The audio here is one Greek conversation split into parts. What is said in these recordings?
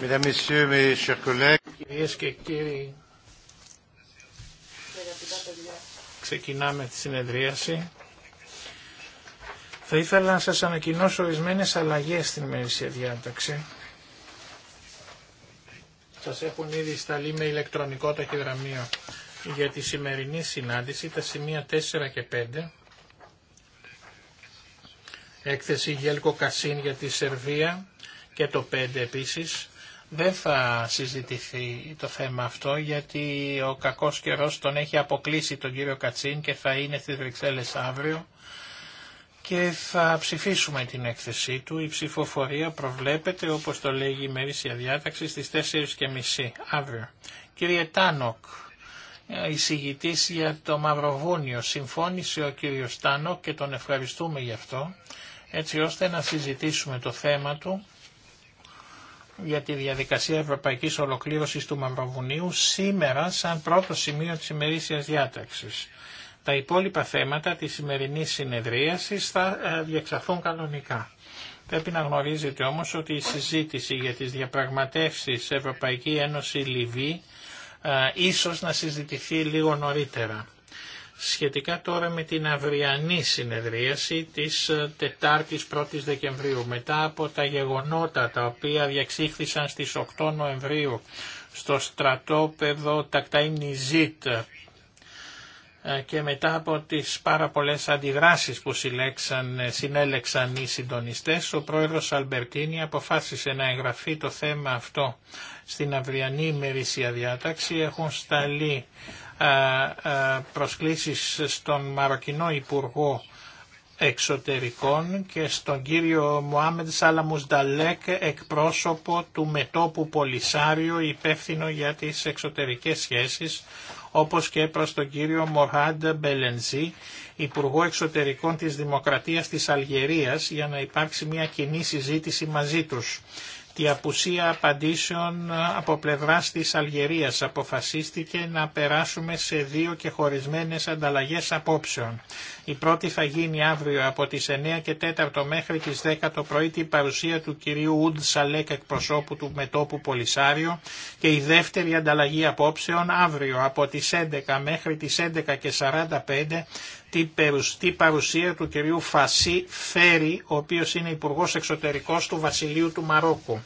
Κυρίες και κύριοι, ξεκινάμε τη συνεδρίαση. Θα ήθελα να σας ανακοινώσω ορισμένε αλλαγές στην ημερήσια διάταξη. Σας έχουν ήδη σταλεί με ηλεκτρονικό ταχυδραμείο για τη σημερινή συνάντηση τα σημεία 4 και 5 έκθεση Γέλκο Κασίν για τη Σερβία και το 5 επίσης, δεν θα συζητηθεί το θέμα αυτό γιατί ο κακός καιρός τον έχει αποκλείσει τον κύριο Κατσίν και θα είναι στις Βρυξέλλες αύριο και θα ψηφίσουμε την έκθεσή του. Η ψηφοφορία προβλέπεται όπως το λέγει η ημερήσια διάταξη στις 4.30 αύριο. Κύριε Τάνοκ, ε, εισηγητής για το Μαυροβούνιο, συμφώνησε ο κύριος Τάνοκ και τον ευχαριστούμε γι' αυτό έτσι ώστε να συζητήσουμε το θέμα του για τη διαδικασία ευρωπαϊκής ολοκλήρωσης του Μαυροβουνίου σήμερα σαν πρώτο σημείο της ημερήσιας διάταξης. Τα υπόλοιπα θέματα της σημερινή συνεδρίασης θα ε, διεξαχθούν κανονικά. Πρέπει να γνωρίζετε όμω ότι η συζήτηση για τις διαπραγματεύσεις Ευρωπαϊκή Ένωση Λιβύη ε, ίσως να συζητηθεί λίγο νωρίτερα σχετικά τώρα με την αυριανή συνεδρίαση της ε, Τετάρτης 1ης Δεκεμβρίου. Μετά από τα γεγονότα τα οποία διαξήχθησαν στις 8 Νοεμβρίου στο στρατόπεδο Τακταϊνιζίτ ε, και μετά από τις πάρα πολλές αντιδράσεις που ε, συνέλεξαν οι συντονιστές, ο πρόεδρος Αλμπερτίνη αποφάσισε να εγγραφεί το θέμα αυτό στην αυριανή ημερήσια διάταξη. Έχουν σταλεί ε, ε, προσκλήσεις στον Μαροκινό Υπουργό Εξωτερικών και στον κύριο Μωάμεντ Σάλαμους Νταλέκ εκπρόσωπο του μετόπου Πολυσάριο υπεύθυνο για τις εξωτερικές σχέσεις όπως και προς τον κύριο Μοχάντ Μπελενζή, Υπουργό Εξωτερικών της Δημοκρατίας της Αλγερίας, για να υπάρξει μια κοινή συζήτηση μαζί τους. Η απουσία απαντήσεων από πλευράς της Αλγερίας αποφασίστηκε να περάσουμε σε δύο και χωρισμένες ανταλλαγές απόψεων. Η πρώτη θα γίνει αύριο από τις 9 και 4 μέχρι τις 10 το πρωί την παρουσία του κυρίου Ουντ Σαλέκ εκπροσώπου του μετόπου Πολυσάριο και η δεύτερη ανταλλαγή απόψεων αύριο από τις 11 μέχρι τις 11 και 45 τη παρουσία του κυρίου Φασί Φέρι, ο οποίος είναι υπουργό Εξωτερικός του Βασιλείου του Μαρόκου.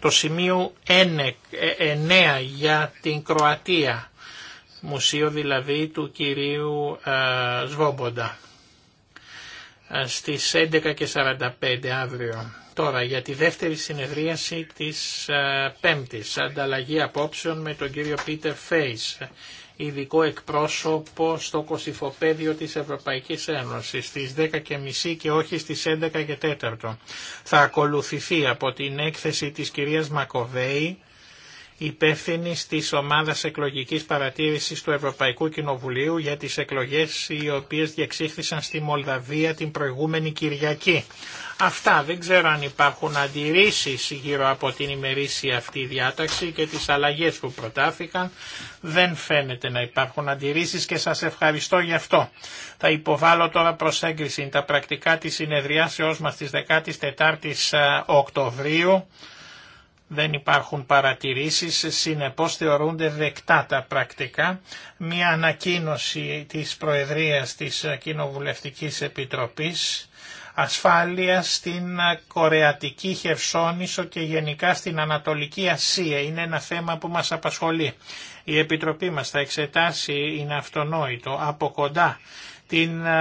Το σημείο 9 ε, για την Κροατία, μουσείο δηλαδή του κυρίου ε, Σβόμποντα, ε, στις 11.45 αύριο. Τώρα για τη δεύτερη συνεδρίαση της Πέμπτης, ανταλλαγή απόψεων με τον κύριο Πίτερ Φέις, ειδικό εκπρόσωπο στο κοσυφοπέδιο της Ευρωπαϊκής Ένωσης στις 10.30 και όχι στις 11.15. Θα ακολουθηθεί από την έκθεση της κυρίας Μακοβέη υπεύθυνη τη ομάδα εκλογική παρατήρηση του Ευρωπαϊκού Κοινοβουλίου για τι εκλογέ οι οποίε διεξήχθησαν στη Μολδαβία την προηγούμενη Κυριακή. Αυτά δεν ξέρω αν υπάρχουν αντιρρήσεις γύρω από την ημερήσια αυτή διάταξη και τι αλλαγέ που προτάθηκαν. Δεν φαίνεται να υπάρχουν αντιρρήσεις και σα ευχαριστώ γι' αυτό. Θα υποβάλω τώρα προς έγκριση τα πρακτικά της συνεδριάσεώς μα της 14ης Οκτωβρίου δεν υπάρχουν παρατηρήσεις, συνεπώς θεωρούνται δεκτά τα πρακτικά. Μια ανακοίνωση της Προεδρίας της Κοινοβουλευτικής Επιτροπής ασφάλεια στην Κορεατική Χερσόνησο και γενικά στην Ανατολική Ασία. Είναι ένα θέμα που μας απασχολεί. Η Επιτροπή μας θα εξετάσει, είναι αυτονόητο, από κοντά την ε,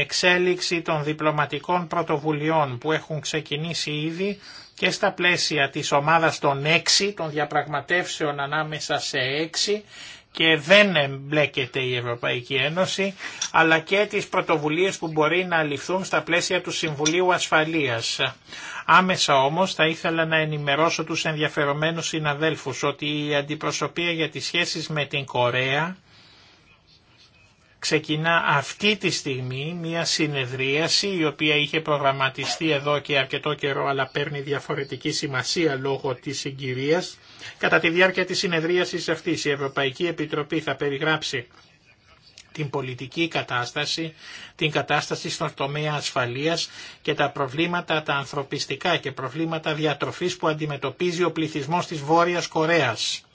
εξέλιξη των διπλωματικών πρωτοβουλειών που έχουν ξεκινήσει ήδη και στα πλαίσια της ομάδας των έξι, των διαπραγματεύσεων ανάμεσα σε έξι και δεν εμπλέκεται η Ευρωπαϊκή Ένωση, αλλά και τις πρωτοβουλίες που μπορεί να ληφθούν στα πλαίσια του Συμβουλίου Ασφαλείας. Άμεσα όμως θα ήθελα να ενημερώσω τους ενδιαφερομένους συναδέλφους ότι η αντιπροσωπεία για τις σχέσεις με την Κορέα ξεκινά αυτή τη στιγμή μια συνεδρίαση η οποία είχε προγραμματιστεί εδώ και αρκετό καιρό αλλά παίρνει διαφορετική σημασία λόγω της συγκυρίας. Κατά τη διάρκεια της συνεδρίασης αυτής η Ευρωπαϊκή Επιτροπή θα περιγράψει την πολιτική κατάσταση, την κατάσταση στον τομέα ασφαλείας και τα προβλήματα τα ανθρωπιστικά και προβλήματα διατροφής που αντιμετωπίζει ο πληθυσμός της Βόρειας Κορέας.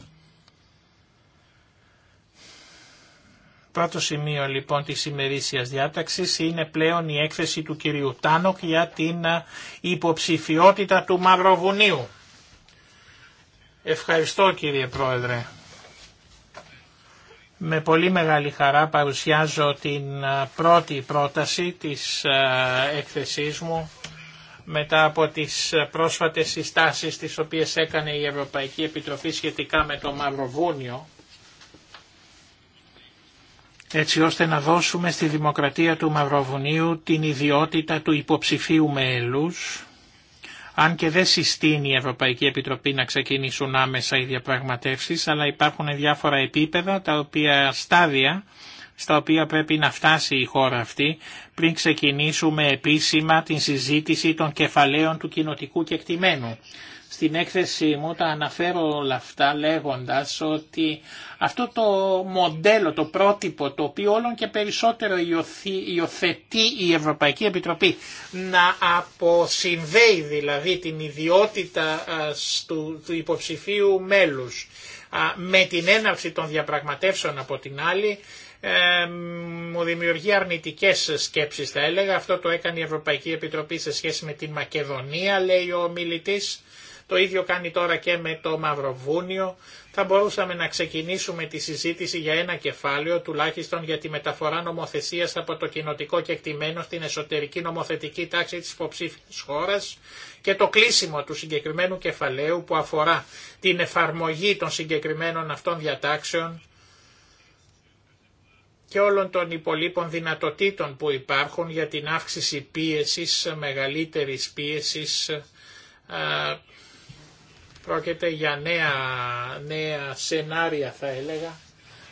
Πρώτο σημείο λοιπόν της ημερήσιας διάταξης είναι πλέον η έκθεση του κυρίου Τάνοκ για την υποψηφιότητα του Μαυροβουνίου. Ευχαριστώ κύριε Πρόεδρε. Με πολύ μεγάλη χαρά παρουσιάζω την πρώτη πρόταση της έκθεσής μου μετά από τις πρόσφατες συστάσεις τις οποίες έκανε η Ευρωπαϊκή Επιτροπή σχετικά με το Μαυροβούνιο έτσι ώστε να δώσουμε στη δημοκρατία του Μαυροβουνίου την ιδιότητα του υποψηφίου μέλους, αν και δεν συστήνει η Ευρωπαϊκή Επιτροπή να ξεκινήσουν άμεσα οι διαπραγματεύσεις, αλλά υπάρχουν διάφορα επίπεδα, τα οποία στάδια, στα οποία πρέπει να φτάσει η χώρα αυτή, πριν ξεκινήσουμε επίσημα την συζήτηση των κεφαλαίων του κοινοτικού κεκτημένου. Στην έκθεσή μου τα αναφέρω όλα αυτά λέγοντας ότι αυτό το μοντέλο, το πρότυπο το οποίο όλον και περισσότερο υιοθετεί η Ευρωπαϊκή Επιτροπή να αποσυνδέει δηλαδή την ιδιότητα του υποψηφίου μέλους με την έναρξη των διαπραγματεύσεων από την άλλη ε, μου δημιουργεί αρνητικές σκέψεις θα έλεγα. Αυτό το έκανε η Ευρωπαϊκή Επιτροπή σε σχέση με την Μακεδονία λέει ο μιλητής το ίδιο κάνει τώρα και με το Μαυροβούνιο. Θα μπορούσαμε να ξεκινήσουμε τη συζήτηση για ένα κεφάλαιο, τουλάχιστον για τη μεταφορά νομοθεσία από το κοινοτικό κεκτημένο στην εσωτερική νομοθετική τάξη τη υποψήφια χώρα και το κλείσιμο του συγκεκριμένου κεφαλαίου που αφορά την εφαρμογή των συγκεκριμένων αυτών διατάξεων και όλων των υπολείπων δυνατοτήτων που υπάρχουν για την αύξηση πίεσης, μεγαλύτερης πίεσης Πρόκειται για νέα, νέα σενάρια θα έλεγα.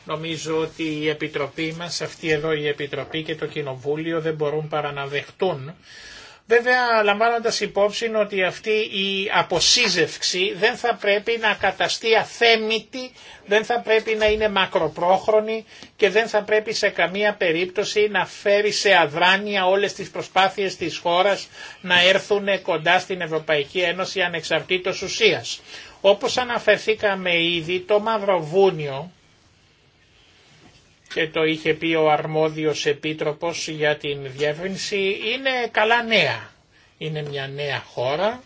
Νομίζω ότι η Επιτροπή μας, αυτή εδώ η Επιτροπή και το Κοινοβούλιο δεν μπορούν παρά να δεχτούν Βέβαια λαμβάνοντας υπόψη ότι αυτή η αποσύζευξη δεν θα πρέπει να καταστεί αθέμητη, δεν θα πρέπει να είναι μακροπρόχρονη και δεν θα πρέπει σε καμία περίπτωση να φέρει σε αδράνεια όλες τις προσπάθειες της χώρας να έρθουν κοντά στην Ευρωπαϊκή Ένωση ανεξαρτήτως ουσίας. Όπως αναφερθήκαμε ήδη το Μαυροβούνιο και το είχε πει ο αρμόδιος επίτροπος για την διεύρυνση, είναι καλά νέα. Είναι μια νέα χώρα,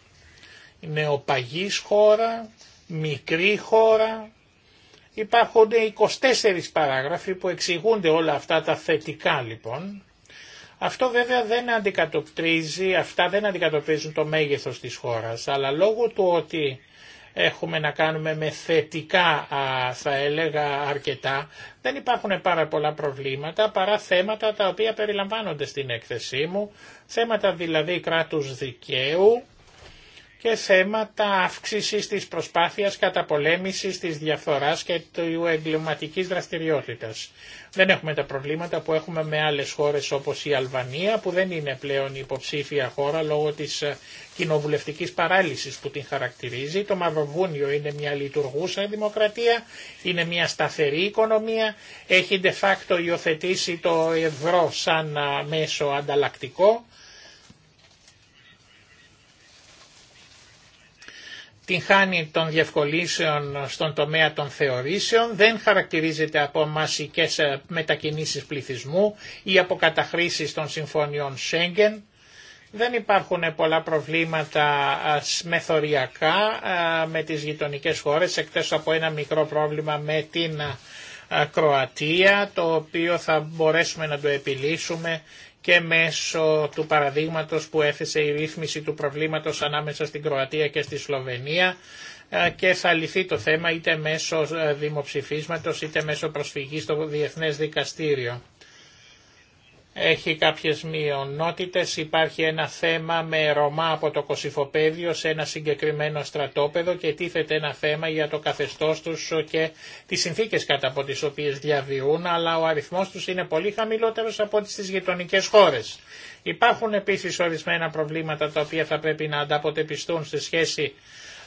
νεοπαγής χώρα, μικρή χώρα. Υπάρχουν 24 παράγραφοι που εξηγούνται όλα αυτά τα θετικά λοιπόν. Αυτό βέβαια δεν αντικατοπτρίζει, αυτά δεν αντικατοπτρίζουν το μέγεθος της χώρας, αλλά λόγω του ότι έχουμε να κάνουμε με θετικά θα έλεγα αρκετά. Δεν υπάρχουν πάρα πολλά προβλήματα παρά θέματα τα οποία περιλαμβάνονται στην έκθεσή μου, θέματα δηλαδή κράτους δικαίου, και θέματα αύξησης της προσπάθειας καταπολέμησης της διαφθοράς και του εγκληματική δραστηριότητας. Δεν έχουμε τα προβλήματα που έχουμε με άλλες χώρες όπως η Αλβανία που δεν είναι πλέον υποψήφια χώρα λόγω της ε, κοινοβουλευτικής παράλυσης που την χαρακτηρίζει. Το Μαυροβούνιο είναι μια λειτουργούσα δημοκρατία, είναι μια σταθερή οικονομία, έχει de facto υιοθετήσει το ευρώ σαν ε, μέσο ανταλλακτικό την χάνει των διευκολύσεων στον τομέα των θεωρήσεων, δεν χαρακτηρίζεται από μασικές ε, μετακινήσεις πληθυσμού ή από καταχρήσεις των συμφωνιών Σέγγεν, δεν υπάρχουν πολλά προβλήματα ε, μεθοριακά ε, με τις γειτονικές χώρες, εκτός από ένα μικρό πρόβλημα με την Κροατία, το οποίο θα μπορέσουμε να το επιλύσουμε και μέσω του παραδείγματος που έθεσε η ρύθμιση του προβλήματος ανάμεσα στην Κροατία και στη Σλοβενία ε, και θα λυθεί το θέμα είτε μέσω ε, δημοψηφίσματος είτε μέσω προσφυγής στο Διεθνές Δικαστήριο έχει κάποιες μειονότητες, υπάρχει ένα θέμα με Ρωμά από το Κωσυφοπαίδιο σε ένα συγκεκριμένο στρατόπεδο και τίθεται ένα θέμα για το καθεστώς τους και τις συνθήκες κατά από τις οποίες διαβιούν, αλλά ο αριθμός τους είναι πολύ χαμηλότερος από τις στις γειτονικές χώρες. Υπάρχουν επίσης ορισμένα προβλήματα τα οποία θα πρέπει να ανταποτεπιστούν σε σχέση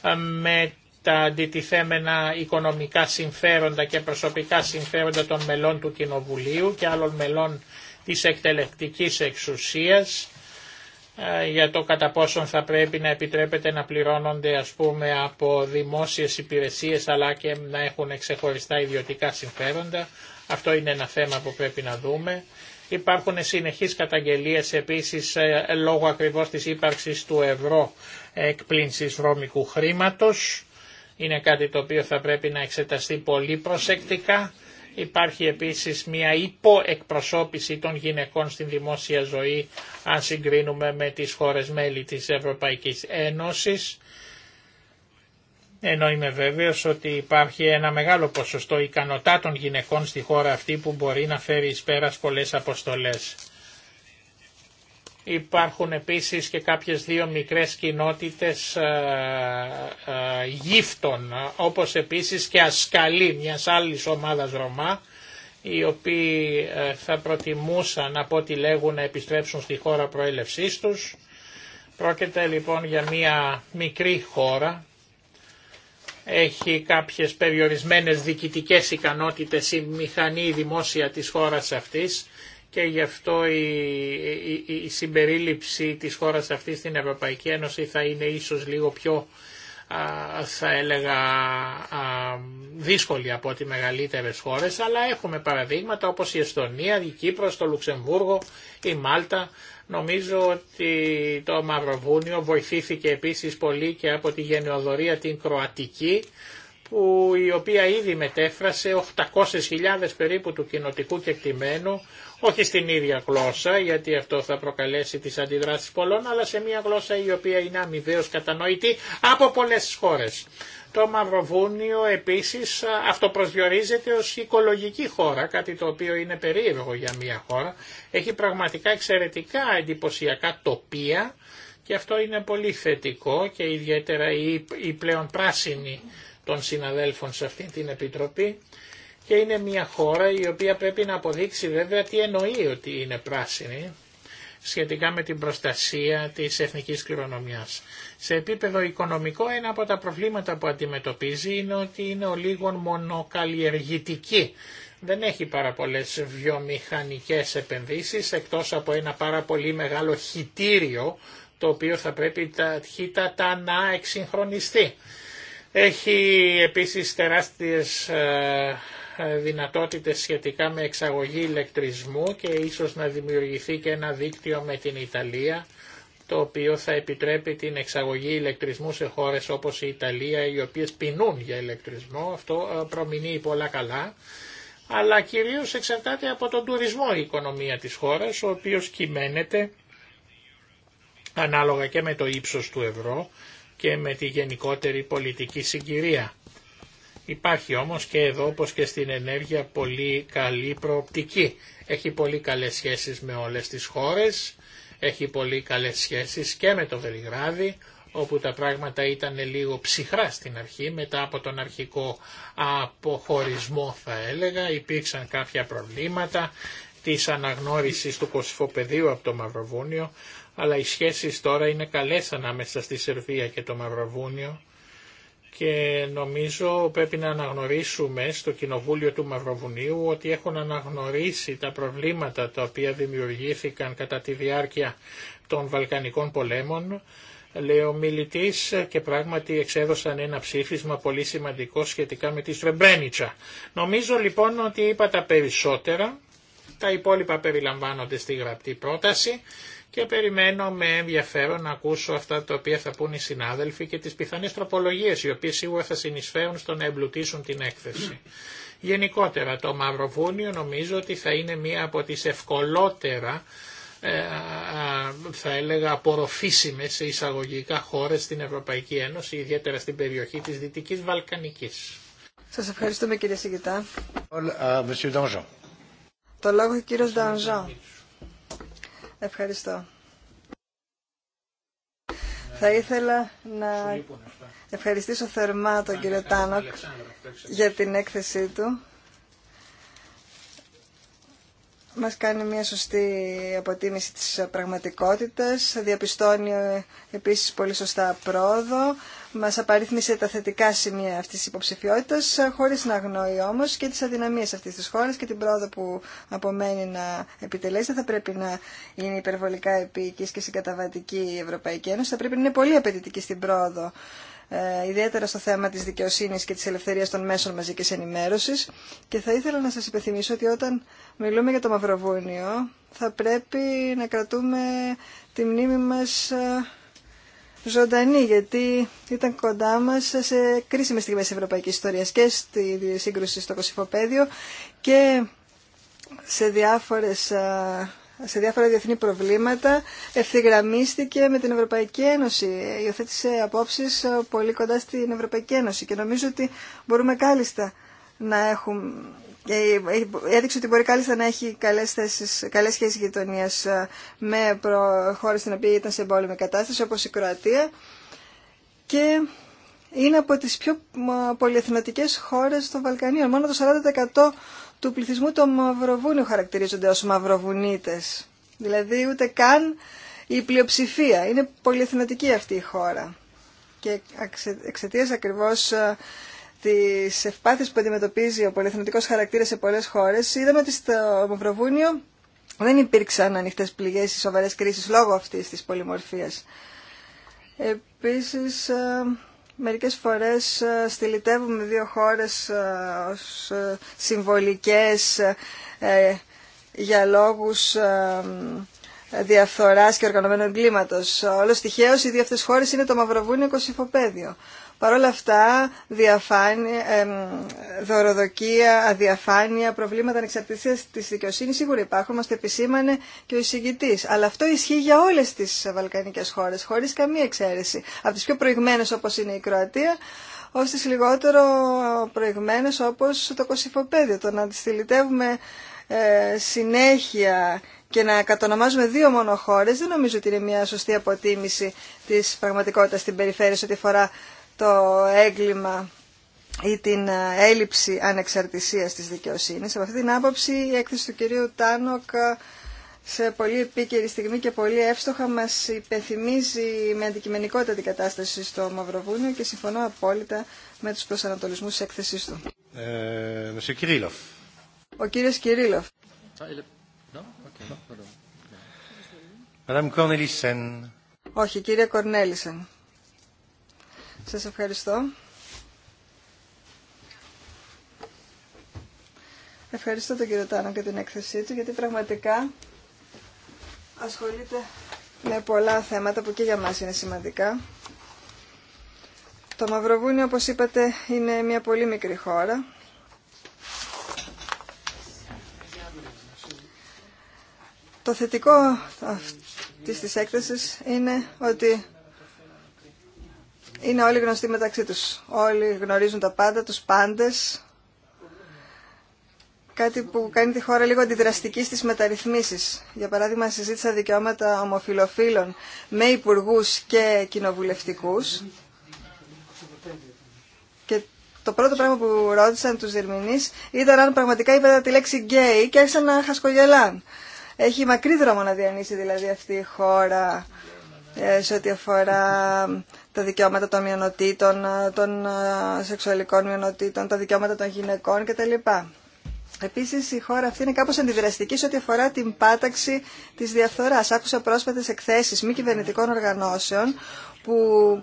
ε, με τα αντιτιθέμενα οικονομικά συμφέροντα και προσωπικά συμφέροντα των μελών του Κοινοβουλίου και άλλων μελών της εκτελεκτικής εξουσίας ε, για το κατά πόσον θα πρέπει να επιτρέπεται να πληρώνονται ας πούμε από δημόσιες υπηρεσίες αλλά και να έχουν ξεχωριστά ιδιωτικά συμφέροντα. Αυτό είναι ένα θέμα που πρέπει να δούμε. Υπάρχουν συνεχείς καταγγελίες επίσης ε, λόγω ακριβώς της ύπαρξης του ευρώ εκπλήνσης βρώμικου χρήματος. Είναι κάτι το οποίο θα πρέπει να εξεταστεί πολύ προσεκτικά Υπάρχει επίσης μια υποεκπροσώπηση των γυναικών στην δημόσια ζωή αν συγκρίνουμε με τις χώρες μέλη της Ευρωπαϊκής Ένωσης. Ενώ είμαι βέβαιος ότι υπάρχει ένα μεγάλο ποσοστό ικανοτάτων γυναικών στη χώρα αυτή που μπορεί να φέρει εις πέρας πολλές αποστολές. Υπάρχουν επίσης και κάποιες δύο μικρές κοινότητες ε, ε, γύφτων, όπως επίσης και ασκαλή μιας άλλης ομάδας Ρωμά, οι οποίοι ε, θα προτιμούσαν από ό,τι λέγουν να επιστρέψουν στη χώρα προέλευσής τους. Πρόκειται λοιπόν για μια μικρή χώρα, έχει κάποιες περιορισμένες διοικητικές ικανότητες η μηχανή δημόσια της χώρας αυτής, και γι' αυτό η, συμπερίληψη της χώρας αυτή στην Ευρωπαϊκή Ένωση θα είναι ίσως λίγο πιο θα έλεγα δύσκολη από ό,τι μεγαλύτερες χώρες, αλλά έχουμε παραδείγματα όπως η Εστονία, η Κύπρος, το Λουξεμβούργο, η Μάλτα. Νομίζω ότι το Μαυροβούνιο βοηθήθηκε επίσης πολύ και από τη γενεοδορία την Κροατική, που η οποία ήδη μετέφρασε 800.000 περίπου του κοινοτικού κεκτημένου όχι στην ίδια γλώσσα, γιατί αυτό θα προκαλέσει τις αντιδράσεις πολλών, αλλά σε μια γλώσσα η οποία είναι αμοιβαίως κατανοητή από πολλές χώρες. Το Μαυροβούνιο επίσης αυτοπροσδιορίζεται ως οικολογική χώρα, κάτι το οποίο είναι περίεργο για μια χώρα. Έχει πραγματικά εξαιρετικά εντυπωσιακά τοπία και αυτό είναι πολύ θετικό και ιδιαίτερα η πλέον πράσινη των συναδέλφων σε αυτή την Επιτροπή και είναι μια χώρα η οποία πρέπει να αποδείξει βέβαια τι εννοεί ότι είναι πράσινη σχετικά με την προστασία της εθνικής κληρονομιάς. Σε επίπεδο οικονομικό ένα από τα προβλήματα που αντιμετωπίζει είναι ότι είναι ο μονοκαλλιεργητική. Δεν έχει πάρα πολλέ βιομηχανικές επενδύσεις εκτός από ένα πάρα πολύ μεγάλο χιτήριο το οποίο θα πρέπει τα ταχύτατα να εξυγχρονιστεί. Έχει επίσης τεράστιες ε, ε, δυνατότητες σχετικά με εξαγωγή ηλεκτρισμού και ίσως να δημιουργηθεί και ένα δίκτυο με την Ιταλία το οποίο θα επιτρέπει την εξαγωγή ηλεκτρισμού σε χώρες όπως η Ιταλία οι οποίες πεινούν για ηλεκτρισμό. Αυτό ε, προμηνύει πολλά καλά αλλά κυρίως εξαρτάται από τον τουρισμό η οικονομία της χώρας ο οποίος κυμαίνεται ανάλογα και με το ύψος του ευρώ και με τη γενικότερη πολιτική συγκυρία. Υπάρχει όμως και εδώ όπως και στην ενέργεια πολύ καλή προοπτική. Έχει πολύ καλές σχέσεις με όλες τις χώρες, έχει πολύ καλές σχέσεις και με το Βελιγράδι, όπου τα πράγματα ήταν λίγο ψυχρά στην αρχή, μετά από τον αρχικό αποχωρισμό θα έλεγα, υπήρξαν κάποια προβλήματα της αναγνώρισης του Κωσυφοπεδίου από το Μαυροβούνιο, αλλά οι σχέσεις τώρα είναι καλές ανάμεσα στη Σερβία και το Μαυροβούνιο και νομίζω πρέπει να αναγνωρίσουμε στο Κοινοβούλιο του Μαυροβουνίου ότι έχουν αναγνωρίσει τα προβλήματα τα οποία δημιουργήθηκαν κατά τη διάρκεια των Βαλκανικών πολέμων. λέω ο και πράγματι εξέδωσαν ένα ψήφισμα πολύ σημαντικό σχετικά με τη Σρεμπρένιτσα. Νομίζω λοιπόν ότι είπα τα περισσότερα, τα υπόλοιπα περιλαμβάνονται στη γραπτή πρόταση και περιμένω με ενδιαφέρον να ακούσω αυτά τα οποία θα πούν οι συνάδελφοι και τις πιθανές τροπολογίες οι οποίες σίγουρα θα συνεισφέρουν στο να εμπλουτίσουν την έκθεση. Γενικότερα το Μαυροβούνιο νομίζω ότι θα είναι μία από τις ευκολότερα ε, θα έλεγα απορροφήσιμε σε εισαγωγικά χώρες στην Ευρωπαϊκή Ένωση, ιδιαίτερα στην περιοχή της Δυτικής Βαλκανικής. Σας ευχαριστούμε κύριε Σιγητά. Euh, το λόγο κύριος Ντανζό. Ευχαριστώ. Θα ήθελα να ευχαριστήσω θερμά τον κύριο Τάνοκ για την έκθεσή του. Μας κάνει μια σωστή αποτίμηση της πραγματικότητας, διαπιστώνει επίσης πολύ σωστά πρόοδο, μας απαρίθμησε τα θετικά σημεία αυτής της υποψηφιότητας, χωρίς να αγνοεί όμως και τις αδυναμίες αυτής της χώρας και την πρόοδο που απομένει να επιτελέσει. θα πρέπει να είναι υπερβολικά επίκης και συγκαταβατική η Ευρωπαϊκή Ένωση, θα πρέπει να είναι πολύ απαιτητική στην πρόοδο. Ε, ιδιαίτερα στο θέμα της δικαιοσύνης και της ελευθερίας των μέσων μαζικής ενημέρωσης και θα ήθελα να σας υπενθυμίσω ότι όταν μιλούμε για το Μαυροβούνιο θα πρέπει να κρατούμε τη μνήμη μας ε, ζωντανή, γιατί ήταν κοντά μας σε κρίσιμες στιγμές ευρωπαϊκής ιστορίας και στη σύγκρουση στο Κωσυφοπαίδιο και σε, διάφορες, σε διάφορα διεθνή προβλήματα ευθυγραμμίστηκε με την Ευρωπαϊκή Ένωση. Υιοθέτησε απόψεις πολύ κοντά στην Ευρωπαϊκή Ένωση και νομίζω ότι μπορούμε κάλλιστα να, έχουμε, και ε, ε, έδειξε ότι μπορεί κάλλιστα να έχει καλές, θέσεις, καλές σχέσεις γειτονίας ε, με χώρες στην οποία ήταν σε εμπόλεμη κατάσταση όπως η Κροατία και είναι από τις πιο πολυεθνοτικές χώρες των Βαλκανίων. Μόνο το 40% του πληθυσμού των Μαυροβούνιων χαρακτηρίζονται ως Μαυροβουνίτες. Δηλαδή ούτε καν η πλειοψηφία. Είναι πολυεθνωτική αυτή η χώρα. Και εξαιτία ακριβώς τι ευπάθειε που αντιμετωπίζει ο πολυεθνικό χαρακτήρα σε πολλέ χώρε είδαμε ότι στο Μαυροβούνιο δεν υπήρξαν ανοιχτέ πληγέ ή σοβαρέ κρίσει λόγω αυτής της πολυμορφίας. Επίσης, ε, μερικές φορές ε, στυλιτεύουμε δύο χώρε ε, ω συμβολικέ για λόγου διαφθοράς και οργανωμένου εγκλήματο. Όλο τυχαίω, οι δύο αυτέ χώρε είναι το Μαυροβούνιο και Παρ' όλα αυτά, δωροδοκία, αδιαφάνεια, προβλήματα ανεξαρτησία τη δικαιοσύνη σίγουρα υπάρχουν, μα το επισήμανε και ο εισηγητή. Αλλά αυτό ισχύει για όλε τι βαλκανικέ χώρε, χωρί καμία εξαίρεση. Από τι πιο προηγμένε όπω είναι η Κροατία, ω τι λιγότερο προηγμένε όπω το Κωσυφοπέδιο. Το να τι ε, συνέχεια και να κατονομάζουμε δύο μόνο χώρε δεν νομίζω ότι είναι μια σωστή αποτίμηση τη πραγματικότητα στην περιφέρεια ό,τι αφορά το έγκλημα ή την ε, έλλειψη ανεξαρτησίας της δικαιοσύνης. Από αυτή την άποψη η έκθεση του κυρίου Τάνοκ ε, σε πολύ επίκαιρη στιγμή και πολύ εύστοχα μας υπενθυμίζει με αντικειμενικότητα την κατάσταση στο Μαυροβούνιο και συμφωνώ απόλυτα με τους προσανατολισμούς της έκθεσής του. Ε, Ο κύριος Κυρίλοφ. Όχι, κύριε Κορνέλισεν. Σας ευχαριστώ. Ευχαριστώ τον κύριο Τάνο και την έκθεσή του, γιατί πραγματικά ασχολείται με πολλά θέματα που και για μας είναι σημαντικά. Το Μαυροβούνιο, όπως είπατε, είναι μια πολύ μικρή χώρα. Το θετικό αυτής της έκθεσης είναι ότι είναι όλοι γνωστοί μεταξύ τους. Όλοι γνωρίζουν τα πάντα, τους πάντες. Κάτι που κάνει τη χώρα λίγο αντιδραστική στις μεταρρυθμίσεις. Για παράδειγμα, συζήτησα δικαιώματα ομοφιλοφίλων με υπουργού και κοινοβουλευτικούς. Και το πρώτο πράγμα που ρώτησαν τους δερμηνείς ήταν αν πραγματικά είπαν τη λέξη γκέι και άρχισαν να χασκογελάν. Έχει μακρύ δρόμο να διανύσει δηλαδή αυτή η χώρα ε, σε ό,τι αφορά τα δικαιώματα των μειονοτήτων, των σεξουαλικών μειονοτήτων, τα δικαιώματα των γυναικών κτλ. Επίσης η χώρα αυτή είναι κάπως αντιδραστική σε ό,τι αφορά την πάταξη της διαφθοράς. Άκουσα πρόσφατες εκθέσει μη κυβερνητικών οργανώσεων που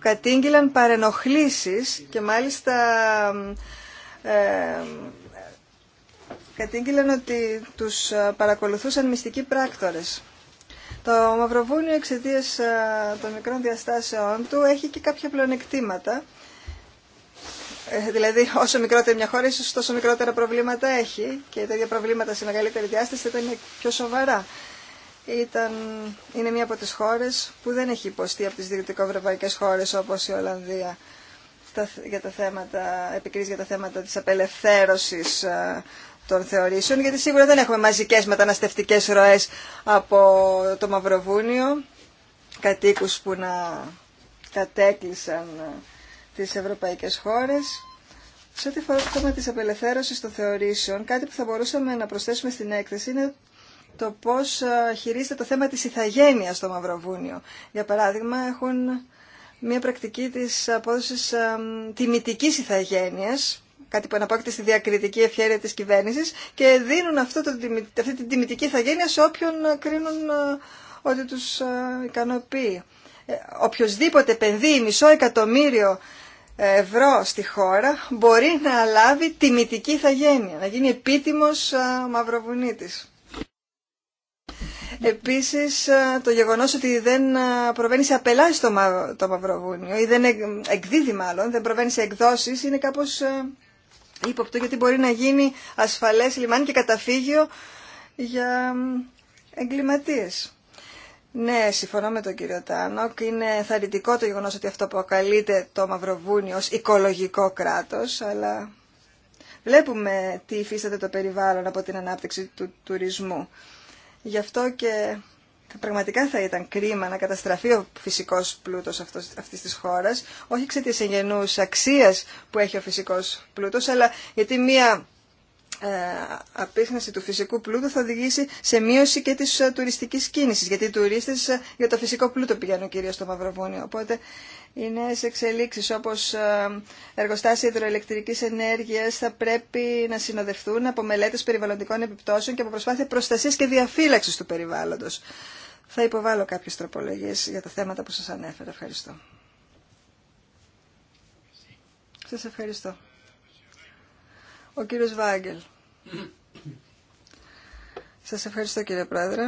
κατήγγυλαν παρενοχλήσεις και μάλιστα ε, κατήγγυλαν ότι τους παρακολουθούσαν μυστικοί πράκτορες. Το Μαυροβούνιο εξαιτία των μικρών διαστάσεών του έχει και κάποια πλεονεκτήματα. Ε, δηλαδή, όσο μικρότερη μια χώρα, ίσως τόσο μικρότερα προβλήματα έχει και τα ίδια προβλήματα σε μεγαλύτερη διάσταση ήταν πιο σοβαρά. είναι μία από τις χώρες που δεν έχει υποστεί από τις δυτικοευρωπαϊκές χώρες όπως η Ολλανδία για τα θέματα, για τα θέματα της απελευθέρωσης των θεωρήσεων, γιατί σίγουρα δεν έχουμε μαζικές μεταναστευτικές ροές από το Μαυροβούνιο, κατοίκους που να κατέκλυσαν ε, τις ευρωπαϊκές χώρες. Σε ό,τι αφορά το θέμα της απελευθέρωσης των θεωρήσεων, κάτι που θα μπορούσαμε να προσθέσουμε στην έκθεση είναι το πώς ε, χειρίζεται το θέμα της ηθαγένειας στο Μαυροβούνιο. Για παράδειγμα, έχουν μια πρακτική της απόδοσης ε, τιμητικής ηθαγένειας, κάτι που αναπόκειται στη διακριτική ευχαίρεια της κυβέρνησης και δίνουν αυτό το, αυτή την τιμητική θαγένεια σε όποιον ε, κρίνουν ε, ότι τους ε, ικανοποιεί. Οποιοςδήποτε επενδύει μισό εκατομμύριο ευρώ στη χώρα μπορεί να λάβει τιμητική θαγένεια, να γίνει επίτιμος μαυροβουνίτης. Επίσης το γεγονός ότι δεν προβαίνει σε απελάσεις το, Μαυροβούνιο ή δεν εκδίδει μάλλον, δεν προβαίνει σε εκδόσεις είναι κάπως ύποπτο γιατί μπορεί να γίνει ασφαλές λιμάνι και καταφύγιο για εγκληματίες. Ναι, συμφωνώ με τον κύριο Τάνοκ. Είναι θαρρυντικό το γεγονός ότι αυτό αποκαλείται το Μαυροβούνιο ως οικολογικό κράτος, αλλά βλέπουμε τι υφίσταται το περιβάλλον από την ανάπτυξη του τουρισμού. Γι' αυτό και πραγματικά θα ήταν κρίμα να καταστραφεί ο φυσικός πλούτος αυτός, αυτής της χώρας, όχι εξαιτίας εγγενούς αξίας που έχει ο φυσικός πλούτος, αλλά γιατί μία ε, απίχνωση του φυσικού πλούτου θα οδηγήσει σε μείωση και της ε, τουριστικής κίνησης, γιατί οι τουρίστες ε, για το φυσικό πλούτο πηγαίνουν κυρίως στο Μαυροβούνιο. Οπότε οι νέες εξελίξεις όπως εργοστάσια υδροελεκτρικής ενέργειας θα πρέπει να συνοδευτούν από μελέτες περιβαλλοντικών επιπτώσεων και από προσπάθεια προστασίας και διαφύλαξης του περιβάλλοντος. Θα υποβάλω κάποιες τροπολογίες για τα θέματα που σας ανέφερα. Ευχαριστώ. Σας ευχαριστώ. Ο κύριος Βάγκελ. Σας ευχαριστώ κύριε Πρόεδρε.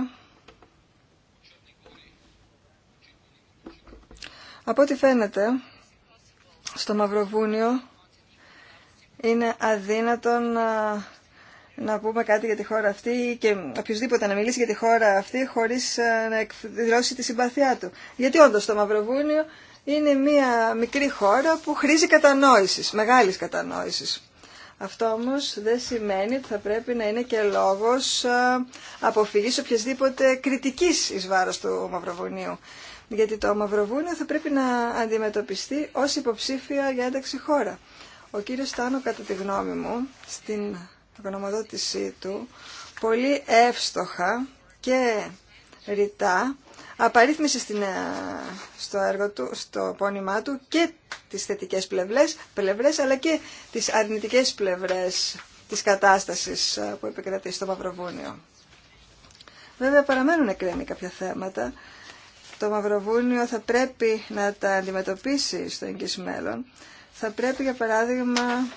Από ό,τι φαίνεται, στο Μαυροβούνιο είναι αδύνατο να, πούμε κάτι για τη χώρα αυτή και οποιοδήποτε να μιλήσει για τη χώρα αυτή χωρίς να εκδηλώσει τη συμπαθιά του. Γιατί όντως το Μαυροβούνιο είναι μια μικρή χώρα που χρήζει κατανόησης, μεγάλης κατανόησης. Αυτό όμως δεν σημαίνει ότι θα πρέπει να είναι και λόγος ε, αποφυγής οποιασδήποτε κριτικής εις βάρος του Μαυροβουνίου. Γιατί το Μαυροβούνιο θα πρέπει να αντιμετωπιστεί ως υποψήφια για ένταξη χώρα. Ο κύριος Στάνο, κατά τη γνώμη μου, στην γνωμοδότησή του, πολύ εύστοχα και ρητά απαρίθμησε στην, ε, στο έργο του, στο πόνημά του και τις θετικές πλευρές, πλευρές αλλά και τις αρνητικές πλευρές της κατάστασης ε, που επικρατεί στο Μαυροβούνιο. Βέβαια παραμένουν εκκρέμει κάποια θέματα. Το Μαυροβούνιο θα πρέπει να τα αντιμετωπίσει στο εγγύς Θα πρέπει για παράδειγμα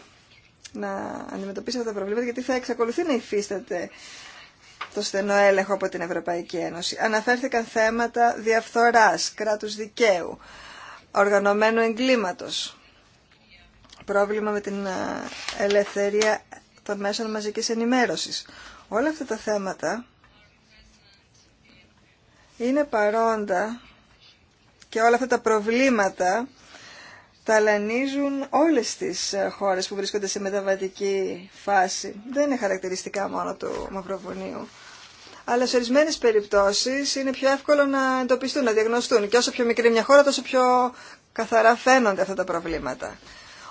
να αντιμετωπίσει αυτά τα προβλήματα γιατί θα εξακολουθεί να υφίσταται στο στενό έλεγχο από την Ευρωπαϊκή Ένωση. Αναφέρθηκαν θέματα διαφθοράς, κράτους δικαίου, οργανωμένου εγκλήματος, πρόβλημα με την ε, ελευθερία των μέσων μαζικής ενημέρωσης. Όλα αυτά τα θέματα είναι παρόντα και όλα αυτά τα προβλήματα ταλανίζουν όλες τις ε, χώρες που βρίσκονται σε μεταβατική φάση. Δεν είναι χαρακτηριστικά μόνο του Μαυροβουνίου αλλά σε ορισμένε περιπτώσει είναι πιο εύκολο να εντοπιστούν, να διαγνωστούν. Και όσο πιο μικρή μια χώρα, τόσο πιο καθαρά φαίνονται αυτά τα προβλήματα.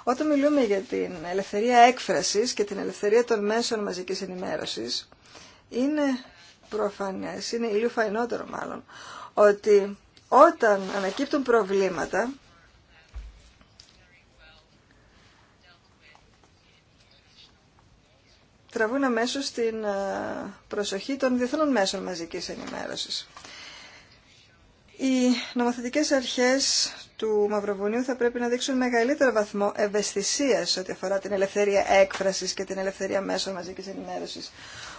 Όταν μιλούμε για την ελευθερία έκφραση και την ελευθερία των μέσων μαζική ενημέρωση, είναι προφανέ, είναι ηλιοφανότερο μάλλον, ότι όταν ανακύπτουν προβλήματα, τραβούν αμέσω την ε, προσοχή των διεθνών μέσων μαζικής ενημέρωσης. Οι νομοθετικές αρχές του Μαυροβουνίου θα πρέπει να δείξουν μεγαλύτερο βαθμό ευαισθησίας ό,τι αφορά την ελευθερία έκφρασης και την ελευθερία μέσων μαζικής ενημέρωσης.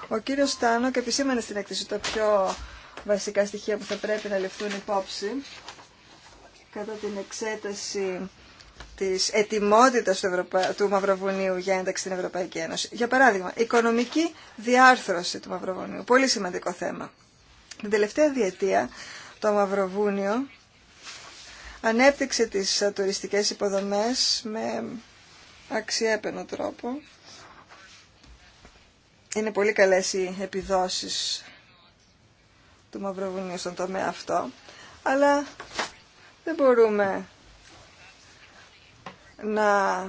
Ο κύριος Στάνοκ επισήμανε στην έκθεση το πιο βασικά στοιχεία που θα πρέπει να ληφθούν υπόψη κατά την εξέταση της ετοιμότητας του, Ευρωπα... Μαυροβουνίου για ένταξη στην Ευρωπαϊκή Ένωση. Για παράδειγμα, οικονομική διάρθρωση του Μαυροβουνίου. Πολύ σημαντικό θέμα. Την τελευταία διετία το Μαυροβούνιο ανέπτυξε τις τουριστικές υποδομές με αξιέπαινο τρόπο. Είναι πολύ καλές οι επιδόσεις του Μαυροβουνίου στον τομέα αυτό, αλλά δεν μπορούμε να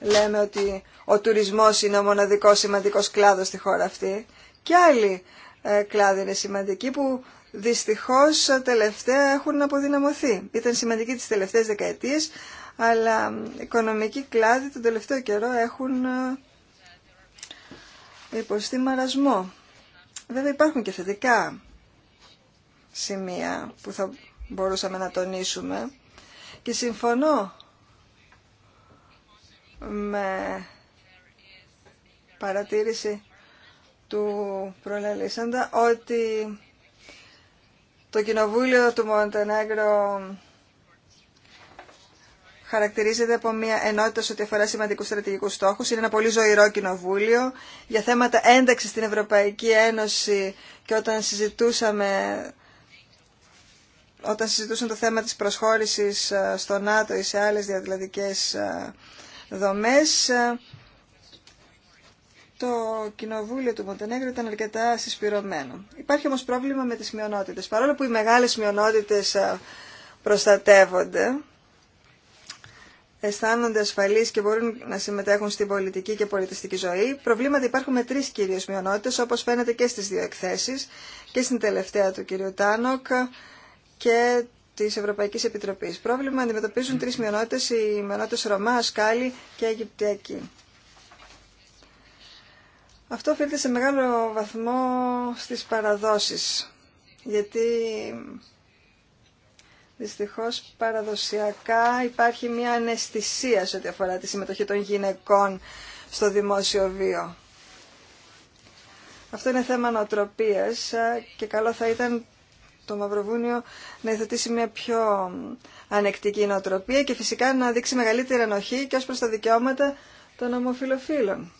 λέμε ότι ο τουρισμός είναι ο μοναδικός σημαντικός κλάδος στη χώρα αυτή. Και άλλοι ε, κλάδοι είναι σημαντικοί που δυστυχώς τελευταία έχουν αποδυναμωθεί. Ήταν σημαντικοί τις τελευταίες δεκαετίες, αλλά οικονομικοί κλάδοι τον τελευταίο καιρό έχουν ε, υποστεί μαρασμό. Βέβαια υπάρχουν και θετικά σημεία που θα μπορούσαμε να τονίσουμε και συμφωνώ με παρατήρηση του προλαλήσαντα ότι το κοινοβούλιο του Μοντενέγκρο χαρακτηρίζεται από μια ενότητα σε ό,τι αφορά σημαντικού στρατηγικού στόχου. Είναι ένα πολύ ζωηρό κοινοβούλιο. Για θέματα ένταξη στην Ευρωπαϊκή Ένωση και όταν συζητούσαμε όταν συζητούσαν το θέμα της προσχώρησης ε, στο ΝΑΤΟ ή σε άλλες διαδηλατικές ε, δομές. Το κοινοβούλιο του Μοντενέγκρου ήταν αρκετά συσπηρωμένο. Υπάρχει όμως πρόβλημα με τις μειονότητες. Παρόλο που οι μεγάλες μειονότητες προστατεύονται, αισθάνονται ασφαλείς και μπορούν να συμμετέχουν στην πολιτική και πολιτιστική ζωή. Προβλήματα υπάρχουν με τρεις κύριες μειονότητες, όπως φαίνεται και στις δύο εκθέσεις, και στην τελευταία του κυρίου Τάνοκ και της Ευρωπαϊκής Επιτροπής. Πρόβλημα αντιμετωπίζουν τρεις μειονότητες, οι μειονότητες Ρωμά, Σκάλι και Αιγυπτιακή. Αυτό οφείλεται σε μεγάλο βαθμό στις παραδόσεις, γιατί δυστυχώς παραδοσιακά υπάρχει μια αναισθησία σε ό,τι αφορά τη συμμετοχή των γυναικών στο δημόσιο βίο. Αυτό είναι θέμα νοοτροπίας και καλό θα ήταν το Μαυροβούνιο να υιοθετήσει μια πιο ανεκτική νοοτροπία και φυσικά να δείξει μεγαλύτερη ανοχή και ως προς τα δικαιώματα των ομοφιλοφίλων.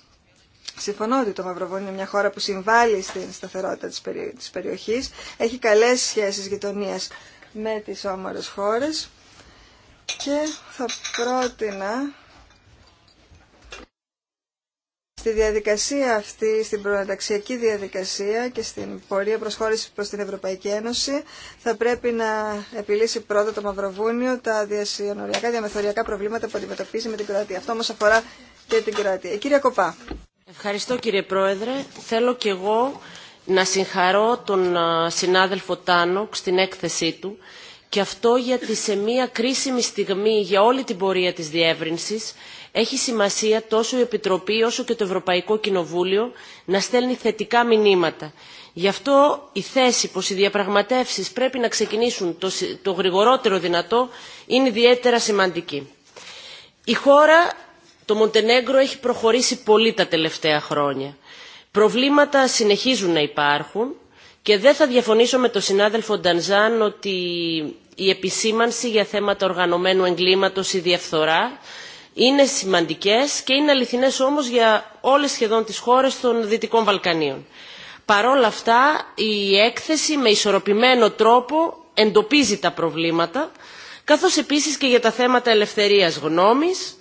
Συμφωνώ ότι το Μαυροβούνιο είναι μια χώρα που συμβάλλει στην σταθερότητα της, περι... περιοχής, έχει καλές σχέσεις γειτονίας με τις όμορες χώρες και θα πρότεινα Στη διαδικασία αυτή, στην προεταξιακή διαδικασία και στην πορεία προσχώρηση προς την Ευρωπαϊκή Ένωση θα πρέπει να επιλύσει πρώτα το Μαυροβούνιο τα διασυνοριακά διαμεθοριακά προβλήματα που αντιμετωπίζει με την Κροατία. Αυτό όμως αφορά και την Κροατία. Η ε, κυρία Κοπά. Ευχαριστώ κύριε Πρόεδρε. Θέλω κι εγώ να συγχαρώ τον συνάδελφο Τάνοκ στην έκθεσή του και αυτό γιατί σε μια κρίσιμη στιγμή για όλη την πορεία της διεύρυνσης έχει σημασία τόσο η Επιτροπή όσο και το Ευρωπαϊκό Κοινοβούλιο να στέλνει θετικά μηνύματα. Γι' αυτό η θέση πως οι διαπραγματεύσεις πρέπει να ξεκινήσουν το, το γρηγορότερο δυνατό είναι ιδιαίτερα σημαντική. Η χώρα, το Μοντενέγκρο, έχει προχωρήσει πολύ τα τελευταία χρόνια. Προβλήματα συνεχίζουν να υπάρχουν και δεν θα διαφωνήσω με τον συνάδελφο Ντανζάν ότι η επισήμανση για θέματα οργανωμένου εγκλήματος ή διαφθορά είναι σημαντικές και είναι αληθινές όμως για όλες σχεδόν τις χώρες των Δυτικών Βαλκανίων. Παρόλα αυτά η έκθεση με ισορροπημένο τρόπο εντοπίζει τα προβλήματα καθώς επίσης και για τα θέματα ελευθερίας γνώμης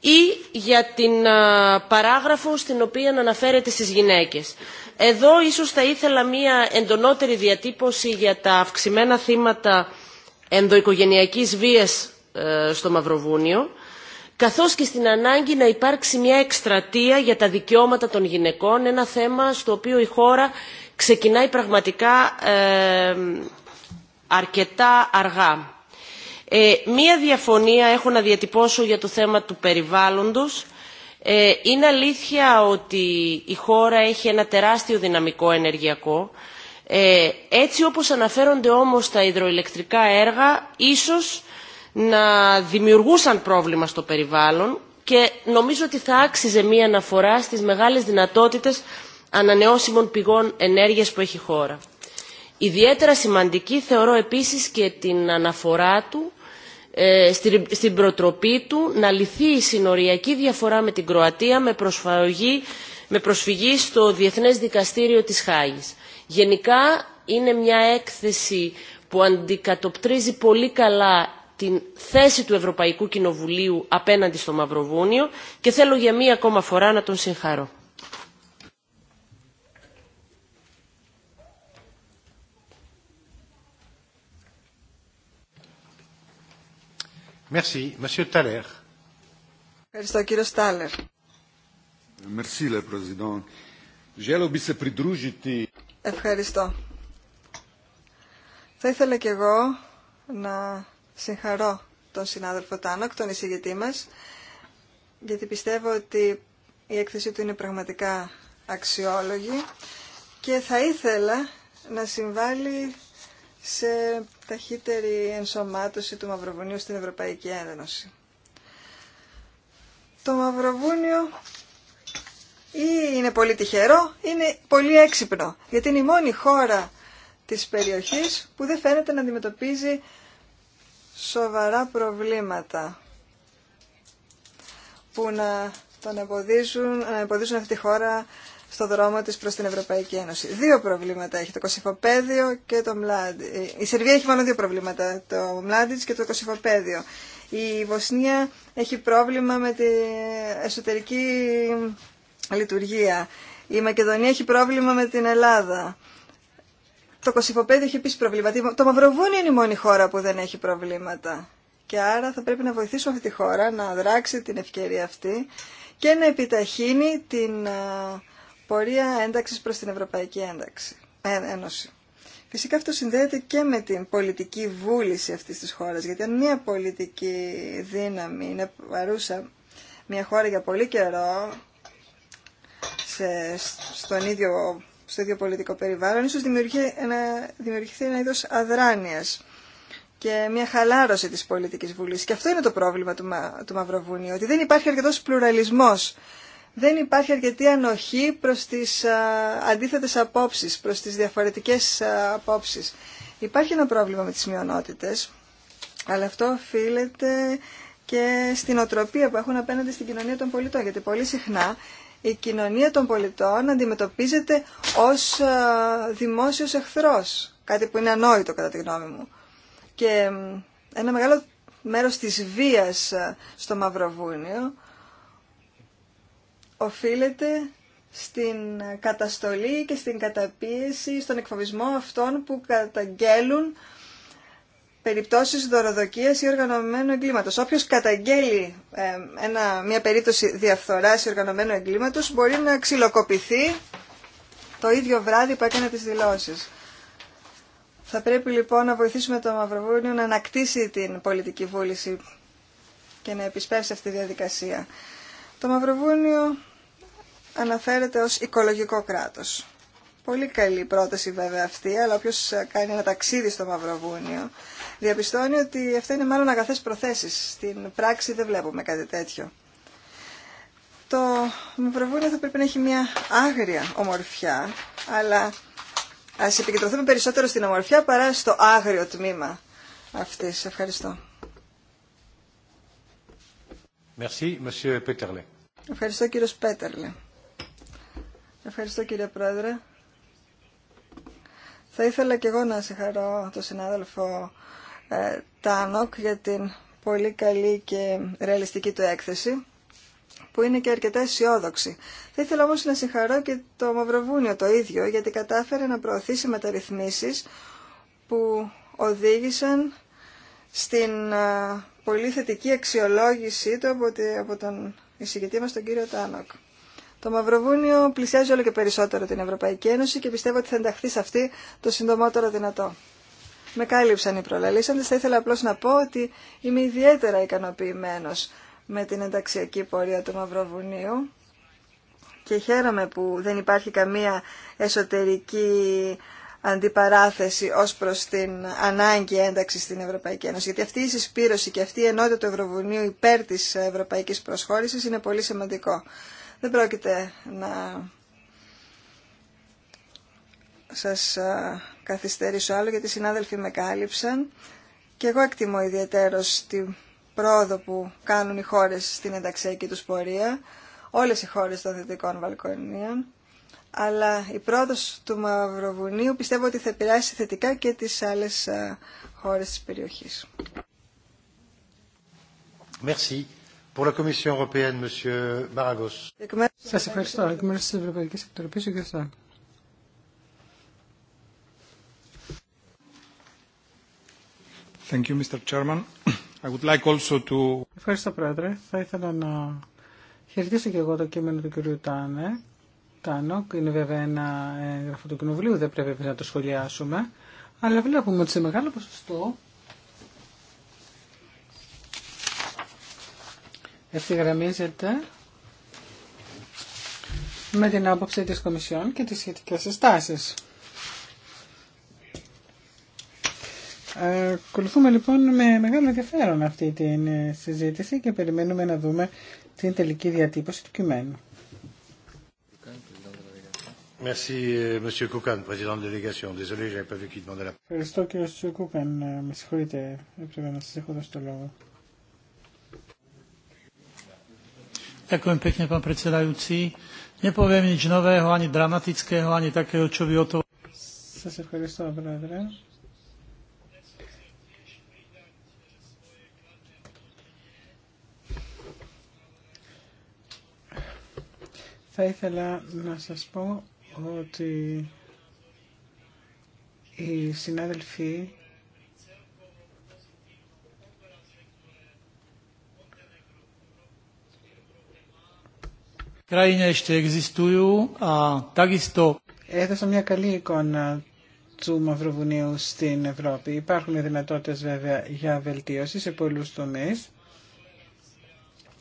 ή για την παράγραφο στην οποία αναφέρεται στις γυναίκες. Εδώ ίσως θα ήθελα μία εντονότερη διατύπωση για τα αυξημένα θύματα ενδοοικογενειακής βίας ε, στο Μαυροβούνιο καθώς και στην ανάγκη να υπάρξει μια εκστρατεία για τα δικαιώματα των γυναικών, ένα θέμα στο οποίο η χώρα ξεκινάει πραγματικά ε, αρκετά αργά. Ε, μία διαφωνία έχω να διατυπώσω για το θέμα του περιβάλλοντος. Ε, είναι αλήθεια ότι η χώρα έχει ένα τεράστιο δυναμικό ενεργειακό. Ε, έτσι όπως αναφέρονται όμως τα υδροηλεκτρικά έργα, ίσως να δημιουργούσαν πρόβλημα στο περιβάλλον και νομίζω ότι θα άξιζε μία αναφορά στις μεγάλες δυνατότητες ανανεώσιμων πηγών ενέργειας που έχει η χώρα. Ιδιαίτερα σημαντική θεωρώ επίσης και την αναφορά του ε, στην, προτροπή του να λυθεί η συνοριακή διαφορά με την Κροατία με, με προσφυγή στο Διεθνές Δικαστήριο της Χάγης. Γενικά είναι μια έκθεση που αντικατοπτρίζει πολύ καλά την θέση του Ευρωπαϊκού Κοινοβουλίου απέναντι στο Μαυροβούνιο και θέλω για μία ακόμα φορά να τον συγχαρώ. Merci. Monsieur Τάλερ. Ευχαριστώ κύριο Στάλερ. Ευχαριστώ. Θα ήθελα και εγώ να συγχαρώ τον συνάδελφο Τάνοκ, τον εισηγητή μας, γιατί πιστεύω ότι η έκθεσή του είναι πραγματικά αξιόλογη και θα ήθελα να συμβάλλει σε ταχύτερη ενσωμάτωση του Μαυροβουνίου στην Ευρωπαϊκή Ένωση. Το Μαυροβούνιο ή είναι πολύ τυχερό, είναι πολύ έξυπνο, γιατί είναι η μόνη χώρα της περιοχής που δεν φαίνεται να αντιμετωπίζει σοβαρά προβλήματα που να τον εμποδίζουν, να αυτή τη χώρα στο δρόμο της προς την Ευρωπαϊκή Ένωση. Δύο προβλήματα έχει, το Κωσυφοπαίδιο και το Μλάντι. Η Σερβία έχει μόνο δύο προβλήματα, το Μλάντιτς και το Κωσυφοπαίδιο. Η Βοσνία έχει πρόβλημα με την εσωτερική λειτουργία. Η Μακεδονία έχει πρόβλημα με την Ελλάδα. Το Κωσυφοπέδιο έχει επίση προβλήματα. Το Μαυροβούνιο είναι η μόνη χώρα που δεν έχει προβλήματα. Και άρα θα πρέπει να βοηθήσουμε αυτή τη χώρα να δράξει την ευκαιρία αυτή και να επιταχύνει την ε, πορεία ένταξη προ την Ευρωπαϊκή ένταξη, ε, Ένωση. Φυσικά αυτό συνδέεται και με την πολιτική βούληση αυτή τη χώρα, γιατί αν μια πολιτική δύναμη είναι παρούσα μια χώρα για πολύ καιρό στον ίδιο στο ίδιο πολιτικό περιβάλλον, ίσως δημιουργηθεί ένα, δημιουργηθεί ένα είδος αδράνειας και μια χαλάρωση της πολιτικής βουλής. Και αυτό είναι το πρόβλημα του, Μα, του Μαυροβουνίου, ότι δεν υπάρχει αρκετός πλουραλισμός. Δεν υπάρχει αρκετή ανοχή προς τις α, αντίθετες απόψεις, προς τις διαφορετικές απόψεις. Υπάρχει ένα πρόβλημα με τις μειονότητες, αλλά αυτό οφείλεται και στην οτροπία που έχουν απέναντι στην κοινωνία των πολιτών. Γιατί πολύ συχνά η κοινωνία των πολιτών αντιμετωπίζεται ως ε, δημόσιος εχθρός. Κάτι που είναι ανόητο κατά τη γνώμη μου. Και ένα μεγάλο μέρος της βίας ε, στο Μαυροβούνιο οφείλεται στην καταστολή και στην καταπίεση, στον εκφοβισμό αυτών που καταγγέλουν περιπτώσεις δωροδοκίας ή οργανωμένου εγκλήματος. Όποιος καταγγέλει ε, ένα, μια περίπτωση διαφθοράς ή οργανωμένου εγκλήματος μπορεί να ξυλοκοπηθεί το ίδιο βράδυ που έκανε τις δηλώσεις. Θα πρέπει λοιπόν να βοηθήσουμε το Μαυροβούνιο να ανακτήσει την πολιτική βούληση και να επισπεύσει αυτή τη διαδικασία. Το Μαυροβούνιο αναφέρεται ως οικολογικό κράτος. Πολύ καλή πρόταση βέβαια αυτή, αλλά όποιος κάνει ένα ταξίδι στο Μαυροβούνιο διαπιστώνει ότι αυτά είναι μάλλον αγαθές προθέσεις. Στην πράξη δεν βλέπουμε κάτι τέτοιο. Το Μαυροβούνιο θα πρέπει να έχει μια άγρια ομορφιά, αλλά ας επικεντρωθούμε περισσότερο στην ομορφιά παρά στο άγριο τμήμα αυτής. Ευχαριστώ. Merci, Monsieur Peterle. Ευχαριστώ κύριο Πέτερλε. Ευχαριστώ κύριε Πρόεδρε. Θα ήθελα και εγώ να συγχαρώ τον συνάδελφο ε, Τάνοκ για την πολύ καλή και ρεαλιστική του έκθεση που είναι και αρκετά αισιόδοξη. Θα ήθελα όμως να συγχαρώ και το Μαυροβούνιο το ίδιο γιατί κατάφερε να προωθήσει μεταρρυθμίσεις που οδήγησαν στην ε, πολύ θετική αξιολόγησή του από τον εισηγητή μας τον κύριο Τάνοκ. Το Μαυροβούνιο πλησιάζει όλο και περισσότερο την Ευρωπαϊκή Ένωση και πιστεύω ότι θα ενταχθεί σε αυτή το συντομότερο δυνατό με κάλυψαν οι προλαλήσαντες. Θα ήθελα απλώς να πω ότι είμαι ιδιαίτερα ικανοποιημένος με την ενταξιακή πορεία του Μαυροβουνίου και χαίρομαι που δεν υπάρχει καμία εσωτερική αντιπαράθεση ως προς την ανάγκη ένταξη στην Ευρωπαϊκή Ένωση. Γιατί αυτή η συσπήρωση και αυτή η ενότητα του Ευρωβουνίου υπέρ της ευρωπαϊκής προσχώρησης είναι πολύ σημαντικό. Δεν πρόκειται να σας καθυστερήσω άλλο γιατί οι συνάδελφοι με κάλυψαν και εγώ εκτιμώ ιδιαίτερο την πρόοδο που κάνουν οι χώρες στην ενταξιακή τους πορεία, όλες οι χώρες των Δυτικών Βαλκονίων, αλλά η πρόοδος του Μαυροβουνίου πιστεύω ότι θα επηρεάσει θετικά και τις άλλες χώρες της περιοχής. Merci. Pour la Commission européenne, Σας ευχαριστώ. Εκ μέρους της Ευρωπαϊκής Επιτροπής, ο κ. Ευχαριστώ, Πρόεδρε. Θα ήθελα να χαιρετήσω και εγώ το κείμενο του κυρίου Τάνε. Τάνοκ είναι βέβαια ένα έγγραφο του Κοινοβουλίου, δεν πρέπει να το σχολιάσουμε. Αλλά βλέπουμε ότι σε μεγάλο ποσοστό ευθυγραμμίζεται με την άποψη της Κομισιόν και τις σχετικές συστάσεις. Ακολουθούμε λοιπόν με μεγάλο ενδιαφέρον αυτή τη ε, συζήτηση και περιμένουμε να δούμε την τελική διατύπωση του κειμένου. Ευχαριστώ κύριε Κούκαν. Με συγχωρείτε, έπρεπε να σας έχω δώσει το λόγο. Ďakujem pekne, pán predsedajúci. nič ani ani čo by ευχαριστώ, πρόεδρε. Θα ήθελα να σας πω ότι οι συνάδελφοί Έδωσα μια καλή εικόνα του Μαυροβουνίου στην Ευρώπη. Υπάρχουν δυνατότητες βέβαια για βελτίωση σε πολλούς τομείς,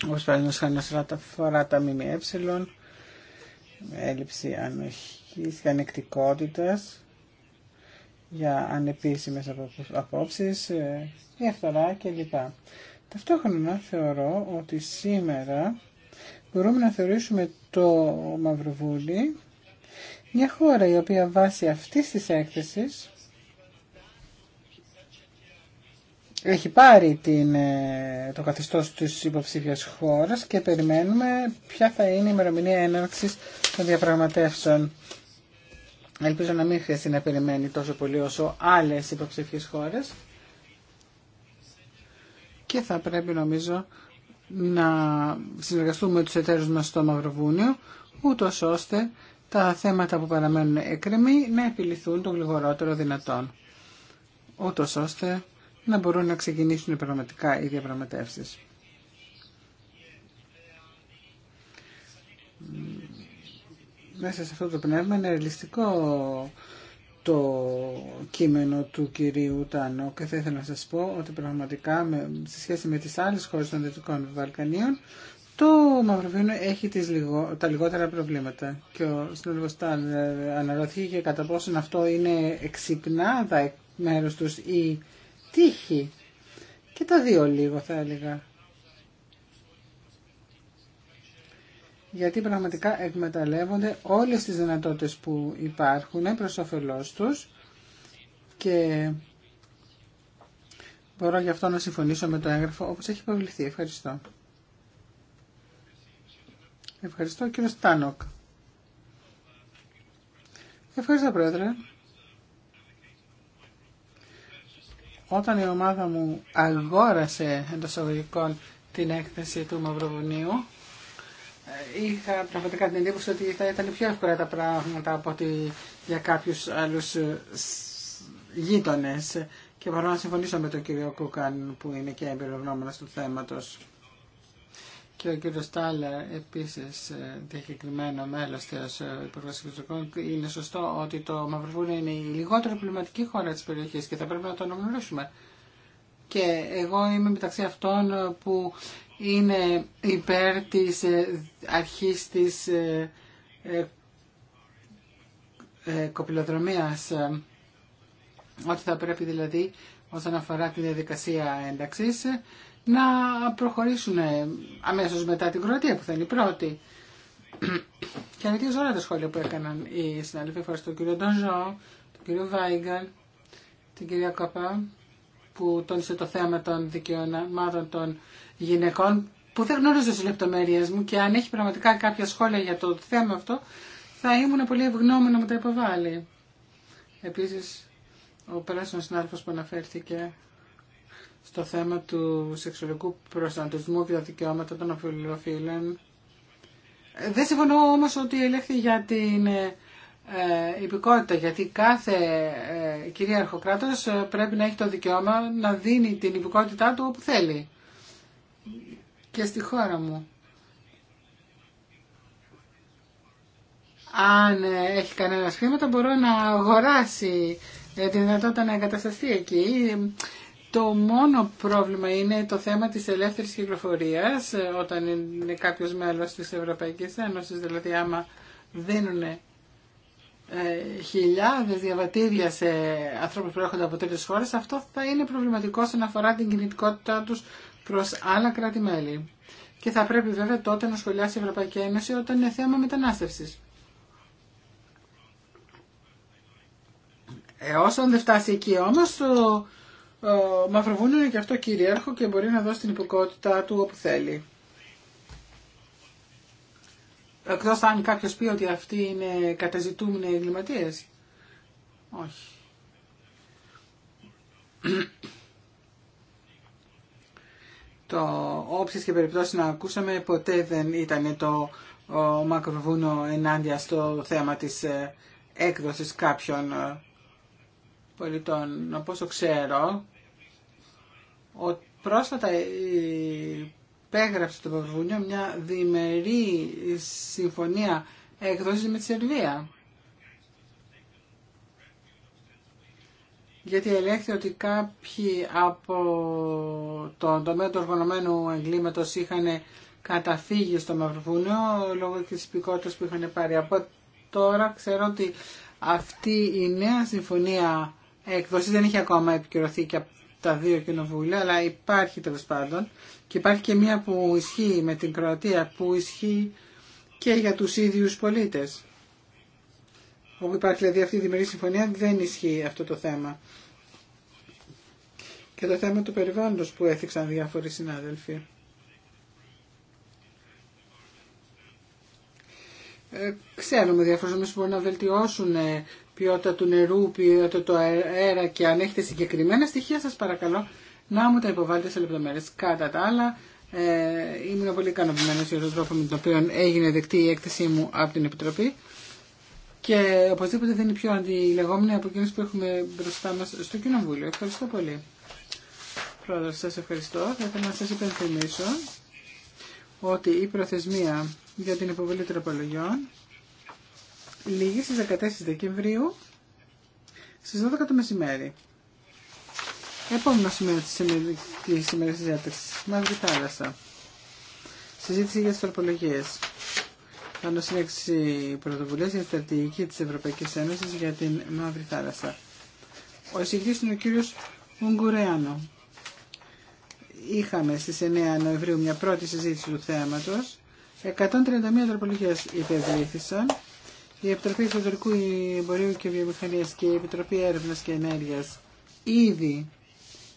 όπως παραδείγματος χάρη αφορά τα ΜΜΕ, έλλειψη ανοχής και ανεκτικότητας για ανεπίσημες απόψεις, διαφθορά ε, κλπ. Ταυτόχρονα θεωρώ ότι σήμερα μπορούμε να θεωρήσουμε το Μαυροβούλι μια χώρα η οποία βάσει αυτής της έκθεσης έχει πάρει την, ε, το καθεστώς της υποψήφιας χώρας και περιμένουμε ποια θα είναι η ημερομηνία έναρξης των διαπραγματεύσεων. Ελπίζω να μην χρειαστεί να περιμένει τόσο πολύ όσο άλλες υποψήφιες χώρες και θα πρέπει νομίζω να συνεργαστούμε με τους εταίρους μας στο Μαυροβούνιο ούτω ώστε τα θέματα που παραμένουν εκκρεμή να επιληθούν το γλυγορότερο δυνατόν Ούτως ώστε να μπορούν να ξεκινήσουν πραγματικά οι διαπραγματεύσει. Μέσα σε αυτό το πνεύμα είναι ρεαλιστικό το κείμενο του κυρίου Τάνο και θα ήθελα να σας πω ότι πραγματικά σε σχέση με τις άλλες χώρες των Δυτικών Βαλκανίων το Μαυροβίνο έχει τις τα λιγότερα προβλήματα και ο συνόλογος Τάν ε, αναρωτήθηκε κατά πόσον αυτό είναι εξυπνάδα μέρος τους ή τύχη. Και τα δύο λίγο θα έλεγα. Γιατί πραγματικά εκμεταλλεύονται όλες τις δυνατότητες που υπάρχουν προς όφελός τους και μπορώ γι' αυτό να συμφωνήσω με το έγγραφο όπως έχει υποβληθεί. Ευχαριστώ. Ευχαριστώ κύριο Στάνοκ. Ευχαριστώ πρόεδρε. Όταν η ομάδα μου αγόρασε εντό εισαγωγικών την έκθεση του Μαυροβουνίου, ε, είχα πραγματικά την εντύπωση ότι θα ήταν πιο εύκολα τα πράγματα από ότι για κάποιου άλλου ε, γείτονε. Και μπορώ να συμφωνήσω με τον κύριο Κούκαν που είναι και εμπειρογνώμονα του θέματο και ο κύριο Στάλλα, επίση ε, διακεκριμένο μέλο τη ε, Υπουργό Εξωτερικών είναι σωστό ότι το Μαυροβούνιο είναι η λιγότερο πληματική χώρα τη περιοχή και θα πρέπει να το αναγνωρίσουμε. Και εγώ είμαι μεταξύ αυτών που είναι υπέρ τη ε, αρχή τη κοπηλοδρομία. ότι θα πρέπει δηλαδή όσον αφορά τη διαδικασία ένταξης να προχωρήσουν αμέσως μετά την Κροατία που θα είναι η πρώτη. Και ανοιχτή όλα τα σχόλια που έκαναν οι συνάδελφοι. Ευχαριστώ τον κύριο Ντονζό, τον κύριο Βάιγκαλ, την κυρία Καπά που τόνισε το θέμα των δικαιωμάτων των γυναικών που δεν γνωρίζω τι λεπτομέρειες μου και αν έχει πραγματικά κάποια σχόλια για το θέμα αυτό θα ήμουν πολύ ευγνώμη να μου τα υποβάλει. Επίσης, ο περάσινος συνάδελφος που αναφέρθηκε στο θέμα του σεξουαλικού προσανατολισμού και τα δικαιώματα των αφιλοφίλων. Δεν συμφωνώ όμως ότι ελέγχθη για την ε, υπηκότητα, γιατί κάθε ε, κυρίαρχο κράτος ε, πρέπει να έχει το δικαίωμα να δίνει την υπηκότητά του όπου θέλει. Και στη χώρα μου. Αν ε, έχει κανένα χρήματα μπορώ να αγοράσει ε, τη δυνατότητα να εγκατασταθεί εκεί. Το μόνο πρόβλημα είναι το θέμα της ελεύθερης κυκλοφορίας ε, όταν είναι κάποιος μέλος της Ευρωπαϊκής Ένωσης, δηλαδή άμα δίνουν ε, χιλιάδες διαβατήρια σε ανθρώπους που έρχονται από τέτοιες χώρες, αυτό θα είναι προβληματικό όσον αφορά την κινητικότητά τους προς άλλα κράτη-μέλη. Και θα πρέπει βέβαια τότε να σχολιάσει η Ευρωπαϊκή Ένωση όταν είναι θέμα μετανάστευσης. Ε, όσον δεν φτάσει εκεί όμως, το μαυροβούνιο είναι και αυτό κυρίαρχο και μπορεί να δώσει την υποκότητά του όπου θέλει. Εκτό αν κάποιο πει ότι αυτοί είναι καταζητούμενοι εγκληματίε. Όχι. το όψεις και περιπτώσει να ακούσαμε ποτέ δεν ήταν το μακροβούνο ενάντια στο θέμα της ε, έκδοσης κάποιων ε, πολιτών. Από ξέρω, ο, πρόσφατα υπέγραψε το Παυροβούνιο μια διμερή συμφωνία έκδοση με τη Σερβία. γιατί ελέγχθη ότι κάποιοι από τον τομέα του οργανωμένου εγκλήματος είχαν καταφύγει στο Μαυροβούνιο λόγω της υπηκότητας που είχαν πάρει. Από τώρα ξέρω ότι αυτή η νέα συμφωνία έκδοση δεν έχει ακόμα επικυρωθεί και από τα δύο κοινοβούλια, αλλά υπάρχει τέλο πάντων. Και υπάρχει και μία που ισχύει με την Κροατία, που ισχύει και για τους ίδιους πολίτες. Όπου υπάρχει δηλαδή αυτή η διμερή συμφωνία, δεν ισχύει αυτό το θέμα. Και το θέμα του περιβάλλοντος που έθιξαν διάφοροι συνάδελφοι. Ε, ξέρουμε διάφορους που μπορούν να βελτιώσουν ε, ποιότητα του νερού, ποιότητα του αέρα και αν έχετε συγκεκριμένα στοιχεία σας παρακαλώ να μου τα υποβάλλετε σε λεπτομέρειες. Κατά τα άλλα, ε, ήμουν πολύ ικανοποιημένο για τον τρόπο με τον οποίο έγινε δεκτή η έκθεσή μου από την Επιτροπή και οπωσδήποτε δεν είναι πιο αντιλεγόμενη από εκείνες που έχουμε μπροστά μας στο Κοινοβούλιο. Ευχαριστώ πολύ. Πρόεδρος, σας ευχαριστώ. Θα ήθελα να σας υπενθυμίσω ότι η προθεσμία για την υποβολή τροπολογιών λίγη στις 14 Δεκεμβρίου στις 12 το μεσημέρι. Επόμενο σημείο της σημερινής διάταξης, Μαύρη Θάλασσα. Συζήτηση για τις τροπολογίες. Πάνω συνέξη πρωτοβουλίας για στρατηγική της Ευρωπαϊκής Ένωσης για την Μαύρη Θάλασσα. Ο εισηγητής είναι ο κύριος Ουγγουρεάνο. Είχαμε στις 9 Νοεμβρίου μια πρώτη συζήτηση του θέματος. 131 τροπολογίες υπευλήθησαν η Επιτροπή Εξωτερικού Εμπορίου και Βιομηχανία και η Επιτροπή Έρευνα και ενέργεια ήδη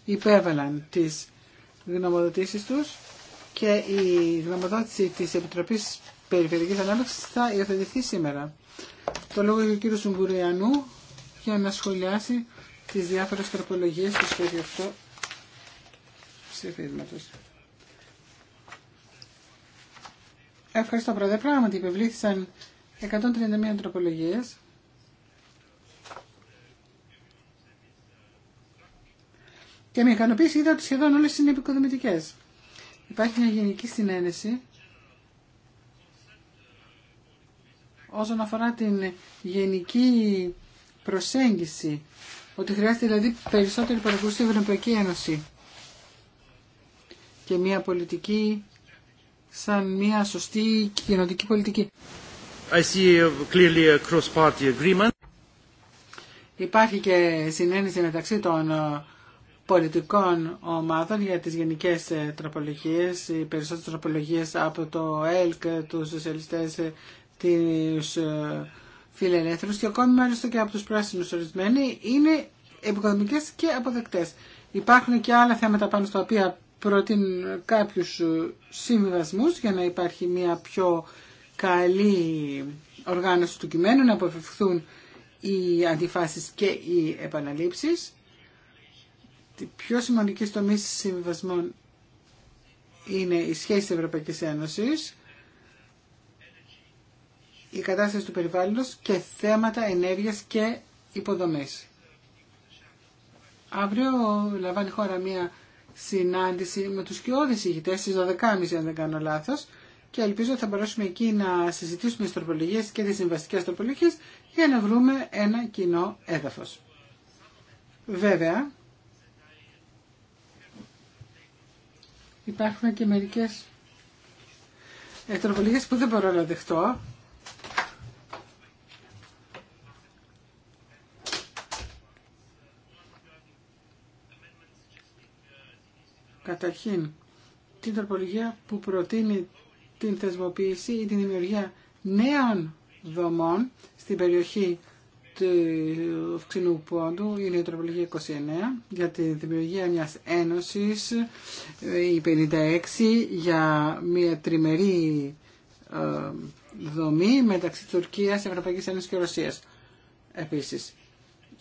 υπέβαλαν τι γνωμοδοτήσει του και η γνωμοδότηση τη επιτροπή περιφερειακή Ανάπτυξη θα υιοθετηθεί σήμερα. Το λόγο για τον κύριο Σουμπουριανού για να σχολιάσει τι διάφορε τροπολογίε του σχέδιου αυτό ψηφίσματο. Ευχαριστώ πρόεδρε Πράγματι υπευλήθησαν 131 τροπολογίες. Και με ικανοποίηση είδα ότι σχεδόν όλες είναι επικοδομητικές. Υπάρχει μια γενική συνένεση όσον αφορά την γενική προσέγγιση, ότι χρειάζεται δηλαδή περισσότερη παρακολουθήση στην Ευρωπαϊκή Ένωση και μια πολιτική σαν μια σωστή κοινωνική πολιτική. Υπάρχει και συνένεση μεταξύ των ε, πολιτικών ομάδων για τις γενικές ε, τροπολογίες, οι περισσότερες τροπολογίες από το ΕΛΚ, τους σοσιαλιστές, ε, τους φιλελεύθερους και ακόμη μάλιστα και από τους πράσινους ορισμένοι είναι επικοδομικές και αποδεκτές. Υπάρχουν και άλλα θέματα πάνω στα οποία προτείνουν κάποιους συμβιβασμούς για να υπάρχει μια πιο καλή οργάνωση του κειμένου, να αποφευχθούν οι αντιφάσεις και οι επαναλήψεις. Τι πιο στο τομείς συμβασμών είναι η σχέση της Ευρωπαϊκής Ένωσης, η κατάσταση του περιβάλλοντος και θέματα ενέργειας και υποδομές. Αύριο λαμβάνει χώρα μία συνάντηση με τους κοιόδης ηγητές στις 12.30 αν δεν κάνω λάθος και ελπίζω θα μπορέσουμε εκεί να συζητήσουμε τις τροπολογίες και τις συμβαστικές τροπολογίες για να βρούμε ένα κοινό έδαφος. Βέβαια, υπάρχουν και μερικές ε, τροπολογίες που δεν μπορώ να δεχτώ. Καταρχήν, την τροπολογία που προτείνει την θεσμοποίηση ή την δημιουργία νέων δομών στην περιοχή του Ξινού Πόντου, είναι η την δημιουργια νεων δομων στην περιοχη του φξινου ποντου ειναι η τροπολογια 29, για τη δημιουργία μιας ένωσης, η 56, για μια τριμερή ε, δομή μεταξύ Τουρκίας, Ευρωπαϊκής Ένωσης και Ρωσίας επίσης.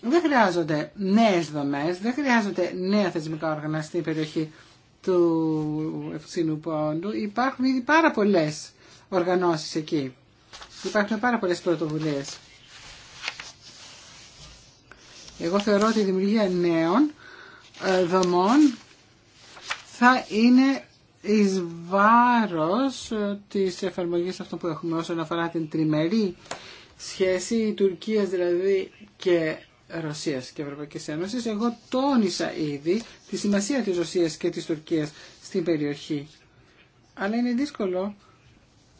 Δεν χρειάζονται νέες δομές, δεν χρειάζονται νέα θεσμικά όργανα στην περιοχή του ευθύνου Πόντου υπάρχουν ήδη πάρα πολλε οργανώσεις εκεί. Υπάρχουν πάρα πολλε πρωτοβουλιε Εγώ θεωρώ ότι η δημιουργία νέων ε, δομών θα είναι εις βάρος ε, της εφαρμογής αυτών που έχουμε όσον αφορά την τριμερή σχέση Τουρκίας δηλαδή και Ρωσίας και Ευρωπαϊκής Ένωσης. Εγώ τόνισα ήδη τη σημασία της Ρωσίας και της Τουρκίας στην περιοχή. Αλλά είναι δύσκολο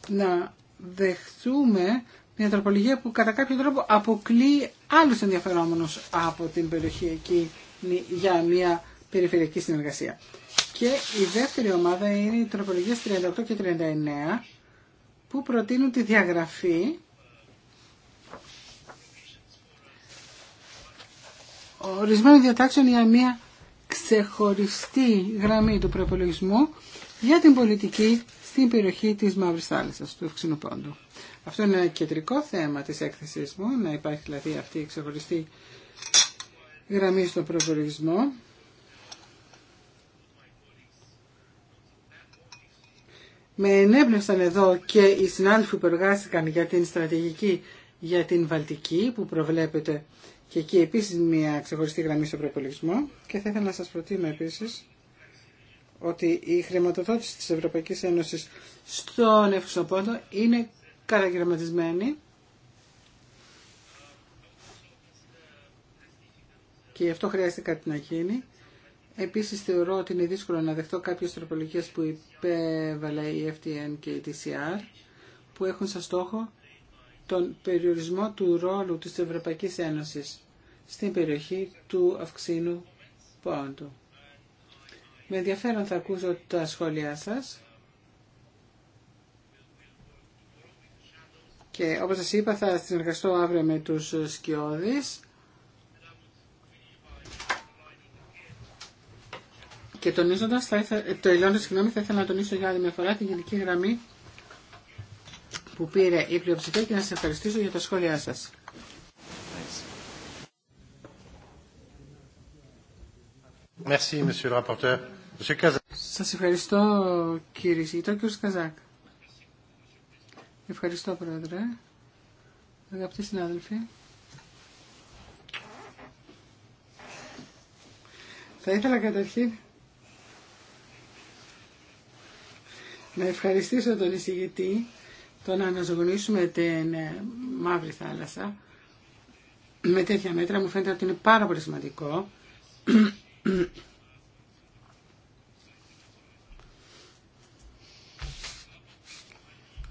να δεχθούμε μια τροπολογία που κατά κάποιο τρόπο αποκλεί άλλους ενδιαφερόμενους από την περιοχή εκεί για μια περιφερειακή συνεργασία. Και η δεύτερη ομάδα είναι οι τροπολογίες 38 και 39 που προτείνουν τη διαγραφή ορισμένων διατάξεων για μια ξεχωριστή γραμμή του προπολογισμού για την πολιτική στην περιοχή της Μαύρης Θάλασσας, του Ευξηνοπόντου. Αυτό είναι ένα κεντρικό θέμα της έκθεσής μου, να υπάρχει δηλαδή αυτή η ξεχωριστή γραμμή στο προπολογισμό. Με ενέπνευσαν εδώ και οι συνάδελφοι που εργάστηκαν για την στρατηγική για την Βαλτική που προβλέπεται και εκεί επίσης μια ξεχωριστή γραμμή στο προπολογισμό και θα ήθελα να σας προτείνω επίσης ότι η χρηματοδότηση της Ευρωπαϊκής Ένωση στον Ευξοπόντο είναι καταγραμματισμένη και γι' αυτό χρειάζεται κάτι να γίνει. Επίσης θεωρώ ότι είναι δύσκολο να δεχτώ κάποιε τροπολογίε που υπέβαλε η FTN και η TCR που έχουν σαν στόχο τον περιορισμό του ρόλου της Ευρωπαϊκής Ένωσης στην περιοχή του αυξήνου πόντου. Με ενδιαφέρον θα ακούσω τα σχόλιά σας και όπως σας είπα θα συνεργαστώ αύριο με τους σκιώδεις και τονίζοντας, θα ήθελα, ε, το συγγνώμη, θα ήθελα να τονίσω για άλλη μια φορά την γενική γραμμή που πήρε η πλειοψηφία και να σα ευχαριστήσω για τα σχόλιά σας. Merci, σας ευχαριστώ κύριε Σιγητό και Καζάκ. Ευχαριστώ πρόεδρε. Αγαπητοί συνάδελφοι. Θα ήθελα καταρχήν να ευχαριστήσω τον εισηγητή το να αναζωογονήσουμε την ε, Μαύρη Θάλασσα με τέτοια μέτρα μου φαίνεται ότι είναι πάρα πολύ σημαντικό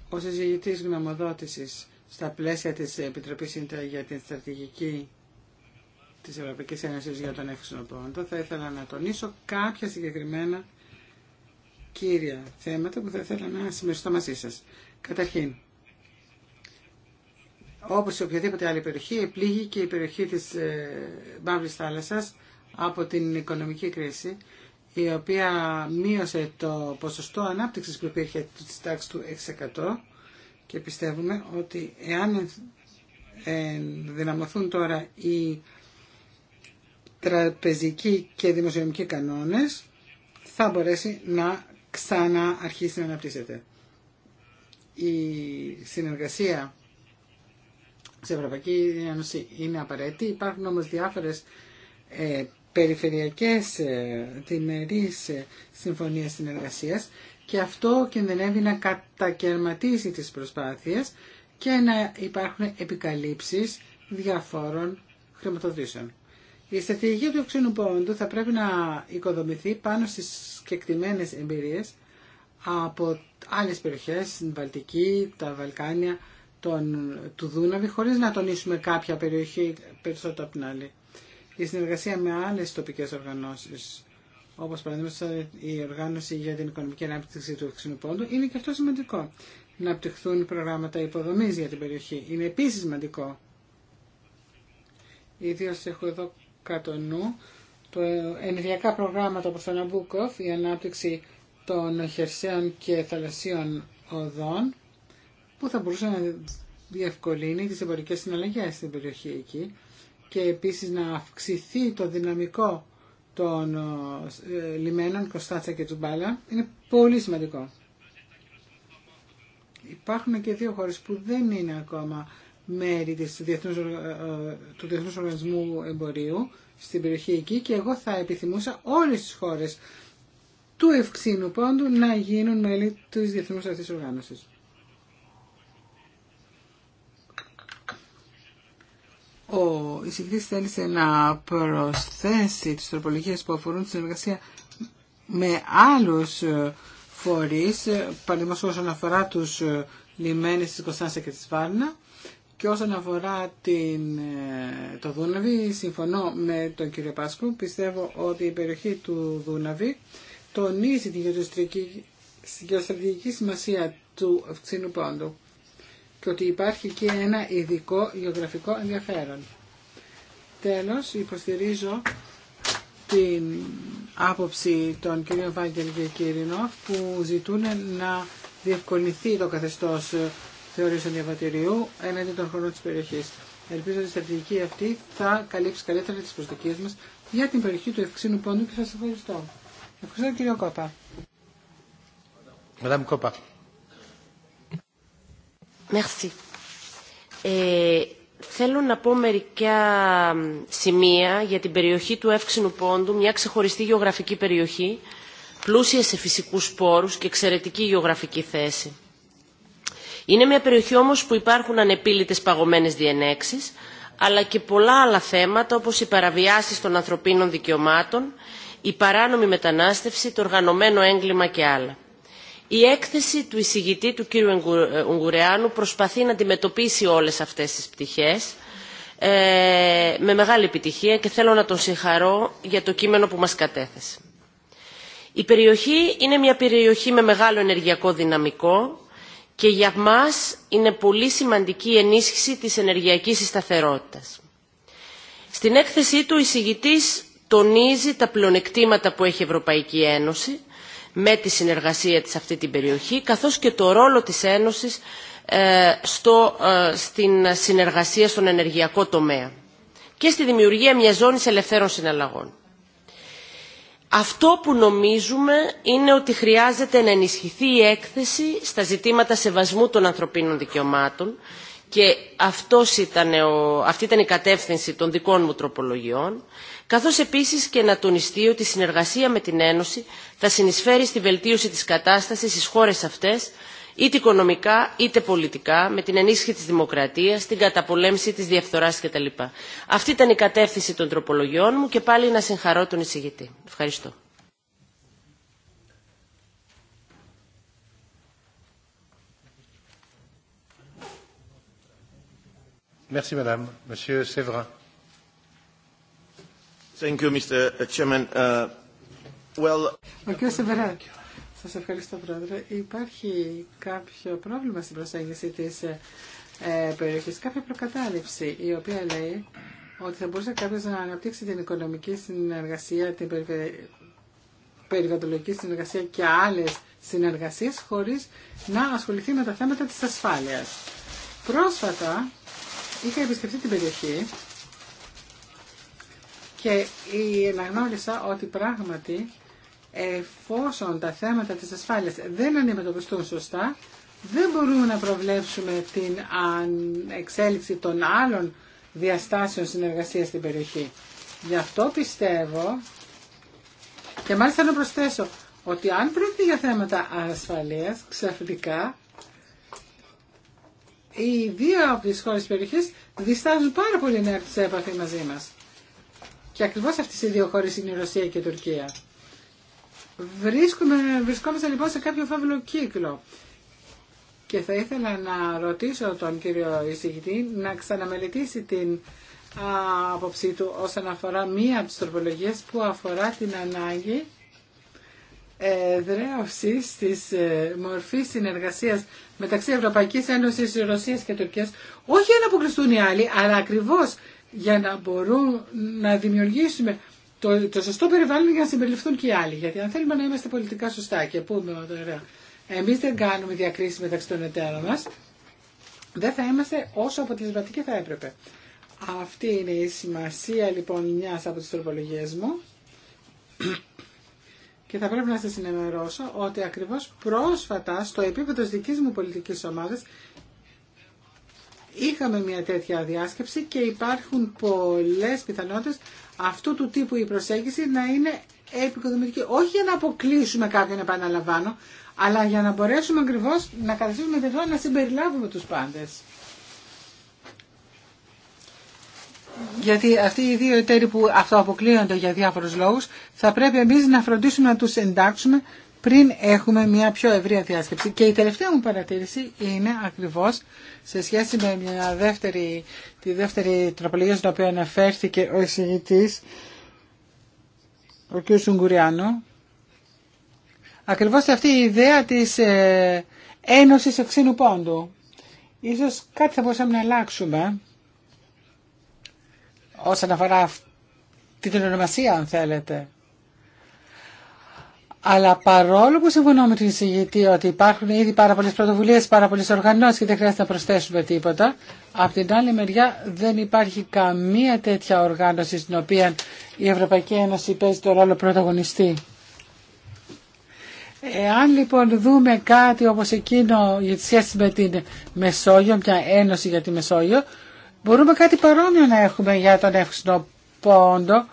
ο συζητητής γνωμοδότησης στα πλαίσια της Επιτροπής Σύντα για την Στρατηγική της Ευρωπαϊκής Ένωσης για τον Εύξηνο θα ήθελα να τονίσω κάποια συγκεκριμένα κύρια θέματα που θα ήθελα να συμμεριστώ μαζί σας. Καταρχήν, όπως σε οποιαδήποτε άλλη περιοχή, πλήγει και η περιοχή της ε, Μαύρης από την οικονομική κρίση, η οποία μείωσε το ποσοστό ανάπτυξη που υπήρχε τη τάξη του 6% και πιστεύουμε ότι εάν ε, δυναμωθούν τώρα οι τραπεζικοί και δημοσιονομικοί κανόνες, θα μπορέσει να ξανααρχίσει να αναπτύσσεται η συνεργασία σε Ευρωπαϊκή Ένωση είναι απαραίτητη. Υπάρχουν όμως διάφορες ε, περιφερειακές ε, διμερείς ε, συμφωνίες συνεργασίας και αυτό κινδυνεύει να κατακαιρματίσει τις προσπάθειες και να υπάρχουν επικαλύψεις διαφόρων χρηματοδοτήσεων. Η στρατηγική του ξένου πόντου θα πρέπει να οικοδομηθεί πάνω στις κεκτημένες εμπειρίες από άλλες περιοχές, την Βαλτική, τα Βαλκάνια, τον, του Δούναβη, χωρίς να τονίσουμε κάποια περιοχή περισσότερο από την άλλη. Η συνεργασία με άλλες τοπικές οργανώσεις, όπως παραδείγματος η Οργάνωση για την Οικονομική Ανάπτυξη του Πόντου, είναι και αυτό σημαντικό. Να απτυχθούν προγράμματα υποδομής για την περιοχή. Είναι επίσης σημαντικό. Ιδίως έχω εδώ κατά νου το ενεργειακά προγράμματα από το Ναμπούκοφ, η ανάπτυξη των χερσαίων και θαλασσίων οδών που θα μπορούσαν να διευκολύνει τις εμπορικές συναλλαγές στην περιοχή εκεί και επίσης να αυξηθεί το δυναμικό των ε, λιμένων Κωνστάτσα και Τζουμπάλα είναι πολύ σημαντικό. Υπάρχουν και δύο χώρες που δεν είναι ακόμα μέρη της διεθνούς, ε, του Διεθνούς Οργανισμού Εμπορίου στην περιοχή εκεί και εγώ θα επιθυμούσα όλες τις χώρες του ευξήνου πόντου να γίνουν μέλη της Διεθνούς Οργάνωσης. Ο εισηγητής θέλησε να προσθέσει τις τροπολογίες που αφορούν τη συνεργασία με άλλους ε, φορείς, ε, Παραδείγματο όσον αφορά τους ε, λιμένες της Κωνσταντσα και της Βάρνα, και όσον αφορά την, το Δούναβι, συμφωνώ με τον κύριο Πάσκου. Πιστεύω ότι η περιοχή του Δούναβι τονίζει την γεωστρατηγική σημασία του αυξήνου πόντου και ότι υπάρχει και ένα ειδικό γεωγραφικό ενδιαφέρον. Τέλος, υποστηρίζω την άποψη των κ. Βάγκελ και που ζητούν να διευκολυνθεί το καθεστώς θεωρήσεων διαβατηρίου έναντι των χρόνων της περιοχής. Ελπίζω ότι η στρατηγική αυτή θα καλύψει καλύτερα τις προσδοκίες μας για την περιοχή του Ευξήνου Πόντου και σας ευχαριστώ. Ευχαριστώ κύριο Κόπα. Ε, θέλω να πω μερικά σημεία για την περιοχή του Εύξηνου Πόντου, μια ξεχωριστή γεωγραφική περιοχή, πλούσια σε φυσικούς πόρους και εξαιρετική γεωγραφική θέση. Είναι μια περιοχή όμως που υπάρχουν ανεπίλητες παγωμένες διενέξεις, αλλά και πολλά άλλα θέματα όπως οι παραβιάσεις των ανθρωπίνων δικαιωμάτων, η παράνομη μετανάστευση, το οργανωμένο έγκλημα και άλλα. Η έκθεση του εισηγητή του κύριου ε, Ουγγουρεάνου προσπαθεί να αντιμετωπίσει όλες αυτές τις πτυχές ε, με μεγάλη επιτυχία και θέλω να τον συγχαρώ για το κείμενο που μας κατέθεσε. Η περιοχή είναι μια περιοχή με μεγάλο ενεργειακό δυναμικό και για μας είναι πολύ σημαντική η ενίσχυση της ενεργειακής σταθερότητας. Στην έκθεσή του, ο τονίζει τα πλονεκτήματα που έχει η Ευρωπαϊκή Ένωση με τη συνεργασία της σε αυτή την περιοχή, καθώς και το ρόλο της Ένωσης ε, στο, ε, στην συνεργασία στον ενεργειακό τομέα και στη δημιουργία μιας ζώνης ελευθέρων συναλλαγών. Αυτό που νομίζουμε είναι ότι χρειάζεται να ενισχυθεί η έκθεση στα ζητήματα σεβασμού των ανθρωπίνων δικαιωμάτων και αυτή ήταν η κατεύθυνση των δικών μου τροπολογιών καθώς επίσης και να τονιστεί ότι η συνεργασία με την Ένωση θα συνεισφέρει στη βελτίωση της κατάστασης στις χώρες αυτές, είτε οικονομικά είτε πολιτικά, με την ενίσχυση της δημοκρατίας, την καταπολέμηση της διαφθοράς κτλ. Αυτή ήταν η κατεύθυνση των τροπολογιών μου και πάλι να συγχαρώ τον εισηγητή. Ευχαριστώ. Uh, uh, Ο κ. Σεβερά, σας ευχαριστώ πρόεδρε. Υπάρχει κάποιο πρόβλημα στην προσέγγιση της ε, περιοχής, κάποια προκατάληψη η οποία λέει ότι θα μπορούσε κάποιο να αναπτύξει την οικονομική συνεργασία, την περιβε... περιβαλλοντική συνεργασία και άλλες συνεργασίες χωρίς να ασχοληθεί με τα θέματα της ασφάλειας. Πρόσφατα είχα επισκεφτεί την περιοχή και αναγνώρισα ότι πράγματι εφόσον τα θέματα της ασφάλειας δεν αντιμετωπιστούν σωστά, δεν μπορούμε να προβλέψουμε την εξέλιξη των άλλων διαστάσεων συνεργασίας στην περιοχή. Γι' αυτό πιστεύω και μάλιστα να προσθέσω ότι αν πρόκειται για θέματα ασφαλείας, ξαφνικά οι δύο από τις χώρες περιοχής διστάζουν πάρα πολύ να έρθουν σε επαφή μαζί μας. Και ακριβώ αυτέ οι δύο χώρε είναι η Ρωσία και η Τουρκία. Βρίσκουμε, βρισκόμαστε λοιπόν σε κάποιο φαύλο κύκλο. Και θα ήθελα να ρωτήσω τον κύριο εισηγητή να ξαναμελετήσει την άποψή του όσον αφορά μία από τις τροπολογίες που αφορά την ανάγκη δρέωσης της ε, μορφής συνεργασίας μεταξύ Ευρωπαϊκής Ένωσης, Ρωσίας και Τουρκίας όχι να αποκλειστούν οι άλλοι, αλλά ακριβώς για να μπορούμε να δημιουργήσουμε το, το σωστό περιβάλλον για να συμπεριληφθούν και οι άλλοι. Γιατί αν θέλουμε να είμαστε πολιτικά σωστά και πούμε ότι εμείς δεν κάνουμε διακρίσεις μεταξύ των εταίρων μας, δεν θα είμαστε όσο αποτελεσματικοί θα έπρεπε. Αυτή είναι η σημασία λοιπόν μια από τις τροπολογίες μου. Και θα πρέπει να σας ενημερώσω ότι ακριβώς πρόσφατα στο επίπεδο της δικής μου πολιτικής ομάδας Είχαμε μια τέτοια διάσκεψη και υπάρχουν πολλές πιθανότητες αυτού του τύπου η προσέγγιση να είναι επικοδομητική. Όχι για να αποκλείσουμε κάποιον, επαναλαμβάνω, αλλά για να μπορέσουμε ακριβώ να καταστήσουμε τελικά να συμπεριλάβουμε τους πάντες. Γιατί αυτοί οι δύο εταίροι που αυτοαποκλείονται για διάφορους λόγους θα πρέπει εμείς να φροντίσουμε να τους εντάξουμε πριν έχουμε μια πιο ευρία διάσκεψη. Και η τελευταία μου παρατήρηση είναι ακριβώς σε σχέση με μια δεύτερη, τη δεύτερη τροπολογία στην οποία αναφέρθηκε ο εισηγητής, ο κ. Σουγκουριάνο, ακριβώς αυτή η ιδέα της ε, ένωσης εξήνου πόντου. Ίσως κάτι θα μπορούσαμε να αλλάξουμε όσον αφορά αυτή την ονομασία αν θέλετε. Αλλά παρόλο που συμφωνώ με την εισηγητή ότι υπάρχουν ήδη πάρα πολλέ πρωτοβουλίε, πάρα πολλέ οργανώσει και δεν χρειάζεται να προσθέσουμε τίποτα, από την άλλη μεριά δεν υπάρχει καμία τέτοια οργάνωση στην οποία η Ευρωπαϊκή Ένωση παίζει το ρόλο πρωταγωνιστή. Εάν λοιπόν δούμε κάτι όπως εκείνο για τη σχέση με την Μεσόγειο, μια ένωση για τη Μεσόγειο, μπορούμε κάτι παρόμοιο να έχουμε για τον εύξηνο πόντο,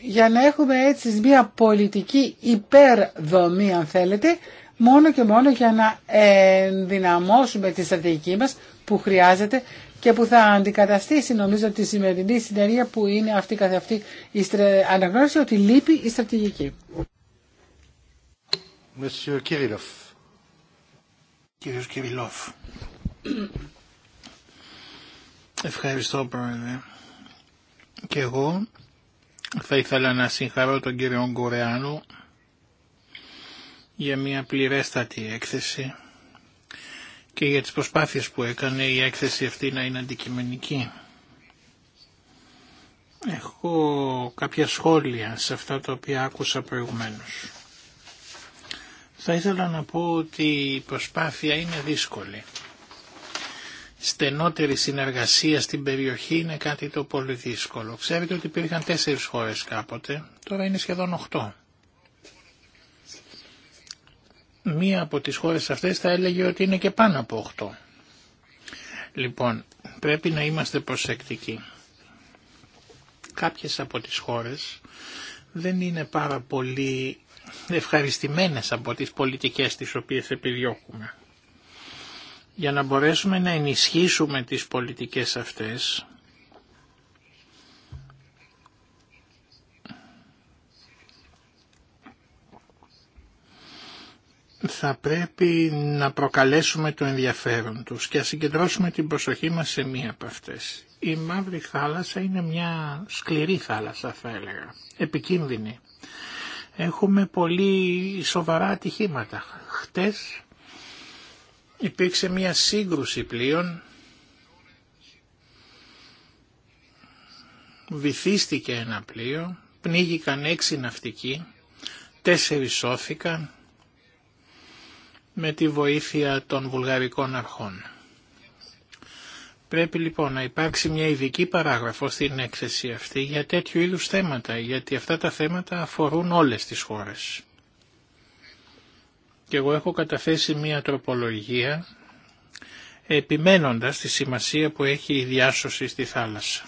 για να έχουμε έτσι μια πολιτική υπερδομή αν θέλετε μόνο και μόνο για να ενδυναμώσουμε τη στρατηγική μας που χρειάζεται και που θα αντικαταστήσει νομίζω τη σημερινή συνεργία που είναι αυτή καθ' αυτή η αναγνώριση ότι λείπει η στρατηγική. Κύριος Κυριλόφ. Ευχαριστώ πρόεδρε. Και εγώ θα ήθελα να συγχαρώ τον κύριο Γκουρεάνου για μια πληρέστατη έκθεση και για τις προσπάθειες που έκανε η έκθεση αυτή να είναι αντικειμενική. Έχω κάποια σχόλια σε αυτά τα οποία άκουσα προηγουμένως. Θα ήθελα να πω ότι η προσπάθεια είναι δύσκολη στενότερη συνεργασία στην περιοχή είναι κάτι το πολύ δύσκολο. Ξέρετε ότι υπήρχαν τέσσερις χώρες κάποτε, τώρα είναι σχεδόν οχτώ. Μία από τις χώρες αυτές θα έλεγε ότι είναι και πάνω από οχτώ. Λοιπόν, πρέπει να είμαστε προσεκτικοί. Κάποιες από τις χώρες δεν είναι πάρα πολύ ευχαριστημένες από τις πολιτικές τις οποίες επιδιώκουμε. Για να μπορέσουμε να ενισχύσουμε τις πολιτικές αυτές, θα πρέπει να προκαλέσουμε το ενδιαφέρον τους και να συγκεντρώσουμε την προσοχή μας σε μία από αυτές. Η Μαύρη Θάλασσα είναι μια σκληρή θάλασσα θα έλεγα, επικίνδυνη. Έχουμε πολύ σοβαρά ατυχήματα. Χτες υπήρξε μια σύγκρουση πλοίων, βυθίστηκε ένα πλοίο, πνίγηκαν έξι ναυτικοί, τέσσερις σώθηκαν με τη βοήθεια των βουλγαρικών αρχών. Πρέπει λοιπόν να υπάρξει μια ειδική παράγραφο στην έκθεση αυτή για τέτοιου είδους θέματα, γιατί αυτά τα θέματα αφορούν όλες τις χώρες και εγώ έχω καταθέσει μία τροπολογία επιμένοντας τη σημασία που έχει η διάσωση στη θάλασσα.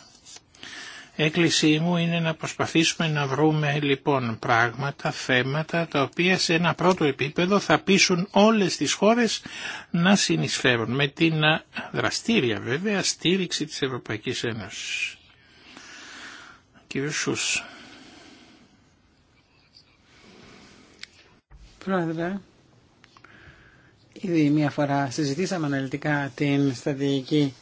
Έκκλησή μου είναι να προσπαθήσουμε να βρούμε λοιπόν πράγματα, θέματα τα οποία σε ένα πρώτο επίπεδο θα πείσουν όλες τις χώρες να συνεισφέρουν με την δραστήρια βέβαια στήριξη της Ευρωπαϊκής Ένωσης. Κύριε Σούς. Πρόεδρε, Ήδη μία φορά συζητήσαμε αναλυτικά την στρατηγική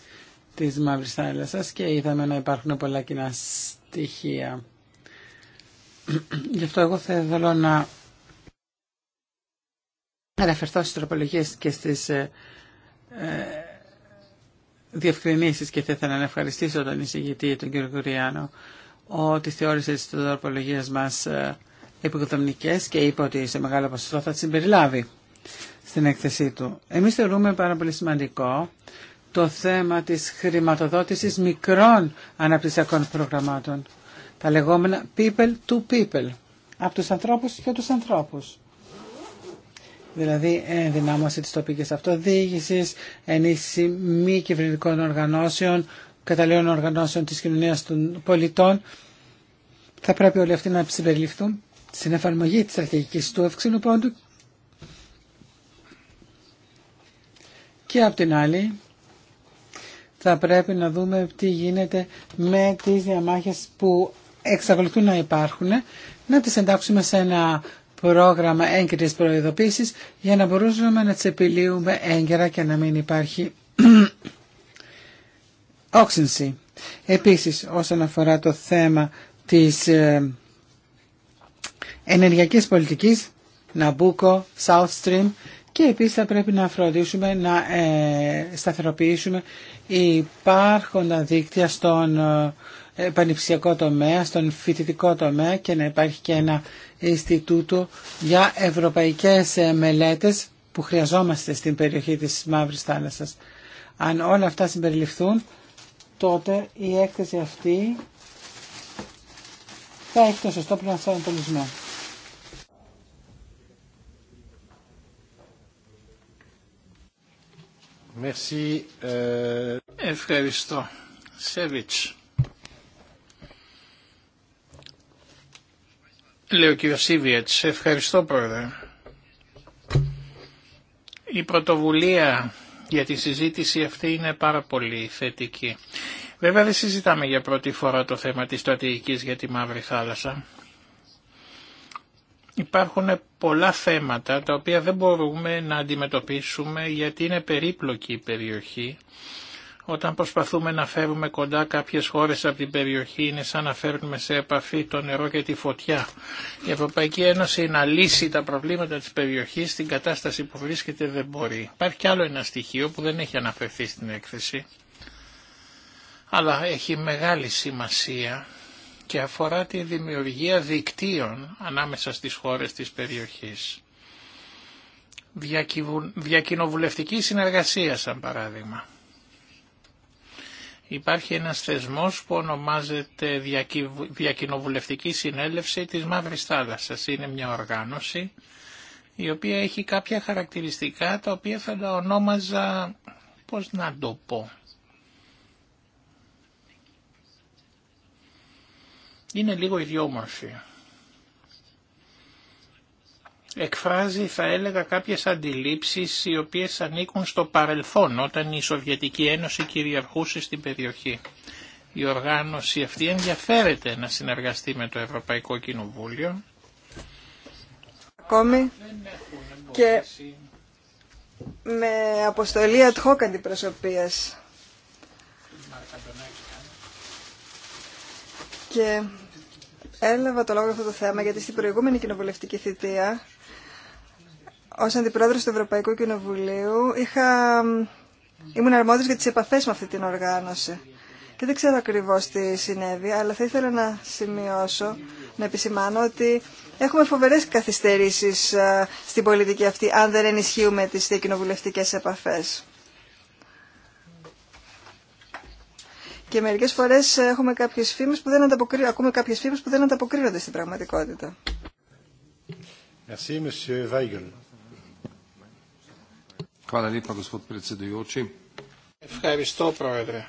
της Μαύρης Θάλασσας και είδαμε να υπάρχουν πολλά κοινά στοιχεία. Γι' αυτό εγώ θα θέλω να αναφερθώ στις τροπολογίες και στις ε, ε, διευκρινήσεις και θα ήθελα να ευχαριστήσω τον εισηγητή, τον κύριο Κουριάνο, ότι θεώρησε τις τροπολογίες μας ε, επικοδομικές και είπε ότι σε μεγάλο ποσοστό θα τις συμπεριλάβει στην έκθεσή του. Εμείς θεωρούμε πάρα πολύ σημαντικό το θέμα της χρηματοδότησης μικρών αναπτυσσιακών προγραμμάτων. Τα λεγόμενα people to people. Από τους ανθρώπους και τους ανθρώπους. Δηλαδή ενδυνάμωση της τοπικής αυτοδιοίκησης, ενίσχυση μη κυβερνητικών οργανώσεων, καταλληλών οργανώσεων της κοινωνίας των πολιτών. Θα πρέπει όλοι αυτοί να συμπεριληφθούν στην εφαρμογή της αρχικής του ευξήνου πόντου Και απ' την άλλη θα πρέπει να δούμε τι γίνεται με τις διαμάχες που εξακολουθούν να υπάρχουν, να τις εντάξουμε σε ένα πρόγραμμα έγκυρης προειδοποίησης για να μπορούσαμε να τις επιλύουμε έγκαιρα και να μην υπάρχει όξυνση. Επίσης, όσον αφορά το θέμα της ε, ενεργειακής πολιτικής, Ναμπούκο, South Stream, και επίσης θα πρέπει να φροντίσουμε να ε, σταθεροποιήσουμε υπάρχοντα δίκτυα στον ε, πανεπιστημιακό τομέα, στον φοιτητικό τομέα και να υπάρχει και ένα Ινστιτούτο για ευρωπαϊκές ε, μελέτες που χρειαζόμαστε στην περιοχή της Μαύρης Θάλασσας. Αν όλα αυτά συμπεριληφθούν, τότε η έκθεση αυτή θα έχει το σωστό Ε, Ευχαριστώ. Σεβιτς. Λέω κύριο Σίβιετς. Ευχαριστώ πρόεδρε. Η πρωτοβουλία για τη συζήτηση αυτή είναι πάρα πολύ θετική. Βέβαια δεν συζητάμε για πρώτη φορά το θέμα της στρατηγικής για τη Μαύρη Θάλασσα υπάρχουν πολλά θέματα τα οποία δεν μπορούμε να αντιμετωπίσουμε γιατί είναι περίπλοκη η περιοχή. Όταν προσπαθούμε να φέρουμε κοντά κάποιες χώρες από την περιοχή είναι σαν να φέρνουμε σε επαφή το νερό και τη φωτιά. Η Ευρωπαϊκή Ένωση να λύσει τα προβλήματα της περιοχής στην κατάσταση που βρίσκεται δεν μπορεί. Υπάρχει κι άλλο ένα στοιχείο που δεν έχει αναφερθεί στην έκθεση αλλά έχει μεγάλη σημασία και αφορά τη δημιουργία δικτύων ανάμεσα στις χώρες της περιοχής. Διακοινοβουλευτική συνεργασία σαν παράδειγμα. Υπάρχει ένας θεσμός που ονομάζεται Διακοινοβουλευτική Συνέλευση της Μαύρης Θάλασσας. Είναι μια οργάνωση η οποία έχει κάποια χαρακτηριστικά τα οποία θα τα ονόμαζα, πώς να το πω, είναι λίγο ιδιόμορφη. Εκφράζει θα έλεγα κάποιες αντιλήψεις οι οποίες ανήκουν στο παρελθόν όταν η Σοβιετική Ένωση κυριαρχούσε στην περιοχή. Η οργάνωση αυτή ενδιαφέρεται να συνεργαστεί με το Ευρωπαϊκό Κοινοβούλιο. Ακόμη και με αποστολή ad hoc αντιπροσωπείας Και έλαβα το λόγο αυτό το θέμα γιατί στην προηγούμενη κοινοβουλευτική θητεία ως αντιπρόεδρος του Ευρωπαϊκού Κοινοβουλίου είχα... ήμουν αρμόδιος για τις επαφές με αυτή την οργάνωση. Και δεν ξέρω ακριβώς τι συνέβη, αλλά θα ήθελα να σημειώσω, να επισημάνω ότι έχουμε φοβερές καθυστερήσεις ε, στην πολιτική αυτή, αν δεν ενισχύουμε τις κοινοβουλευτικές επαφές. Και μερικέ φορέ έχουμε κάποιες φήμες που δεν ανταποκρί... ακούμε κάποιε φήμε που δεν ανταποκρίνονται στην πραγματικότητα. Ευχαριστώ, Πρόεδρε.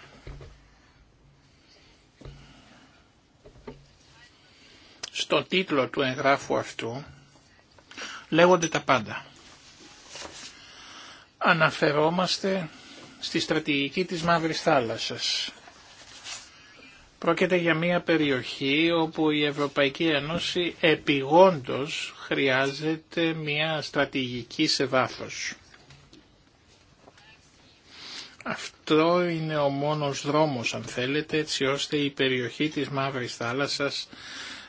Στο τίτλο του εγγράφου αυτού λέγονται τα πάντα. Αναφερόμαστε στη στρατηγική της Μαύρης Θάλασσας Πρόκειται για μια περιοχή όπου η Ευρωπαϊκή Ένωση επιγόντως χρειάζεται μια στρατηγική σε βάθος. Αυτό είναι ο μόνος δρόμος αν θέλετε έτσι ώστε η περιοχή της Μαύρης Θάλασσας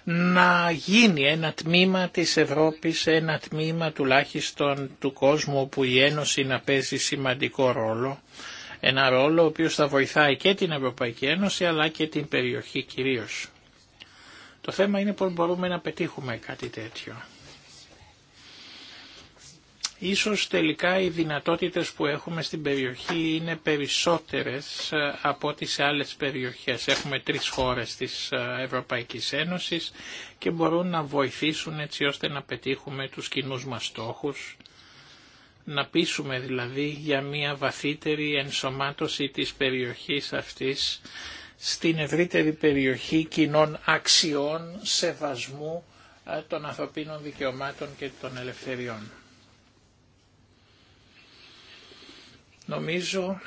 να γίνει ένα τμήμα της Ευρώπης, ένα τμήμα τουλάχιστον του κόσμου όπου η Ένωση να παίζει σημαντικό ρόλο ένα ρόλο ο οποίος θα βοηθάει και την Ευρωπαϊκή Ένωση αλλά και την περιοχή κυρίως. Το θέμα είναι πώς μπορούμε να πετύχουμε κάτι τέτοιο. Ίσως τελικά οι δυνατότητες που έχουμε στην περιοχή είναι περισσότερες ε, από τις άλλες περιοχές. Έχουμε τρεις χώρες της ε, Ευρωπαϊκής Ένωσης και μπορούν να βοηθήσουν έτσι ώστε να πετύχουμε τους κοινούς μας στόχους να πείσουμε δηλαδή για μια βαθύτερη ενσωμάτωση της περιοχής αυτής στην ευρύτερη περιοχή κοινών αξιών σεβασμού ε, των ανθρωπίνων δικαιωμάτων και των ελευθεριών. Νομίζω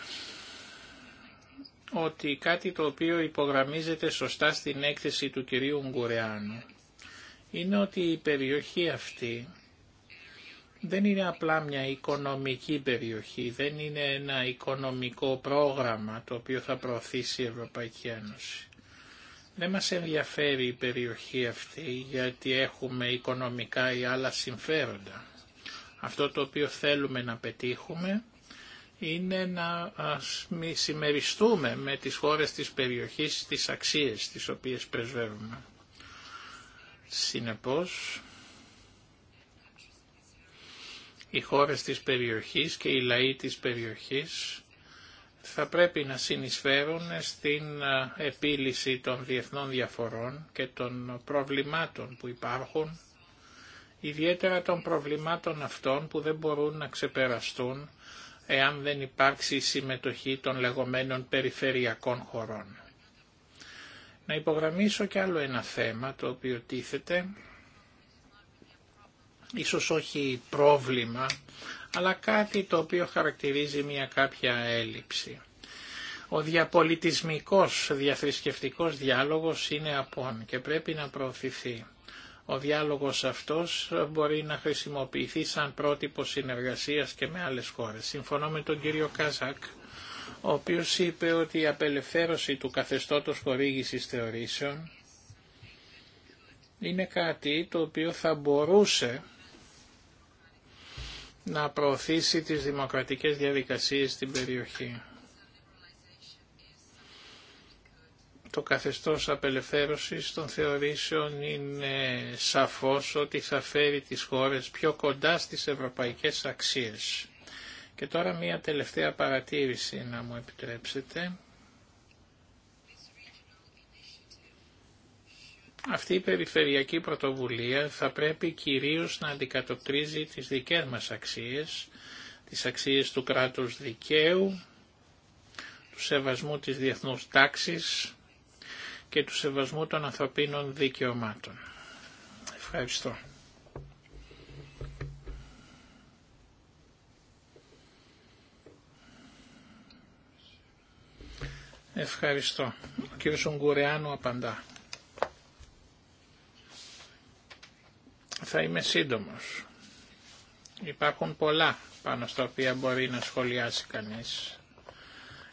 ότι κάτι το οποίο υπογραμμίζεται σωστά στην έκθεση του κυρίου Γκουρεάνου είναι ότι η περιοχή αυτή δεν είναι απλά μια οικονομική περιοχή, δεν είναι ένα οικονομικό πρόγραμμα το οποίο θα προωθήσει η Ευρωπαϊκή Ένωση. Δεν μας ενδιαφέρει η περιοχή αυτή γιατί έχουμε οικονομικά ή άλλα συμφέροντα. Αυτό το οποίο θέλουμε να πετύχουμε είναι να συμμεριστούμε με τις χώρες της περιοχής τις αξίες τις οποίες πρεσβεύουμε. Συνεπώς, οι χώρες της περιοχής και οι λαοί της περιοχής θα πρέπει να συνεισφέρουν στην ε, επίλυση των διεθνών διαφορών και των προβλημάτων που υπάρχουν, ιδιαίτερα των προβλημάτων αυτών που δεν μπορούν να ξεπεραστούν εάν δεν υπάρξει συμμετοχή των λεγόμενων περιφερειακών χωρών. Να υπογραμμίσω και άλλο ένα θέμα το οποίο τίθεται ίσως όχι πρόβλημα, αλλά κάτι το οποίο χαρακτηρίζει μια κάποια έλλειψη. Ο διαπολιτισμικός διαθρησκευτικός διάλογος είναι απόν και πρέπει να προωθηθεί. Ο διάλογος αυτός μπορεί να χρησιμοποιηθεί σαν πρότυπο συνεργασίας και με άλλες χώρες. Συμφωνώ με τον κύριο Κάζακ, ο οποίος είπε ότι η απελευθέρωση του καθεστώτος χορήγησης θεωρήσεων είναι κάτι το οποίο θα μπορούσε να προωθήσει τις δημοκρατικές διαδικασίες στην περιοχή. Το καθεστώς απελευθέρωσης των θεωρήσεων είναι σαφώς ότι θα φέρει τις χώρες πιο κοντά στις ευρωπαϊκές αξίες. Και τώρα μία τελευταία παρατήρηση να μου επιτρέψετε. Αυτή η περιφερειακή πρωτοβουλία θα πρέπει κυρίως να αντικατοπτρίζει τις δικές μας αξίες, τις αξίες του κράτους δικαίου, του σεβασμού της διεθνούς τάξης και του σεβασμού των ανθρωπίνων δικαιωμάτων. Ευχαριστώ. Ευχαριστώ. Ο κύριος Ογκουρεάνου απαντά. Θα είμαι σύντομος. Υπάρχουν πολλά πάνω στα οποία μπορεί να σχολιάσει κανείς.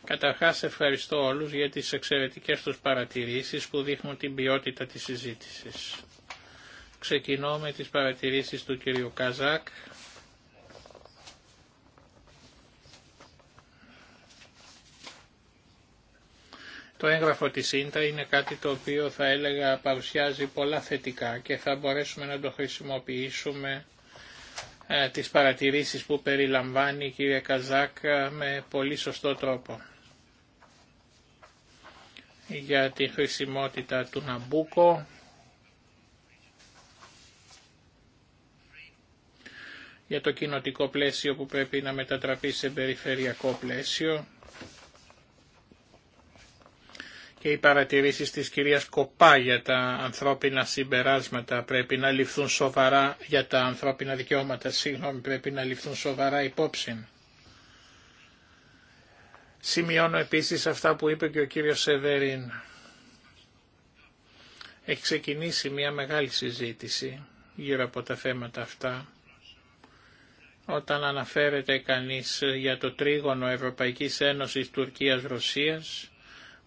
Καταρχάς ευχαριστώ όλους για τις εξαιρετικές τους παρατηρήσεις που δείχνουν την ποιότητα της συζήτησης. Ξεκινώ με τις παρατηρήσεις του κυρίου Καζάκ Το έγγραφο της ΣΥΝΤΑ είναι κάτι το οποίο θα έλεγα παρουσιάζει πολλά θετικά και θα μπορέσουμε να το χρησιμοποιήσουμε ε, τις παρατηρήσεις που περιλαμβάνει η κυρία Καζάκ με πολύ σωστό τρόπο για τη χρησιμότητα του Ναμπούκο για το κοινοτικό πλαίσιο που πρέπει να μετατραπεί σε περιφερειακό πλαίσιο και οι παρατηρήσεις της κυρίας Κοπά για τα ανθρώπινα συμπεράσματα πρέπει να ληφθούν σοβαρά, για τα ανθρώπινα δικαιώματα, συγγνώμη, πρέπει να ληφθούν σοβαρά υπόψη. Σημειώνω επίσης αυτά που είπε και ο κύριος Σεβερίν. Έχει ξεκινήσει μια μεγάλη συζήτηση γύρω από τα θέματα αυτά. Όταν αναφέρεται κανείς για το τρίγωνο Ευρωπαϊκής Ένωσης Τουρκίας-Ρωσίας,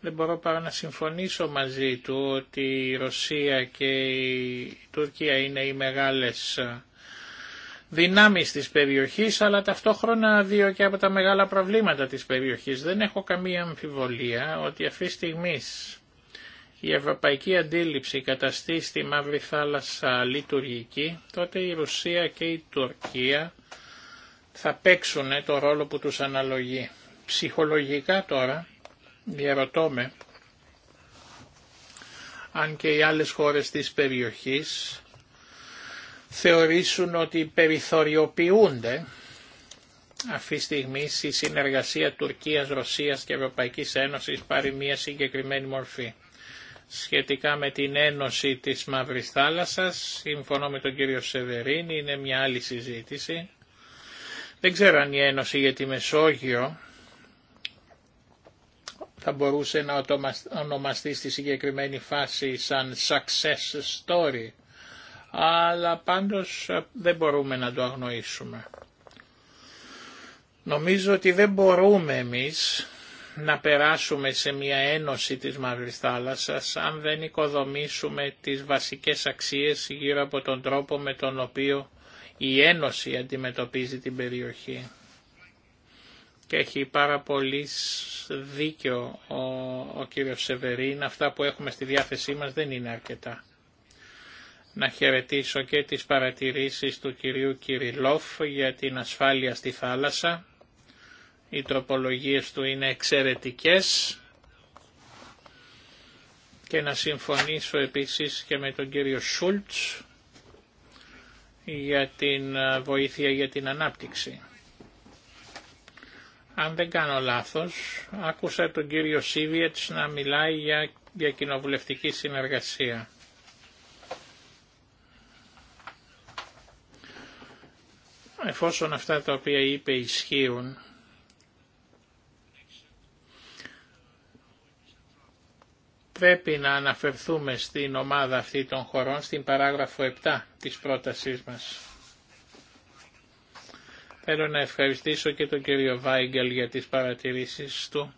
δεν μπορώ παρά να συμφωνήσω μαζί του ότι η Ρωσία και η Τουρκία είναι οι μεγάλες ε, δυνάμεις της περιοχής, αλλά ταυτόχρονα δύο και από τα μεγάλα προβλήματα της περιοχής. Δεν έχω καμία αμφιβολία ότι αυτή τη στιγμή η ευρωπαϊκή αντίληψη καταστεί στη Μαύρη Θάλασσα λειτουργική, τότε η Ρωσία και η Τουρκία θα παίξουν το ρόλο που τους αναλογεί. Ψυχολογικά τώρα, Διαρωτώ με αν και οι άλλες χώρες της περιοχής θεωρήσουν ότι περιθωριοποιούνται αυτή τη στιγμή η συνεργασία Τουρκίας, Ρωσίας και Ευρωπαϊκής Ένωσης πάρει μια συγκεκριμένη μορφή. Σχετικά με την Ένωση της Μαύρης Θάλασσας, συμφωνώ με τον κύριο Σεβερίνη, είναι μια άλλη συζήτηση. Δεν ξέρω αν η Ένωση για τη Μεσόγειο θα μπορούσε να ονομαστεί στη συγκεκριμένη φάση σαν success story, αλλά πάντως ε, δεν μπορούμε να το αγνοήσουμε. Νομίζω ότι δεν μπορούμε εμείς να περάσουμε σε μια ένωση της Μαύρης Θάλασσας αν δεν οικοδομήσουμε τις βασικές αξίες γύρω από τον τρόπο με τον οποίο η Ένωση αντιμετωπίζει την περιοχή και έχει πάρα πολύ δίκιο ο, ο κύριος Σεβερίν. Αυτά που έχουμε στη διάθεσή μας δεν είναι αρκετά. Να χαιρετήσω και τις παρατηρήσεις του κυρίου Κυριλόφ για την ασφάλεια στη θάλασσα. Οι τροπολογίες του είναι εξαιρετικές. Και να συμφωνήσω επίσης και με τον κύριο Σούλτς για την ε, βοήθεια για την ανάπτυξη. Αν δεν κάνω λάθος, άκουσα τον κύριο Σίβιετς να μιλάει για κοινοβουλευτική συνεργασία. Εφόσον αυτά τα οποία είπε ισχύουν, πρέπει να αναφερθούμε στην ομάδα αυτή των χωρών στην παράγραφο 7 της πρότασής μας. Θέλω να ευχαριστήσω και τον κύριο Βάιγκελ για τις παρατηρήσεις του.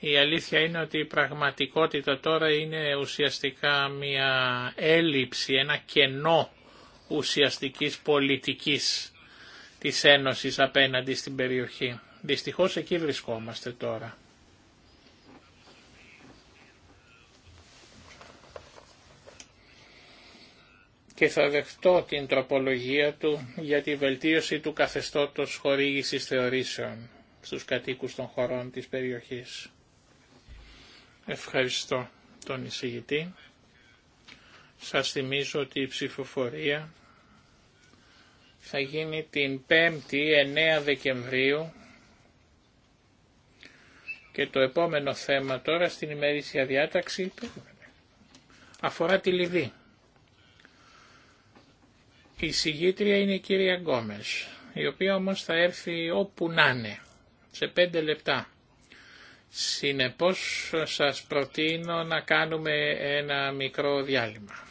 Η αλήθεια είναι ότι η πραγματικότητα τώρα είναι ουσιαστικά μια έλλειψη, ένα κενό ουσιαστικής πολιτικής της Ένωσης απέναντι στην περιοχή. Δυστυχώς εκεί βρισκόμαστε τώρα. και θα δεχτώ την τροπολογία του για τη βελτίωση του καθεστώτος χορήγησης θεωρήσεων στους κατοίκους των χωρών της περιοχής. Ευχαριστώ τον εισηγητή. Σας θυμίζω ότι η ψηφοφορία θα γίνει την 5η 9 Δεκεμβρίου και το επόμενο θέμα τώρα στην ημερήσια διάταξη αφορά τη Λιβύη. Η συγγήτρια είναι η κυρία Γκόμες, η οποία όμως θα έρθει όπου να είναι, σε πέντε λεπτά. Συνεπώς σας προτείνω να κάνουμε ένα μικρό διάλειμμα.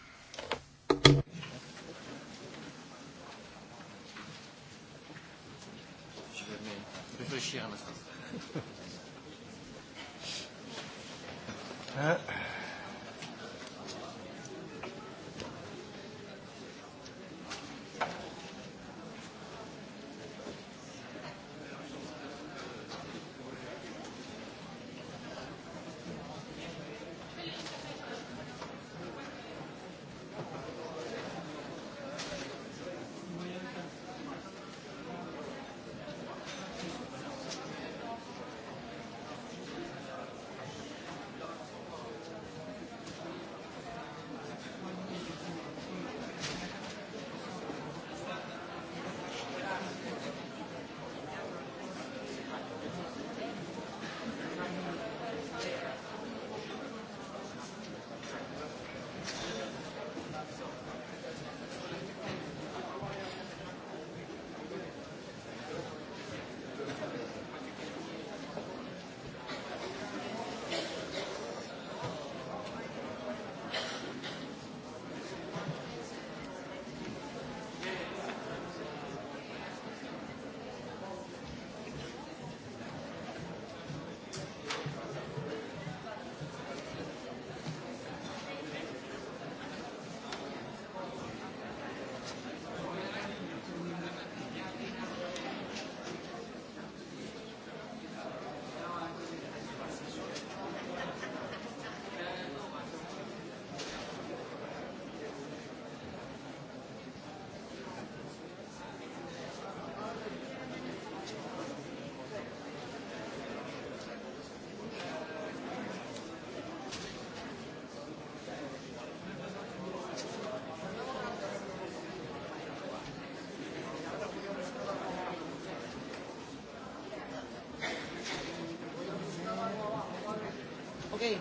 Okay.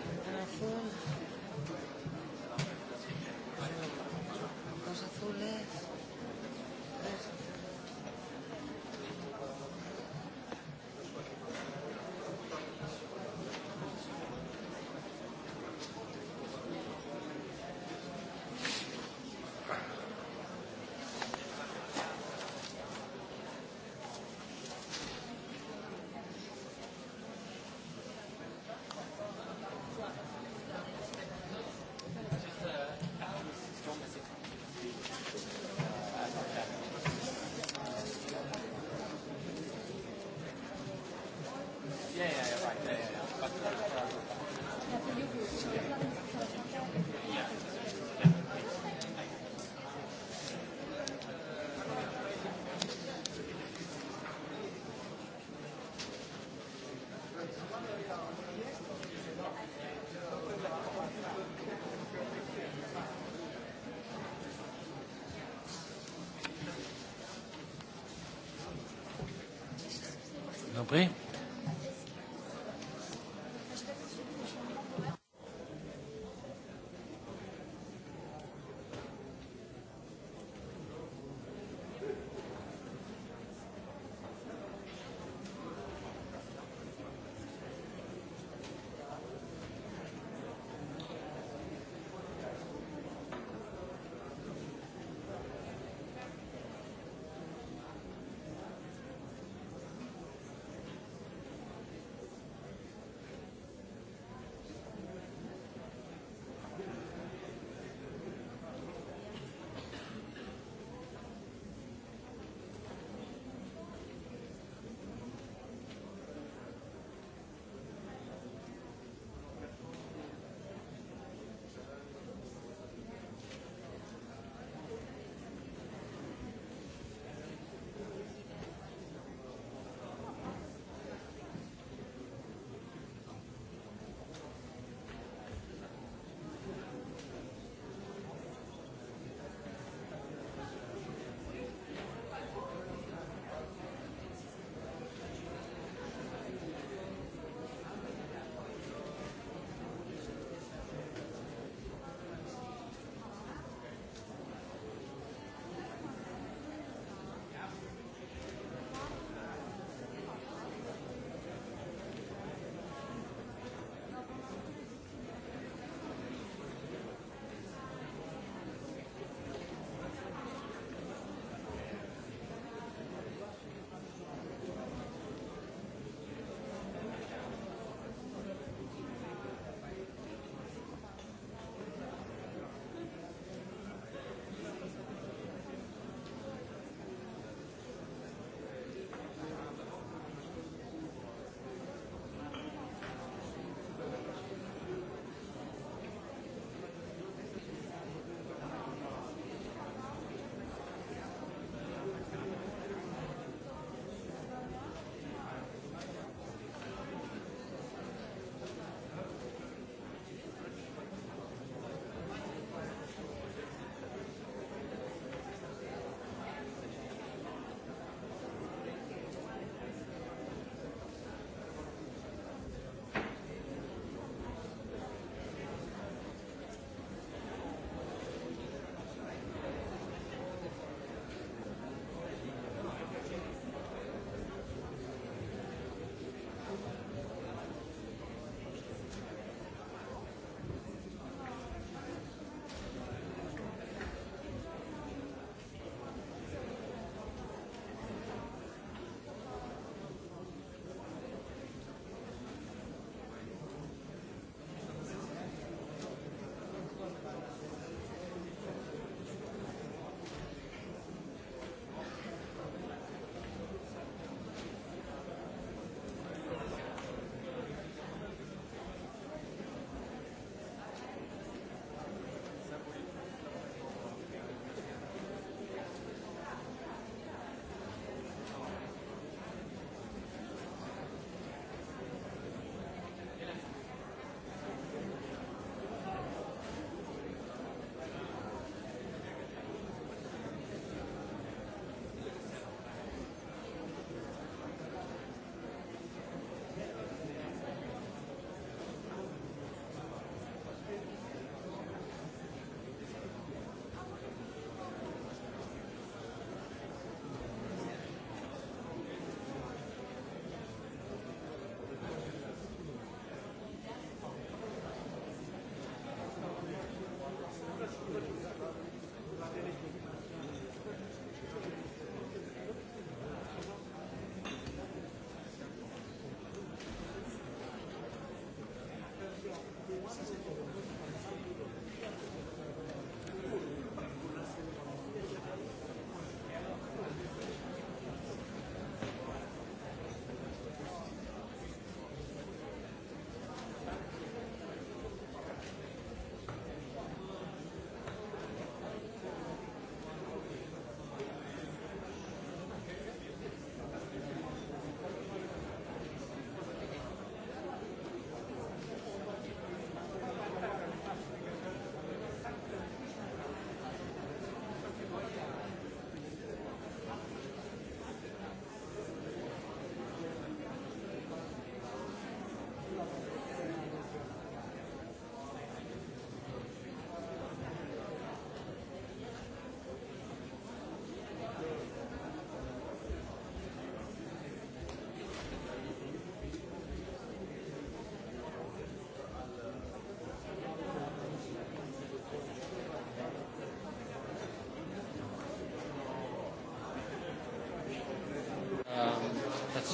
compris.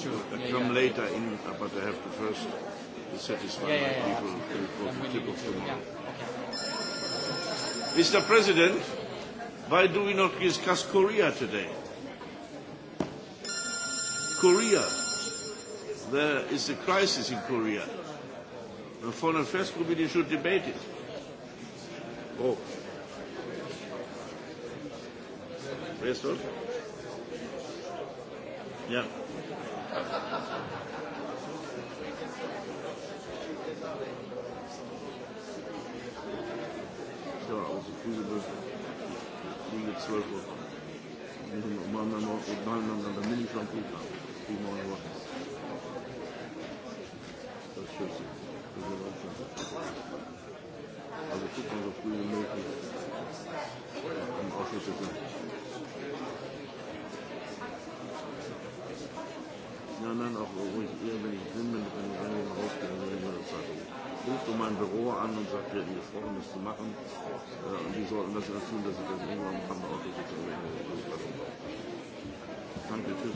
sure. yeah, come yeah, later yeah. in, uh, but I have to first satisfy yeah, yeah, my people before the tip of tomorrow. Yeah. Okay. Mr. President, why do we not discuss Korea today? Korea. There is a crisis in Korea. The Foreign Affairs Committee should debate it. Oh. Yes, sir. Yeah. Also so früh wie möglich Ja, nein, auch ruhig eher, wenn ich bin, wenn ich ruft um mein Büro an und sagt, wir hätten gesprochen, das zu machen. Äh, und die sollten das tun, dass ich das irgendwann am auch Danke, tschüss.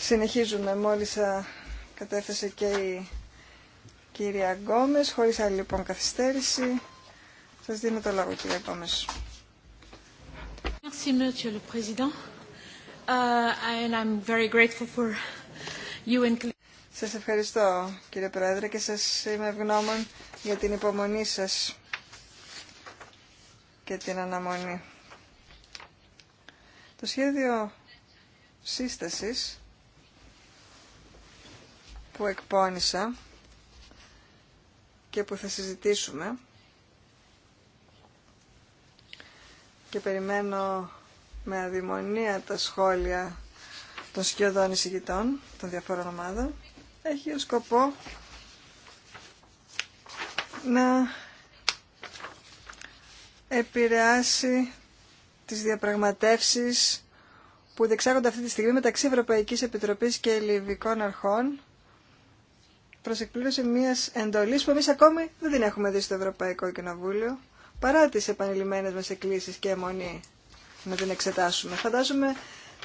Συνεχίζουμε. Μόλις κατέθεσε και η κυρία Γκόμες. Χωρίς άλλη λοιπόν καθυστέρηση. Σας δίνω το λόγο κυρία Γκόμες. Merci, Σας ευχαριστώ κύριε Πρόεδρε και σας είμαι ευγνώμων για την υπομονή σας και την αναμονή. Το σχέδιο σύστασης που εκπώνησα και που θα συζητήσουμε και περιμένω με αδημονία τα σχόλια των σκιωδών εισηγητών των διαφόρων ομάδων έχει ως σκοπό να επηρεάσει τις διαπραγματεύσεις που διεξάγονται αυτή τη στιγμή μεταξύ Ευρωπαϊκής Επιτροπής και Ελληνικών Αρχών προς εκπλήρωση μιας εντολής που εμείς ακόμη δεν την έχουμε δει στο Ευρωπαϊκό Κοινοβούλιο παρά τις επανειλημμένες μας εκκλήσεις και αιμονή να την εξετάσουμε. Φαντάζομαι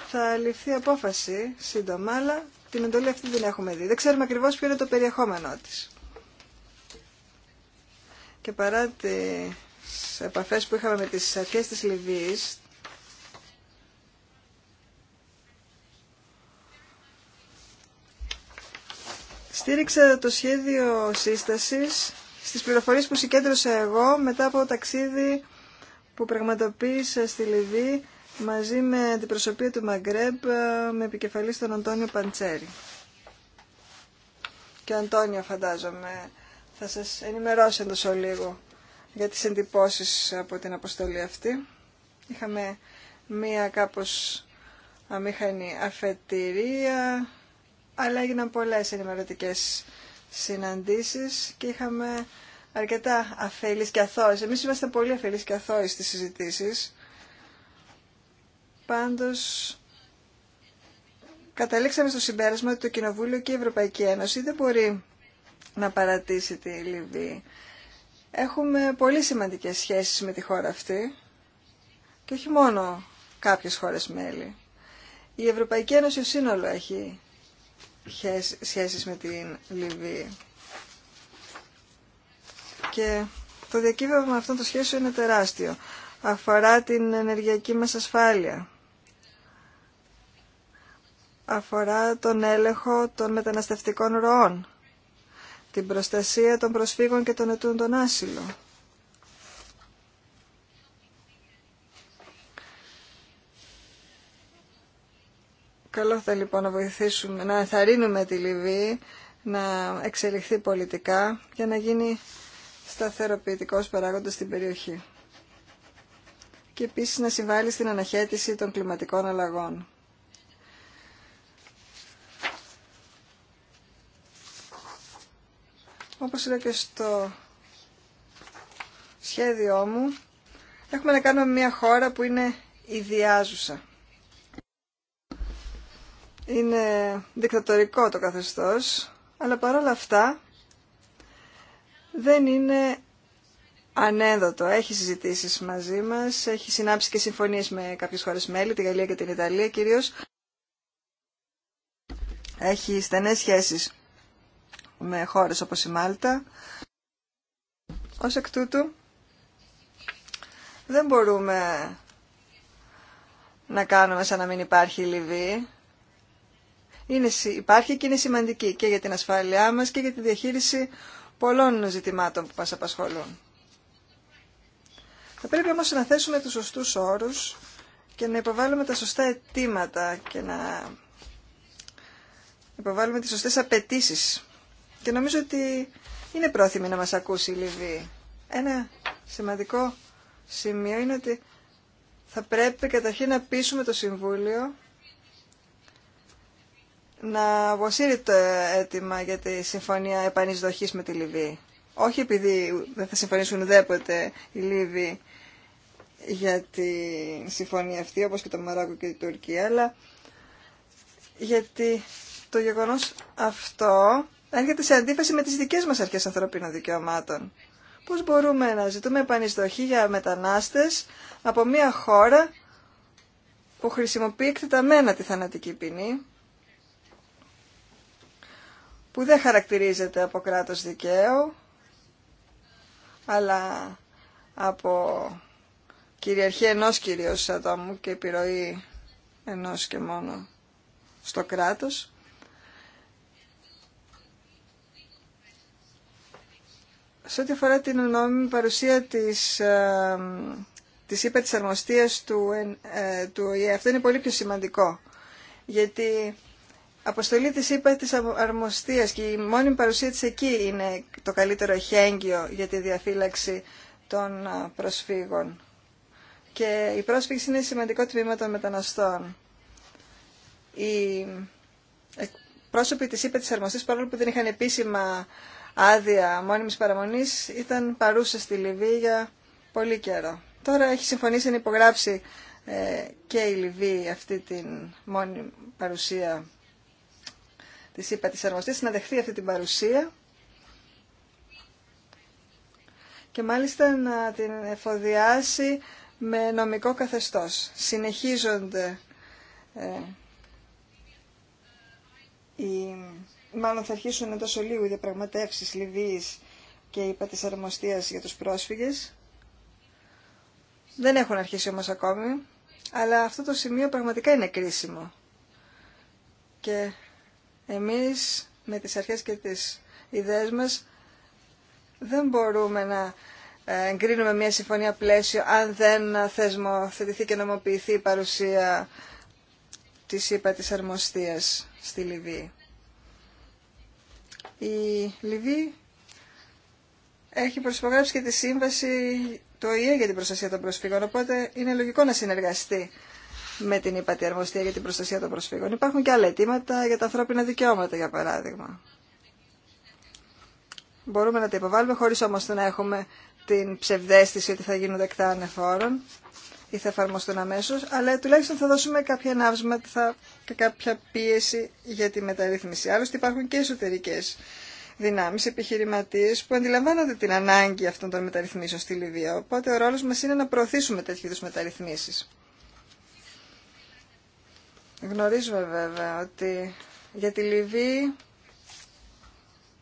θα ληφθεί απόφαση σύντομα, αλλά την εντολή αυτή δεν έχουμε δει. Δεν ξέρουμε ακριβώς ποιο είναι το περιεχόμενό της. Και παρά τη επαφές που είχαμε με τις αρχές της Λιβύης στήριξα το σχέδιο σύστασης στις πληροφορίες που συγκέντρωσα εγώ μετά από ταξίδι που πραγματοποίησα στη Λιβύη μαζί με την προσωπία του Μαγκρέμπ με επικεφαλή τον Αντώνιο Παντσέρη. Και Αντώνιο φαντάζομαι θα σας ενημερώσει εντός ολίγου για τις εντυπώσεις από την αποστολή αυτή. Είχαμε μία κάπως αμήχανη αφετηρία, αλλά έγιναν πολλές ενημερωτικές συναντήσεις και είχαμε αρκετά αφέλεις και αθώες. Εμείς είμαστε πολύ αφέλεις και αθώοι στις συζητήσεις. Πάντως, καταλήξαμε στο συμπέρασμα ότι το Κοινοβούλιο και η Ευρωπαϊκή Ένωση δεν μπορεί να παρατήσει τη Λιβύη. Έχουμε πολύ σημαντικές σχέσεις με τη χώρα αυτή και όχι μόνο κάποιες χώρες μέλη. Η Ευρωπαϊκή Ένωση ως σύνολο έχει σχέσεις με την Λιβύη. Και το διακύβευμα αυτών των σχέσεων είναι τεράστιο. Αφορά την ενεργειακή μας ασφάλεια. Αφορά τον έλεγχο των μεταναστευτικών ροών την προστασία των προσφύγων και των ετούν τον άσυλο. Καλό θα λοιπόν να βοηθήσουμε, να ενθαρρύνουμε τη Λιβύη να εξελιχθεί πολιτικά και να γίνει σταθεροποιητικός παράγοντας στην περιοχή. Και επίσης να συμβάλλει στην αναχέτηση των κλιματικών αλλαγών. Όπως είπα και στο σχέδιό μου, έχουμε να κάνουμε μια χώρα που είναι ιδιάζουσα. Είναι δικτατορικό το καθεστώς, αλλά παρόλα αυτά δεν είναι ανέδοτο. Έχει συζητήσει μαζί μας, έχει συνάψει και συμφωνίες με κάποιες χώρες μέλη, τη Γαλλία και την Ιταλία κυρίως. Έχει στενές σχέσεις με χώρες όπως η Μάλτα. Ως εκ τούτου, δεν μπορούμε να κάνουμε σαν να μην υπάρχει η Λιβύη. υπάρχει και είναι σημαντική και για την ασφάλειά μας και για τη διαχείριση πολλών ζητημάτων που μας απασχολούν. Θα πρέπει όμως να θέσουμε τους σωστούς όρους και να υποβάλουμε τα σωστά αιτήματα και να υποβάλουμε τις σωστές απαιτήσει και νομίζω ότι είναι πρόθυμη να μας ακούσει η Λιβύη. Ένα σημαντικό σημείο είναι ότι θα πρέπει καταρχήν να πείσουμε το Συμβούλιο να αποσύρει το αίτημα για τη συμφωνία επανεισδοχής με τη Λιβύη. Όχι επειδή δεν θα συμφωνήσουν ουδέποτε οι Λίβοι για τη συμφωνία αυτή, όπως και το Μαράκο και η Τουρκία, αλλά γιατί το γεγονός αυτό έρχεται σε αντίφαση με τις δικές μας αρχές ανθρωπίνων δικαιωμάτων. Πώς μπορούμε να ζητούμε επανειστοχή για μετανάστες από μια χώρα που χρησιμοποιεί εκτεταμένα τη θανατική ποινή, που δεν χαρακτηρίζεται από κράτος δικαίου, αλλά από κυριαρχία ενός κυρίως ατόμου και επιρροή ενός και μόνο στο κράτος. Σε ό,τι αφορά την νόμιμη παρουσία της, ε, της ΥΠΑ αρμοστίας του, ε, του ΟΗΕ, αυτό είναι πολύ πιο σημαντικό. Γιατί αποστολή της ΥΠΑ της αρμοστίας και η μόνιμη παρουσία της εκεί είναι το καλύτερο εχέγγυο για τη διαφύλαξη των ε, προσφύγων. Και η πρόσφυγη είναι σημαντικό τμήμα των μεταναστών. Οι πρόσωποι της ΥΠΑ της αρμοστίας, παρόλο που δεν είχαν επίσημα άδεια μόνιμης παραμονής ήταν παρούσα στη Λιβύη για πολύ καιρό. Τώρα έχει συμφωνήσει να υπογράψει ε, και η Λιβύη αυτή την μόνιμη παρουσία της ΥΠΑ της Αρμοστής, να δεχθεί αυτή την παρουσία και μάλιστα να την εφοδιάσει με νομικό καθεστώς. Συνεχίζονται ε, μάλλον θα αρχίσουν εντό λίγο οι διαπραγματεύσεις Λιβύης και η της για τους πρόσφυγες. Δεν έχουν αρχίσει όμως ακόμη, αλλά αυτό το σημείο πραγματικά είναι κρίσιμο. Και εμείς με τις αρχές και τις ιδέες μας δεν μπορούμε να ε, εγκρίνουμε μια συμφωνία πλαίσιο αν δεν θεσμοθετηθεί και νομοποιηθεί η παρουσία της ΥΠΑ της αρμοστίας στη Λιβύη. Η Λιβύη έχει προσυπογράψει και τη σύμβαση του ΟΗΕ για την προστασία των προσφύγων, οπότε είναι λογικό να συνεργαστεί με την ΥΠΑΤΗ Αρμοστία για την προστασία των προσφύγων. Υπάρχουν και άλλα αιτήματα για τα ανθρώπινα δικαιώματα, για παράδειγμα. Μπορούμε να τα υποβάλουμε χωρίς όμως να έχουμε την ψευδέστηση ότι θα γίνουν δεκτά ανεφόρων ή θα εφαρμοστούν αμέσως, αλλά τουλάχιστον θα δώσουμε κάποια ανάβσματα, θα, κάποια πίεση για τη μεταρρύθμιση. Άλλωστε υπάρχουν και εσωτερικές δυνάμεις, επιχειρηματίες που αντιλαμβάνονται την ανάγκη αυτών των μεταρρυθμίσεων στη Λιβύα. Οπότε ο ρόλος μας είναι να προωθήσουμε τέτοιου είδους μεταρρυθμίσεις. Γνωρίζουμε βέβαια ότι για τη Λιβύη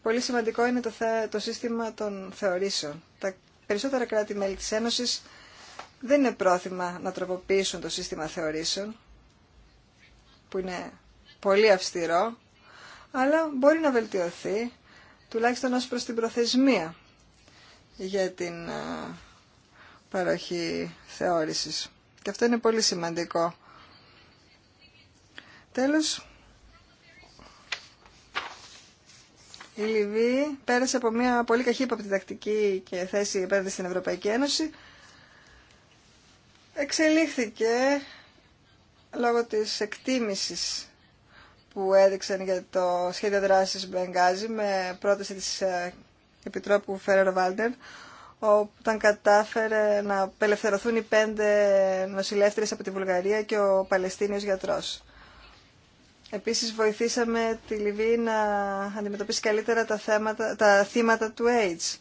πολύ σημαντικό είναι το, το σύστημα των θεωρήσεων. Τα περισσότερα κράτη-μέλη της Ένωσης δεν είναι πρόθυμα να τροποποιήσουν το σύστημα θεωρήσεων, που είναι πολύ αυστηρό, αλλά μπορεί να βελτιωθεί, τουλάχιστον ως προς την προθεσμία για την παροχή θεώρησης. Και αυτό είναι πολύ σημαντικό. Τέλος, η Λιβύη πέρασε από μια πολύ καχύπαπτη τακτική και θέση επένδυση στην Ευρωπαϊκή Ένωση εξελίχθηκε λόγω της εκτίμησης που έδειξαν για το σχέδιο δράσης Μπενγκάζη με πρόταση της ε, Επιτρόπου Φέρερ Βάλτερ όταν κατάφερε να απελευθερωθούν οι πέντε νοσηλεύτερες από τη Βουλγαρία και ο Παλαιστίνιος γιατρός. Επίσης βοηθήσαμε τη Λιβύη να αντιμετωπίσει καλύτερα τα, θέματα, τα θύματα του AIDS.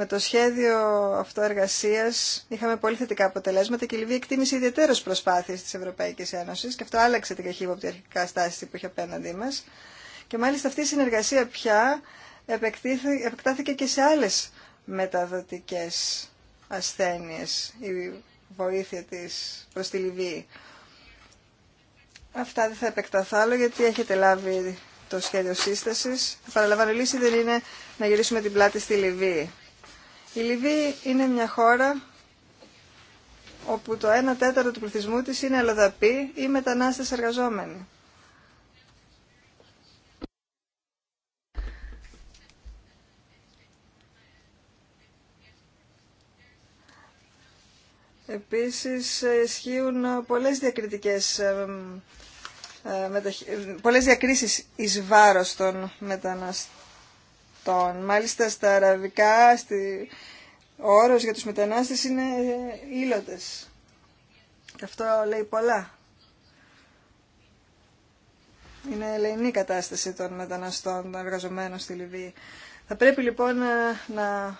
Με το σχέδιο αυτό εργασία είχαμε πολύ θετικά αποτελέσματα και η Λιβύη εκτίμησε ιδιαίτερε προσπάθειε τη Ευρωπαϊκή Ένωση και αυτό άλλαξε την καχύποπτη αρχικά στάση που είχε απέναντί μα. Και μάλιστα αυτή η συνεργασία πια επεκτάθηκε και σε άλλε μεταδοτικέ ασθένειε, η βοήθεια τη προ τη Λιβύη. Αυτά δεν θα επεκταθώ άλλο γιατί έχετε λάβει το σχέδιο σύσταση. Παραλαμβάνω, η λύση δεν είναι να γυρίσουμε την πλάτη στη Λιβύη. Η Λιβύη είναι μια χώρα όπου το 1 τέταρτο του πληθυσμού της είναι αλλοδαπή ή μετανάστες εργαζόμενοι. Επίσης ε, ισχύουν πολλές διακριτικές ε, ε, πολλές διακρίσεις εις βάρος των μεταναστών αυτών. Μάλιστα στα αραβικά στη... ο όρος για τους μετανάστες είναι ε, ήλωτες. Και αυτό λέει πολλά. Είναι ελεηνή κατάσταση των μεταναστών, των εργαζομένων στη Λιβύη. Θα πρέπει λοιπόν ε, να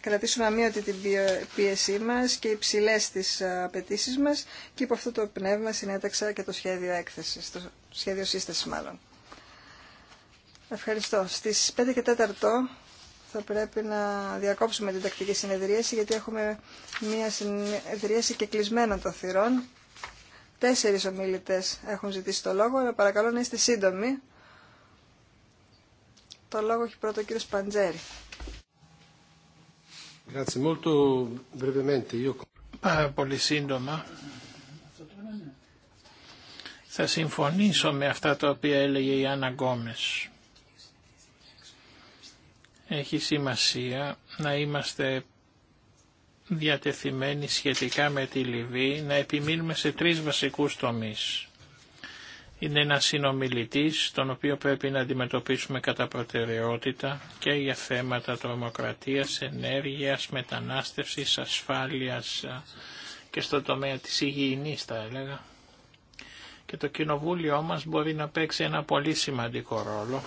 κρατήσουμε αμύωτη την πίεσή μας και υψηλέ τις ε, απαιτήσει μας και υπό αυτό το πνεύμα συνέταξα και το σχέδιο έκθεσης, το σχέδιο σύστασης μάλλον. Ευχαριστώ. Στι 5 και 4 θα πρέπει να διακόψουμε την τακτική συνεδρίαση γιατί έχουμε μια συνεδρίαση και κλεισμένων των θυρών. Τέσσερις ομιλητέ έχουν ζητήσει το λόγο, αλλά παρακαλώ να είστε σύντομοι. Το λόγο έχει πρώτο ο κύριο Παντζέρη. Πάρα πολύ σύντομα. Θα συμφωνήσω με αυτά τα οποία έλεγε η Άννα Γκόμες έχει σημασία να είμαστε διατεθειμένοι σχετικά με τη Λιβύη να επιμείνουμε σε τρεις βασικούς τομείς. Είναι ένα συνομιλητής, τον οποίο πρέπει να αντιμετωπίσουμε κατά προτεραιότητα και για θέματα τρομοκρατίας, ενέργειας, μετανάστευσης, ασφάλειας και στο τομέα της υγιεινής θα έλεγα. Και το κοινοβούλιο μας μπορεί να παίξει ένα πολύ σημαντικό ρόλο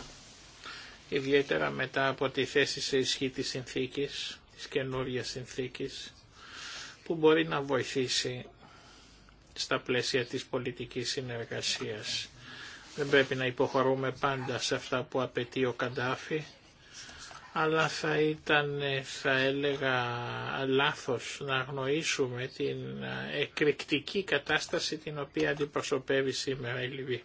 ιδιαίτερα μετά από τη θέση σε ισχύ της συνθήκης, της καινούργιας συνθήκης, που μπορεί να βοηθήσει στα πλαίσια της πολιτικής συνεργασίας. Δεν πρέπει να υποχωρούμε πάντα σε αυτά που απαιτεί ο Καντάφη, αλλά θα ήταν, θα έλεγα, λάθος να αγνοήσουμε την εκρηκτική κατάσταση την οποία αντιπροσωπεύει σήμερα η Λιβύη.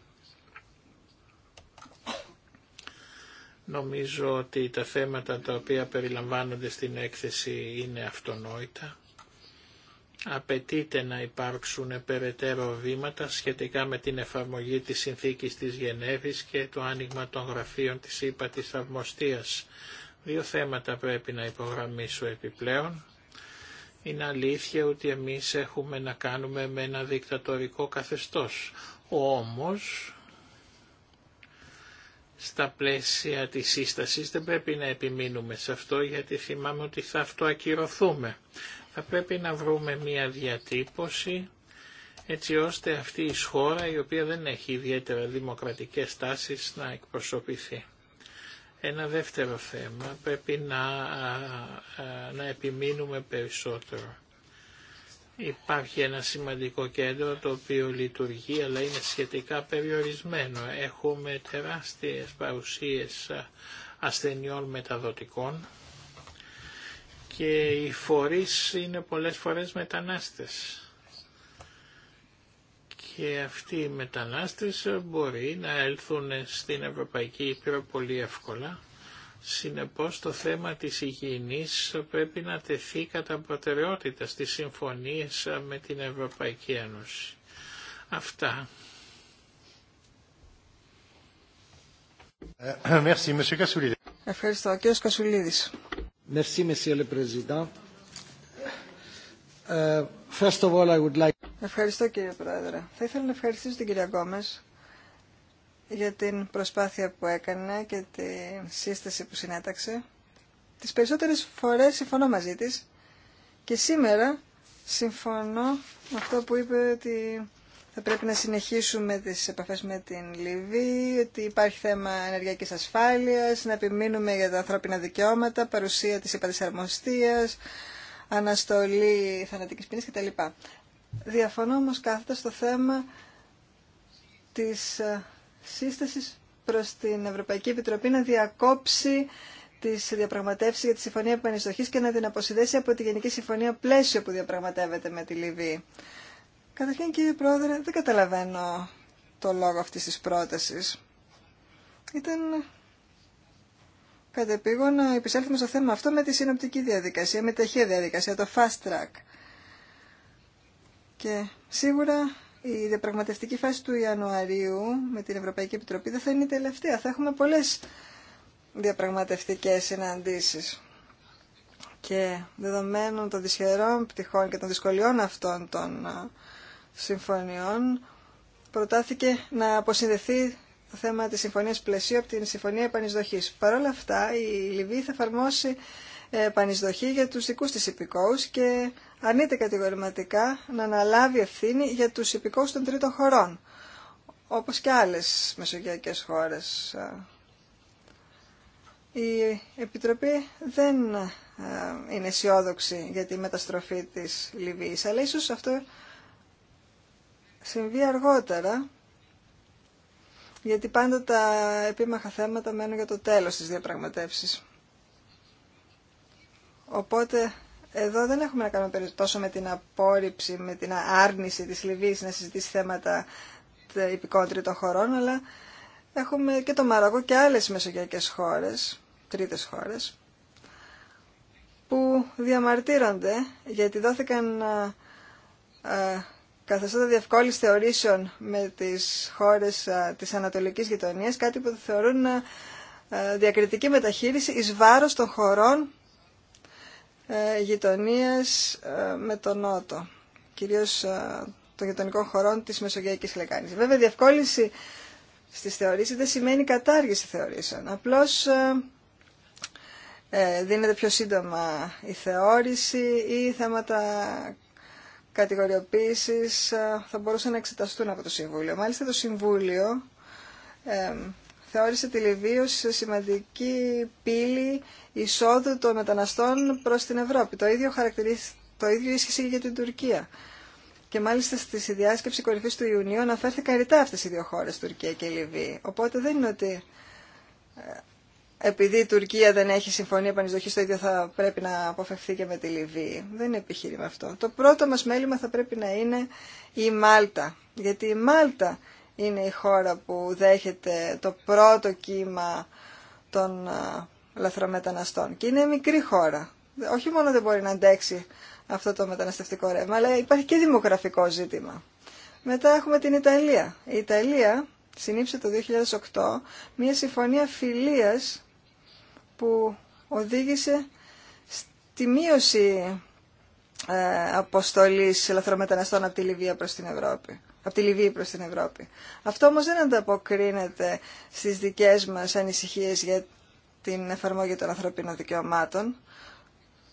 Νομίζω ότι τα θέματα τα οποία περιλαμβάνονται στην έκθεση είναι αυτονόητα. Απαιτείται να υπάρξουν περαιτέρω βήματα σχετικά με την εφαρμογή της συνθήκης της Γενέβης και το άνοιγμα των γραφείων της ΥΠΑ της Θαυμοστίας. Δύο θέματα πρέπει να υπογραμμίσω επιπλέον. Είναι αλήθεια ότι εμείς έχουμε να κάνουμε με ένα δικτατορικό καθεστώς. Όμως, στα πλαίσια της σύστασης δεν πρέπει να επιμείνουμε σε αυτό γιατί θυμάμαι ότι θα αυτοακυρωθούμε. Θα πρέπει να βρούμε μια διατύπωση έτσι ώστε αυτή η χώρα η οποία δεν έχει ιδιαίτερα δημοκρατικές τάσεις να εκπροσωπηθεί. Ένα δεύτερο θέμα πρέπει να, να επιμείνουμε περισσότερο. Υπάρχει ένα σημαντικό κέντρο το οποίο λειτουργεί αλλά είναι σχετικά περιορισμένο. Έχουμε τεράστιες παρουσίες ασθενειών μεταδοτικών και οι φορείς είναι πολλές φορές μετανάστες. Και αυτοί οι μετανάστες μπορεί να έλθουν στην Ευρωπαϊκή Ήπειρο πολύ εύκολα Συνεπώς το θέμα της υγιεινής πρέπει να τεθεί κατά προτεραιότητα στις συμφωνίες με την Ευρωπαϊκή Ένωση. Αυτά. Ε, Ευχαριστώ. Κύριος Κασουλίδης. Ευχαριστώ κύριε Πρόεδρε. Θα ήθελα να ευχαριστήσω την κυρία Γκόμες για την προσπάθεια που έκανε και τη σύσταση που συνέταξε. Τις περισσότερες φορές συμφωνώ μαζί της και σήμερα συμφωνώ με αυτό που είπε ότι θα πρέπει να συνεχίσουμε τις επαφές με την Λιβύη, ότι υπάρχει θέμα ενεργειακής ασφάλειας, να επιμείνουμε για τα ανθρώπινα δικαιώματα, παρουσία της υπατησαρμοστίας, αναστολή θανατικής ποινής κτλ. Διαφωνώ όμως κάθετα στο θέμα της ε, σύστασης προς την Ευρωπαϊκή Επιτροπή να διακόψει τι διαπραγματεύσει για τη Συμφωνία Επανειστοχής και να την αποσυνδέσει από τη Γενική Συμφωνία Πλαίσιο που διαπραγματεύεται με τη Λιβύη. Καταρχήν κύριε Πρόεδρε, δεν καταλαβαίνω το λόγο αυτής της πρότασης. Ήταν κατεπήγον να επισέλθουμε στο θέμα αυτό με τη συνοπτική διαδικασία, με ταχεία διαδικασία, το fast track. Και σίγουρα η διαπραγματευτική φάση του Ιανουαρίου με την Ευρωπαϊκή Επιτροπή δεν θα είναι η τελευταία. Θα έχουμε πολλές διαπραγματευτικές συναντήσεις. Και δεδομένων των δυσχερών πτυχών και των δυσκολιών αυτών των συμφωνιών, προτάθηκε να αποσυνδεθεί το θέμα της συμφωνίας πλαισίου από την συμφωνία επανεισδοχής. Παρ' όλα αυτά, η Λιβύη θα εφαρμόσει ε, επανεισδοχή για τους δικούς της υπηκόους και αρνείται κατηγορηματικά να αναλάβει ευθύνη για τους υπηκόους των τρίτων χωρών, όπως και άλλες μεσογειακές χώρες. Η Επιτροπή δεν ε, είναι αισιόδοξη για τη μεταστροφή της Λιβύης, αλλά ίσως αυτό συμβεί αργότερα, γιατί πάντα τα επίμαχα θέματα μένουν για το τέλος της διαπραγματεύσης. Οπότε εδώ δεν έχουμε να κάνουμε τόσο με την απόρριψη, με την άρνηση της Λιβύης να συζητήσει θέματα των χωρών, αλλά έχουμε και το Μαρακό και άλλες μεσογειακές χώρες, τρίτες χώρες, που διαμαρτύρονται γιατί δόθηκαν ε, ε, καθεστώτα διευκόλυνση θεωρήσεων με τις χώρες ε, της Ανατολικής Γειτονίας, κάτι που θεωρούν διακριτική μεταχείριση εις βάρος των χωρών ε, γειτονίες ε, με τον Νότο, κυρίως ε, των γειτονικών χωρών της Μεσογειακής Λεκάνης. Βέβαια, διευκόλυνση στις θεωρήσεις δεν σημαίνει κατάργηση θεωρήσεων. Απλώς δίνεται πιο σύντομα η θεώρηση ή θέματα κατηγοριοποίησης θα μπορούσαν να εξεταστούν από το Συμβούλιο. Μάλιστα το Συμβούλιο θεώρησε τη Λιβύη ως σημαντική πύλη εισόδου των μεταναστών προς την Ευρώπη. Το ίδιο, το ίδιο ίσχυσε για την Τουρκία. Και μάλιστα στη διάσκεψη κορυφή του Ιουνίου αναφέρθηκαν ρητά αυτέ οι δύο χώρε, Τουρκία και Λιβύη. Οπότε δεν είναι ότι ε, επειδή η Τουρκία δεν έχει συμφωνία επανεισδοχή, το ίδιο θα πρέπει να αποφευθεί και με τη Λιβύη. Δεν είναι επιχείρημα αυτό. Το πρώτο μα μέλημα θα πρέπει να είναι η Μάλτα. Γιατί η Μάλτα είναι η χώρα που δέχεται το πρώτο κύμα των λαθρομεταναστών. Και είναι μικρή χώρα. Όχι μόνο δεν μπορεί να αντέξει αυτό το μεταναστευτικό ρεύμα, αλλά υπάρχει και δημογραφικό ζήτημα. Μετά έχουμε την Ιταλία. Η Ιταλία συνήψε το 2008 μια συμφωνία φιλίας που οδήγησε στη μείωση ε, αποστολής λαθρομεταναστών από τη Λιβύα προς την Ευρώπη από τη Λιβύη προς την Ευρώπη. Αυτό όμως δεν ανταποκρίνεται στις δικές μας ανησυχίες για την εφαρμόγη των ανθρωπίνων δικαιωμάτων.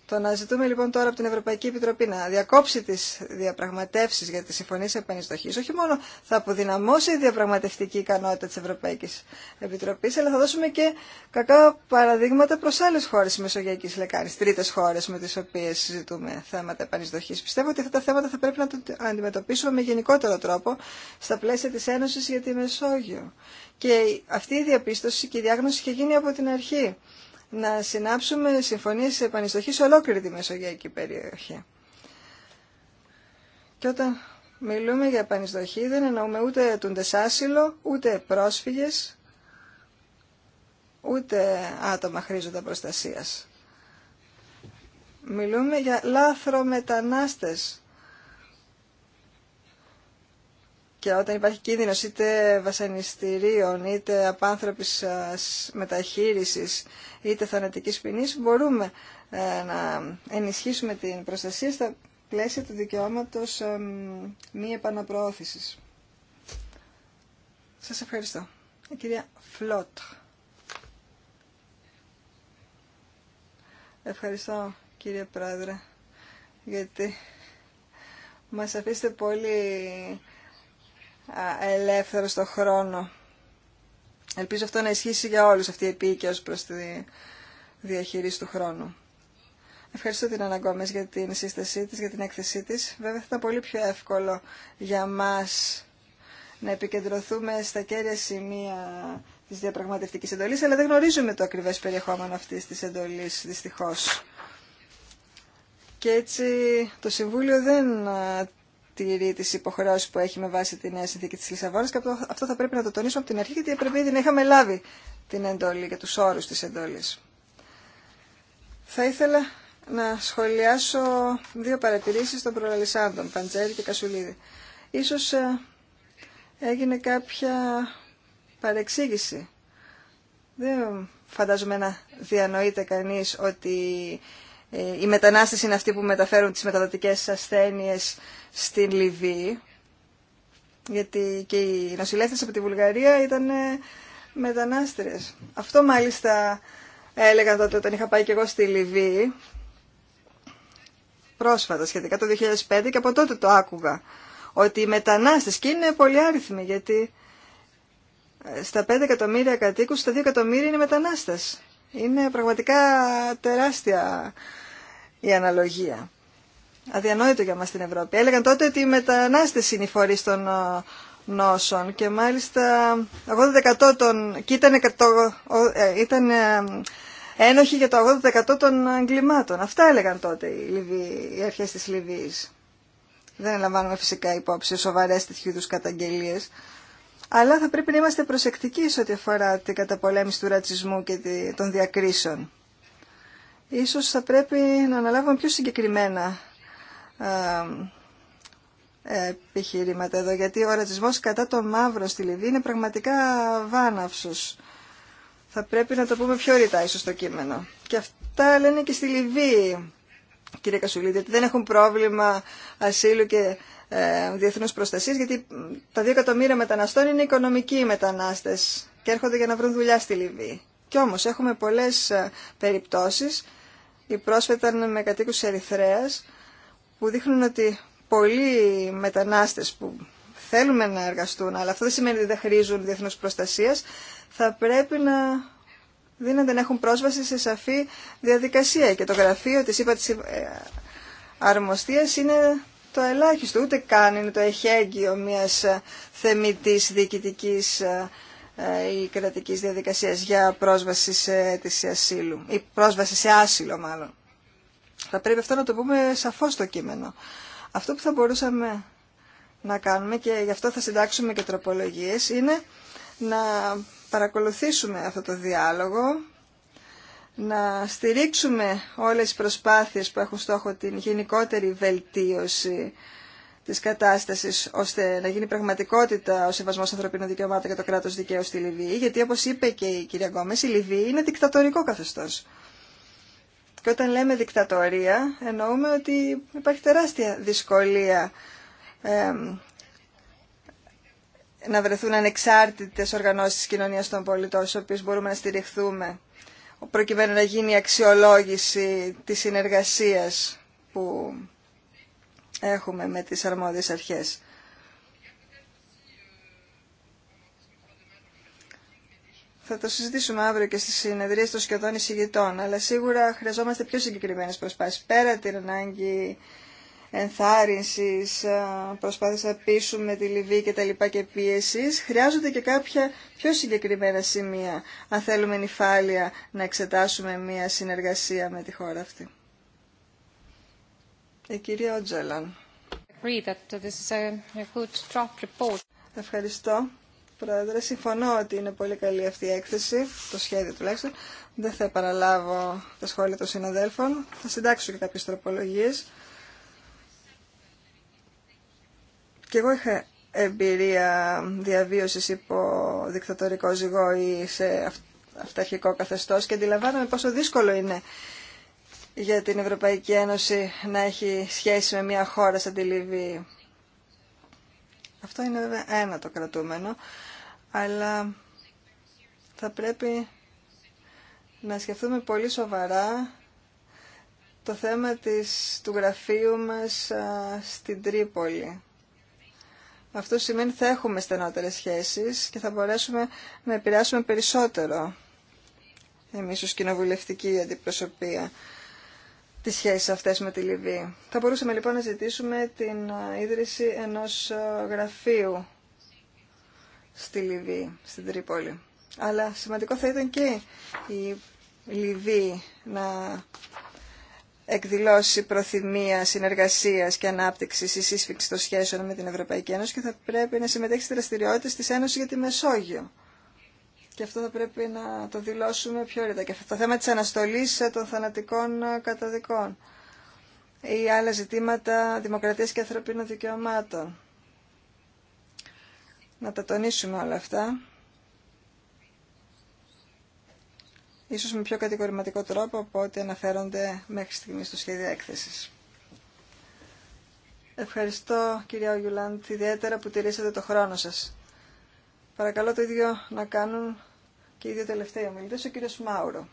Το να ζητούμε λοιπόν τώρα από την Ευρωπαϊκή Επιτροπή να διακόψει τι διαπραγματεύσει για τι συμφωνίε επανειστοχή, όχι μόνο θα αποδυναμώσει η διαπραγματευτική ικανότητα τη Ευρωπαϊκή Επιτροπή, αλλά θα δώσουμε και κακά παραδείγματα προ άλλε χώρε τη Μεσογειακή Λεκάνη, τρίτε χώρε με τι οποίε συζητούμε θέματα επανειστοχή. Πιστεύω ότι αυτά τα θέματα θα πρέπει να τα αντιμετωπίσουμε με γενικότερο τρόπο στα πλαίσια τη Ένωση για τη Μεσόγειο. Και αυτή η διαπίστωση και η διάγνωση είχε γίνει από την αρχή να συνάψουμε συμφωνίες επανιστοχής σε ολόκληρη τη Μεσογειακή περιοχή. Και όταν μιλούμε για επανιστοχή δεν εννοούμε ούτε τούντες άσυλο, ούτε πρόσφυγες, ούτε άτομα χρήζοντα προστασίας. Μιλούμε για λάθρομετανάστες. και όταν υπάρχει κίνδυνος είτε βασανιστήριων, είτε απάνθρωπης ε, μεταχείρισης, είτε θανατικής ποινή, μπορούμε ε, να ενισχύσουμε την προστασία στα πλαίσια του δικαιώματος ε, μη επαναπροώθησης. Σας ευχαριστώ. Η κυρία Φλότ. Ευχαριστώ κύριε Πρόεδρε, γιατί μας αφήσετε πολύ ελεύθερο στο χρόνο. Ελπίζω αυτό να ισχύσει για όλους αυτή η επίοικια ως προς τη διαχείριση του χρόνου. Ευχαριστώ την Αναγκόμες για την σύστασή της, για την έκθεσή της. Βέβαια θα ήταν πολύ πιο εύκολο για μας να επικεντρωθούμε στα κέρια σημεία της διαπραγματευτικής εντολής, αλλά δεν γνωρίζουμε το ακριβές περιεχόμενο αυτής της εντολής, δυστυχώς. Και έτσι το Συμβούλιο δεν τηρεί τι υποχρεώσει που έχει με βάση τη νέα συνθήκη τη Λισαβόνα. Και αυτό θα πρέπει να το τονίσουμε από την αρχή, γιατί πρέπει ήδη να είχαμε λάβει την εντολή για του όρου τη εντολή. Θα ήθελα να σχολιάσω δύο παρατηρήσεις των προλαλισσάντων, Παντζέρη και Κασουλίδη. Ίσως ε, έγινε κάποια παρεξήγηση. Δεν φαντάζομαι να διανοείται κανείς ότι οι ε, μετανάστες είναι αυτοί που μεταφέρουν τις μεταδοτικές ασθένειες στην Λιβύη, γιατί και οι νοσηλεύτες από τη Βουλγαρία ήταν ε, μετανάστερες. Αυτό μάλιστα έλεγα τότε όταν είχα πάει και εγώ στη Λιβύη, πρόσφατα σχετικά το 2005 και από τότε το άκουγα, ότι οι μετανάστες και είναι πολύ άριθμοι γιατί ε, στα 5 εκατομμύρια κατοίκους, στα 2 εκατομμύρια είναι μετανάστες. Είναι πραγματικά τεράστια η αναλογία. Αδιανόητο για μας στην Ευρώπη. Έλεγαν τότε ότι οι μετανάστες είναι οι φορείς των ε, νόσων και μάλιστα 80% των... και ήταν, ε, ήταν ε, ένοχοι για το 80% των εγκλημάτων. Αυτά έλεγαν τότε οι, Λιβύοι, οι αρχές της Λιβύης. Δεν λαμβάνουμε φυσικά υπόψη σοβαρές τέτοιου είδους καταγγελίες αλλά θα πρέπει να είμαστε προσεκτικοί σε ό,τι αφορά την καταπολέμηση του ρατσισμού και των διακρίσεων. Ίσως θα πρέπει να αναλάβουμε πιο συγκεκριμένα επιχειρήματα εδώ, γιατί ο ρατσισμός κατά το μαύρο στη Λιβύη είναι πραγματικά βάναυσος. Θα πρέπει να το πούμε πιο ρητά ίσως το κείμενο. Και αυτά λένε και στη Λιβύη κύριε Κασουλίδη, ότι δεν έχουν πρόβλημα ασύλου και ε, διεθνούς προστασίας, γιατί τα δύο εκατομμύρια μεταναστών είναι οικονομικοί μετανάστες και έρχονται για να βρουν δουλειά στη Λιβύη. Κι όμως έχουμε πολλές ε, περιπτώσεις, οι πρόσφατα με κατοίκους Ερυθρέας, που δείχνουν ότι πολλοί μετανάστες που θέλουμε να εργαστούν, αλλά αυτό δεν σημαίνει ότι δεν χρήζουν διεθνούς προστασίας, θα πρέπει να δίνονται να έχουν πρόσβαση σε σαφή διαδικασία και το γραφείο της ΥΠΑ ε, αρμοστίας είναι το ελάχιστο, ούτε καν είναι το εχέγγυο μιας ε, θεμητής διοικητικής ε, ή κρατικής διαδικασίας για πρόσβαση σε αίτηση ή πρόσβαση σε άσυλο μάλλον. Θα πρέπει αυτό να το πούμε σαφώς στο κείμενο. Αυτό που θα μπορούσαμε να κάνουμε και γι' αυτό θα συντάξουμε και τροπολογίες είναι να παρακολουθήσουμε αυτό το διάλογο, να στηρίξουμε όλες τις προσπάθειες που έχουν στόχο την γενικότερη βελτίωση της κατάστασης, ώστε να γίνει πραγματικότητα ο σεβασμός ανθρωπίνων δικαιωμάτων και το κράτος δικαίου στη Λιβύη, γιατί όπως είπε και η κυρία Γκόμες, η Λιβύη είναι δικτατορικό καθεστώς. Και όταν λέμε δικτατορία, εννοούμε ότι υπάρχει τεράστια δυσκολία ε, να βρεθούν ανεξάρτητες οργανώσεις κοινωνίας των πολιτών, στους οποίε μπορούμε να στηριχθούμε, προκειμένου να γίνει η αξιολόγηση της συνεργασίας που έχουμε με τις αρμόδιες αρχές. Θα το συζητήσουμε αύριο και στις συνεδρίες των σχεδόν εισηγητών, αλλά σίγουρα χρειαζόμαστε πιο συγκεκριμένες προσπάσεις. Πέρα την ανάγκη ενθάρρυνσης, ε, προσπάθειας να πείσουμε τη Λιβύη και τα λοιπά και πίεσης, χρειάζονται και κάποια πιο συγκεκριμένα σημεία, αν θέλουμε νυφάλια να εξετάσουμε μια συνεργασία με τη χώρα αυτή. Η ε, κυρία Ότζελαν. Ευχαριστώ. Πρόεδρε, συμφωνώ ότι είναι πολύ καλή αυτή η έκθεση, το σχέδιο τουλάχιστον. Δεν θα επαναλάβω τα σχόλια των συναδέλφων. Θα συντάξω και κάποιες τροπολογίες. Και εγώ είχα εμπειρία διαβίωσης υπό δικτατορικό ζυγό ή σε αυταρχικό καθεστώς και αντιλαμβάνομαι πόσο δύσκολο είναι για την Ευρωπαϊκή Ένωση να έχει σχέση με μια χώρα σαν τη Λιβύη. Αυτό είναι βέβαια ένα το κρατούμενο, αλλά θα πρέπει να σκεφτούμε πολύ σοβαρά το θέμα της, του γραφείου μας στην Τρίπολη. Αυτό σημαίνει θα έχουμε στενότερες σχέσεις και θα μπορέσουμε να επηρεάσουμε περισσότερο εμείς ως κοινοβουλευτική αντιπροσωπεία τις σχέσεις αυτές με τη Λιβύη. Θα μπορούσαμε λοιπόν να ζητήσουμε την ε, ίδρυση ενός ε, γραφείου στη Λιβύη, στην Τρίπολη. Αλλά σημαντικό θα ήταν και η Λιβύη να εκδηλώσει προθυμία συνεργασία και ανάπτυξη ή σύσφυξη των σχέσεων με την Ευρωπαϊκή Ένωση και θα πρέπει να συμμετέχει στι δραστηριότητε τη Ένωση για τη Μεσόγειο. Και αυτό θα πρέπει να το δηλώσουμε πιο ρητά. Και αυτό το θέμα τη αναστολή των θανατικών καταδικών ή άλλα ζητήματα δημοκρατίας και ανθρωπίνων δικαιωμάτων. Να τα τονίσουμε όλα αυτά ίσως με πιο κατηγορηματικό τρόπο από ό,τι αναφέρονται μέχρι στιγμή στο σχέδιο έκθεσης. Ευχαριστώ κυρία Ογιουλάντ ιδιαίτερα που τηρήσατε το χρόνο σας. Παρακαλώ το ίδιο να κάνουν και οι δύο τελευταίοι ομιλητές, ο κύριος Μάουρο.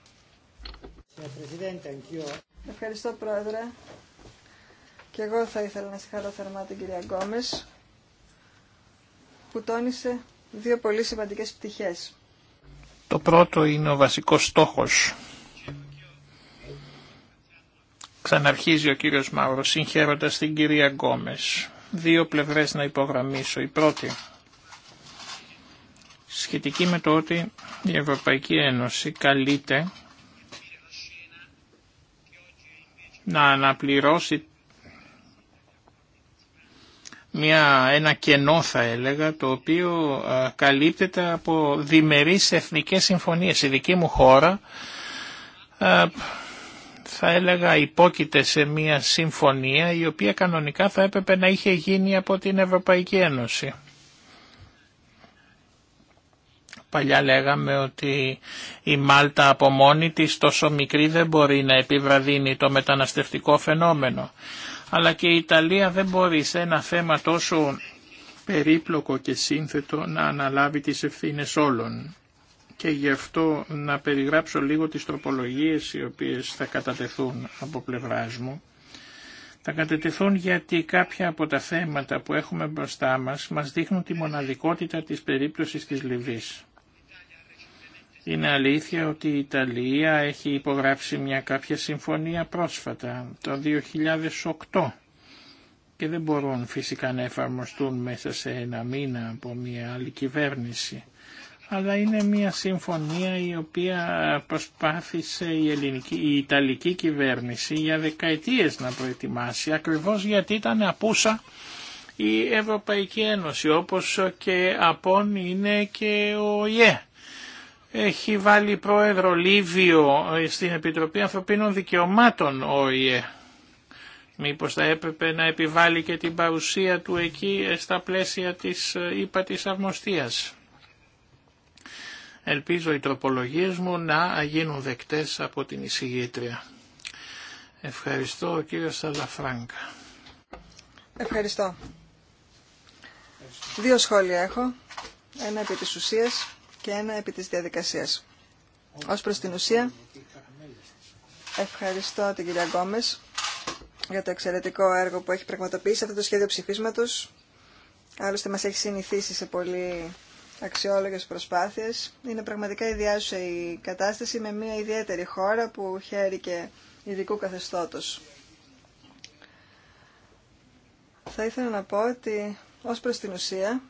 Ευχαριστώ πρόεδρε. Και εγώ θα ήθελα να συγχαρώ θερμά την κυρία Γκόμες που τόνισε δύο πολύ σημαντικές πτυχές. Το πρώτο είναι ο βασικός στόχος. Ξαναρχίζει ο κύριος Μαύρος συγχαίροντας την κυρία Γκόμες. Δύο πλευρές να υπογραμμίσω. Η πρώτη σχετική με το ότι η Ευρωπαϊκή Ένωση καλείται να αναπληρώσει μια, ένα κενό θα έλεγα το οποίο καλύπτεται από διμερείς εθνικές συμφωνίες. Η δική μου χώρα θα έλεγα υπόκειται σε μια συμφωνία η οποία κανονικά θα έπρεπε να είχε γίνει από την Ευρωπαϊκή Ένωση. Παλιά λέγαμε ότι η Μάλτα από μόνη της τόσο μικρή δεν μπορεί να επιβραδύνει το μεταναστευτικό φαινόμενο αλλά και η Ιταλία δεν μπορεί σε ένα θέμα τόσο περίπλοκο και σύνθετο να αναλάβει τις ευθύνες όλων. Και γι' αυτό να περιγράψω λίγο τις τροπολογίες οι οποίες θα κατατεθούν από πλευράς μου. Θα κατατεθούν γιατί κάποια από τα θέματα που έχουμε μπροστά μας μας δείχνουν τη μοναδικότητα της περίπτωσης της Λιβύης. Είναι αλήθεια ότι η Ιταλία έχει υπογράψει μια κάποια συμφωνία πρόσφατα, το 2008, και δεν μπορούν φυσικά να εφαρμοστούν μέσα σε ένα μήνα από μια άλλη κυβέρνηση. Αλλά είναι μια συμφωνία η οποία προσπάθησε η, ελληνική, η Ιταλική κυβέρνηση για δεκαετίες να προετοιμάσει, ακριβώς γιατί ήταν απούσα η Ευρωπαϊκή Ένωση, όπως και απόν είναι και ο ΙΕ έχει βάλει πρόεδρο Λίβιο ε, στην Επιτροπή Ανθρωπίνων Δικαιωμάτων ΙΕ. Μήπως θα έπρεπε να επιβάλλει και την παρουσία του εκεί ε, στα πλαίσια της ε, ΥΠΑ της Αρμοστίας. Ελπίζω οι τροπολογίες μου να γίνουν δεκτές από την εισηγήτρια. Ευχαριστώ κύριε Σαλαφράγκα. Ευχαριστώ. Δύο σχόλια έχω. Ένα επί της ουσίας και ένα επί της διαδικασίας. Ως προ την ουσία, ευχαριστώ την κυρία Γκόμες για το εξαιρετικό έργο που έχει πραγματοποιήσει αυτό το σχέδιο ψηφίσματος. Άλλωστε μας έχει συνηθίσει σε πολύ αξιόλογες προσπάθειες. Είναι πραγματικά ιδιάζουσα η κατάσταση με μια ιδιαίτερη χώρα που χαίρει και ειδικού καθεστώτο. Θα ήθελα να πω ότι ω προ την ουσία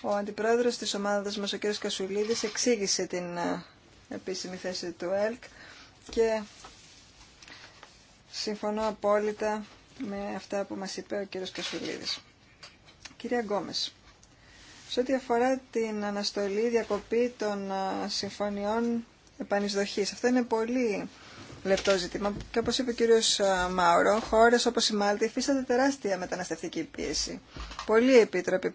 ο αντιπρόεδρος της ομάδας μας, ο κ. Κασουλίδης, εξήγησε την ε, επίσημη θέση του ΕΛΚ και συμφωνώ απόλυτα με αυτά που μας είπε ο κ. Κασουλίδης. Κυρία Γκόμες, σε ό,τι αφορά την αναστολή διακοπή των ε, συμφωνιών επανεισδοχής, αυτό είναι πολύ λεπτό ζήτημα και όπως είπε ο κύριος ε, Μάουρο, χώρες όπως η Μάλτη υφίσταται τεράστια μεταναστευτική πίεση. Πολλοί επίτροποι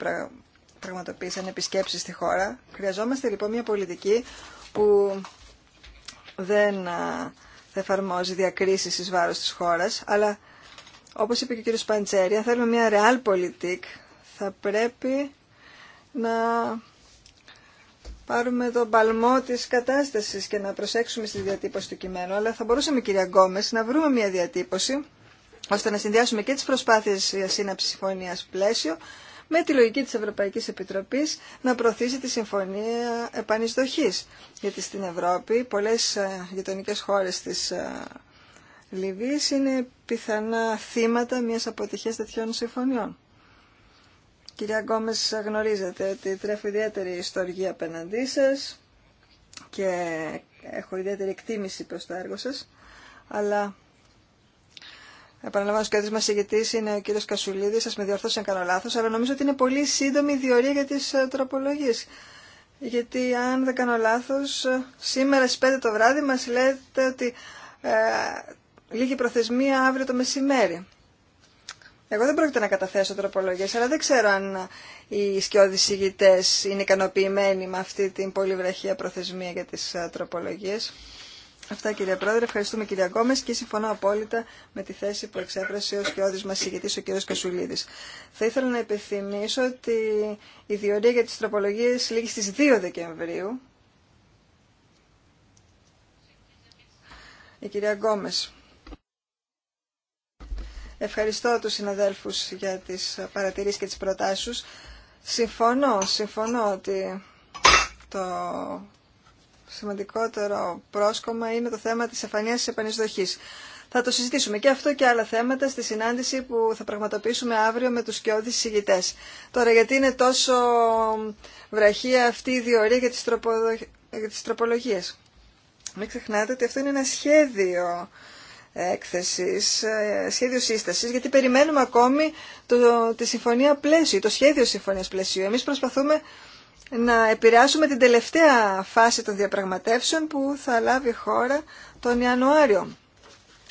πραγματοποίησαν επισκέψεις στη χώρα. Χρειαζόμαστε λοιπόν μια πολιτική που δεν θα εφαρμόζει διακρίσεις εις βάρος της χώρας, αλλά όπως είπε και ο κύριος Παντσέρη, αν θέλουμε μια realpolitik, θα πρέπει να πάρουμε τον παλμό της κατάστασης και να προσέξουμε στη διατύπωση του κειμένου. Αλλά θα μπορούσαμε, κυρία Γκόμες, να βρούμε μια διατύπωση, ώστε να συνδυάσουμε και τις προσπάθειες για σύναψη συμφωνίας πλαίσιο με τη λογική της Ευρωπαϊκής Επιτροπής να προωθήσει τη Συμφωνία Επανιστοχής. Γιατί στην Ευρώπη πολλές ε, γειτονικές χώρες της ε, Λιβύης είναι πιθανά θύματα μιας αποτυχίας τέτοιων συμφωνιών. Κυρία Γκόμες, γνωρίζετε ότι τρέφω ιδιαίτερη ιστορία απέναντί σας και έχω ιδιαίτερη εκτίμηση προς το έργο σας, αλλά Επαναλαμβάνω, ο κέντρο μα ηγητή είναι ο κύριο Κασουλίδη. Σα με διορθώσει αν κάνω λάθο, αλλά νομίζω ότι είναι πολύ σύντομη η διορία για τι ε, τροπολογίε. Γιατί αν δεν κάνω λάθο, ε, σήμερα στι 5 το βράδυ μα λέτε ότι ε, λίγη προθεσμία αύριο το μεσημέρι. Εγώ δεν πρόκειται να καταθέσω τροπολογίε, αλλά δεν ξέρω αν ε, οι σκιώδει ηγητέ είναι ικανοποιημένοι με αυτή την πολύ βραχία προθεσμία για τι τροπολογίε. Αυτά κύριε Πρόεδρε, ευχαριστούμε κυρία Γκόμες και συμφωνώ απόλυτα με τη θέση που εξέφρασε ο σκιώδης μας ηγετής ο κύριος Κασουλίδης. Θα ήθελα να επιθυμίσω ότι η διορία για τις τροπολογίες λήγει στις 2 Δεκεμβρίου. Η κυρία Γκόμες. Ευχαριστώ τους συναδέλφους για τις παρατηρήσεις και τις προτάσεις. Συμφωνώ, συμφωνώ ότι το σημαντικότερο πρόσκομα είναι το θέμα της εμφανίας της επανεισδοχής. Θα το συζητήσουμε και αυτό και άλλα θέματα στη συνάντηση που θα πραγματοποιήσουμε αύριο με τους σκιώδεις συγητές. Τώρα γιατί είναι τόσο βραχή αυτή η διορία για τις, τροπολογίε. για τροπολογίες. Μην ξεχνάτε ότι αυτό είναι ένα σχέδιο έκθεσης, ε, σχέδιο σύστασης, γιατί περιμένουμε ακόμη το, τη συμφωνία πλαίσιο, το σχέδιο συμφωνίας πλαίσιο. Εμείς προσπαθούμε να επηρεάσουμε την τελευταία φάση των διαπραγματεύσεων που θα λάβει χώρα τον Ιανουάριο.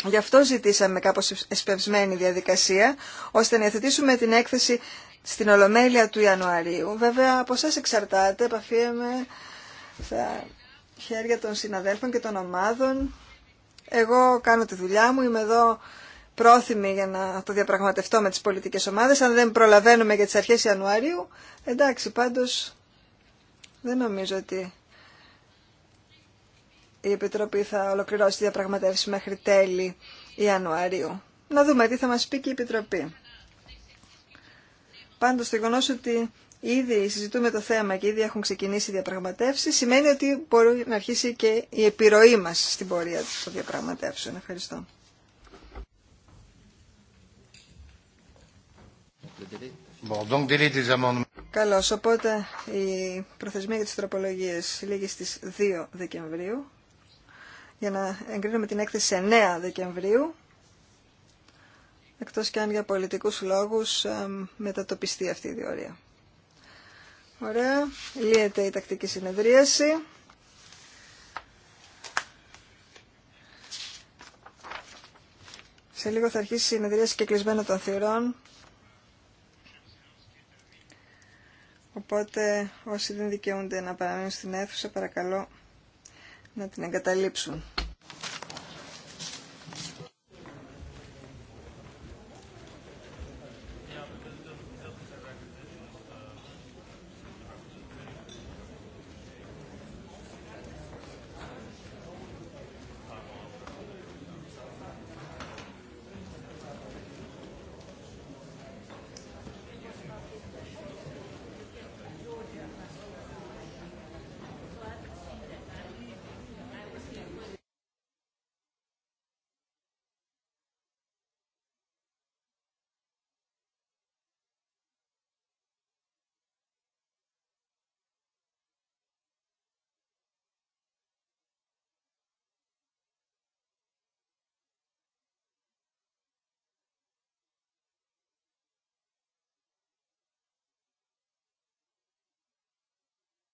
Γι' αυτό ζητήσαμε κάπως εσπευσμένη διαδικασία, ώστε να εθετήσουμε την έκθεση στην Ολομέλεια του Ιανουαρίου. Βέβαια, από εσάς εξαρτάται, επαφίεμαι στα χέρια των συναδέλφων και των ομάδων. Εγώ κάνω τη δουλειά μου, είμαι εδώ πρόθυμη για να το διαπραγματευτώ με τις πολιτικές ομάδες. Αν δεν προλαβαίνουμε για τις αρχές Ιανουαρίου, εντάξει, πάντως δεν νομίζω ότι η Επιτροπή θα ολοκληρώσει τη διαπραγματεύση μέχρι τέλη Ιανουαρίου. Να δούμε τι θα μας πει και η Επιτροπή. Πάντως το γεγονό ότι ήδη συζητούμε το θέμα και ήδη έχουν ξεκινήσει οι διαπραγματεύσεις σημαίνει ότι μπορεί να αρχίσει και η επιρροή μας στην πορεία των διαπραγματεύσεων. Ευχαριστώ. Bon, donc délai des amendements. Καλώς, οπότε η προθεσμία για τις τροπολογίες λήγει στις 2 Δεκεμβρίου για να εγκρίνουμε την έκθεση 9 Δεκεμβρίου εκτός και αν για πολιτικούς λόγους ε, μετατοπιστεί αυτή η διορία. Ωραία, λύεται η τακτική συνεδρίαση. Σε λίγο θα αρχίσει η συνεδρίαση και κλεισμένο των θυρών. Οπότε όσοι δεν δικαιούνται να παραμείνουν στην αίθουσα παρακαλώ να την εγκαταλείψουν.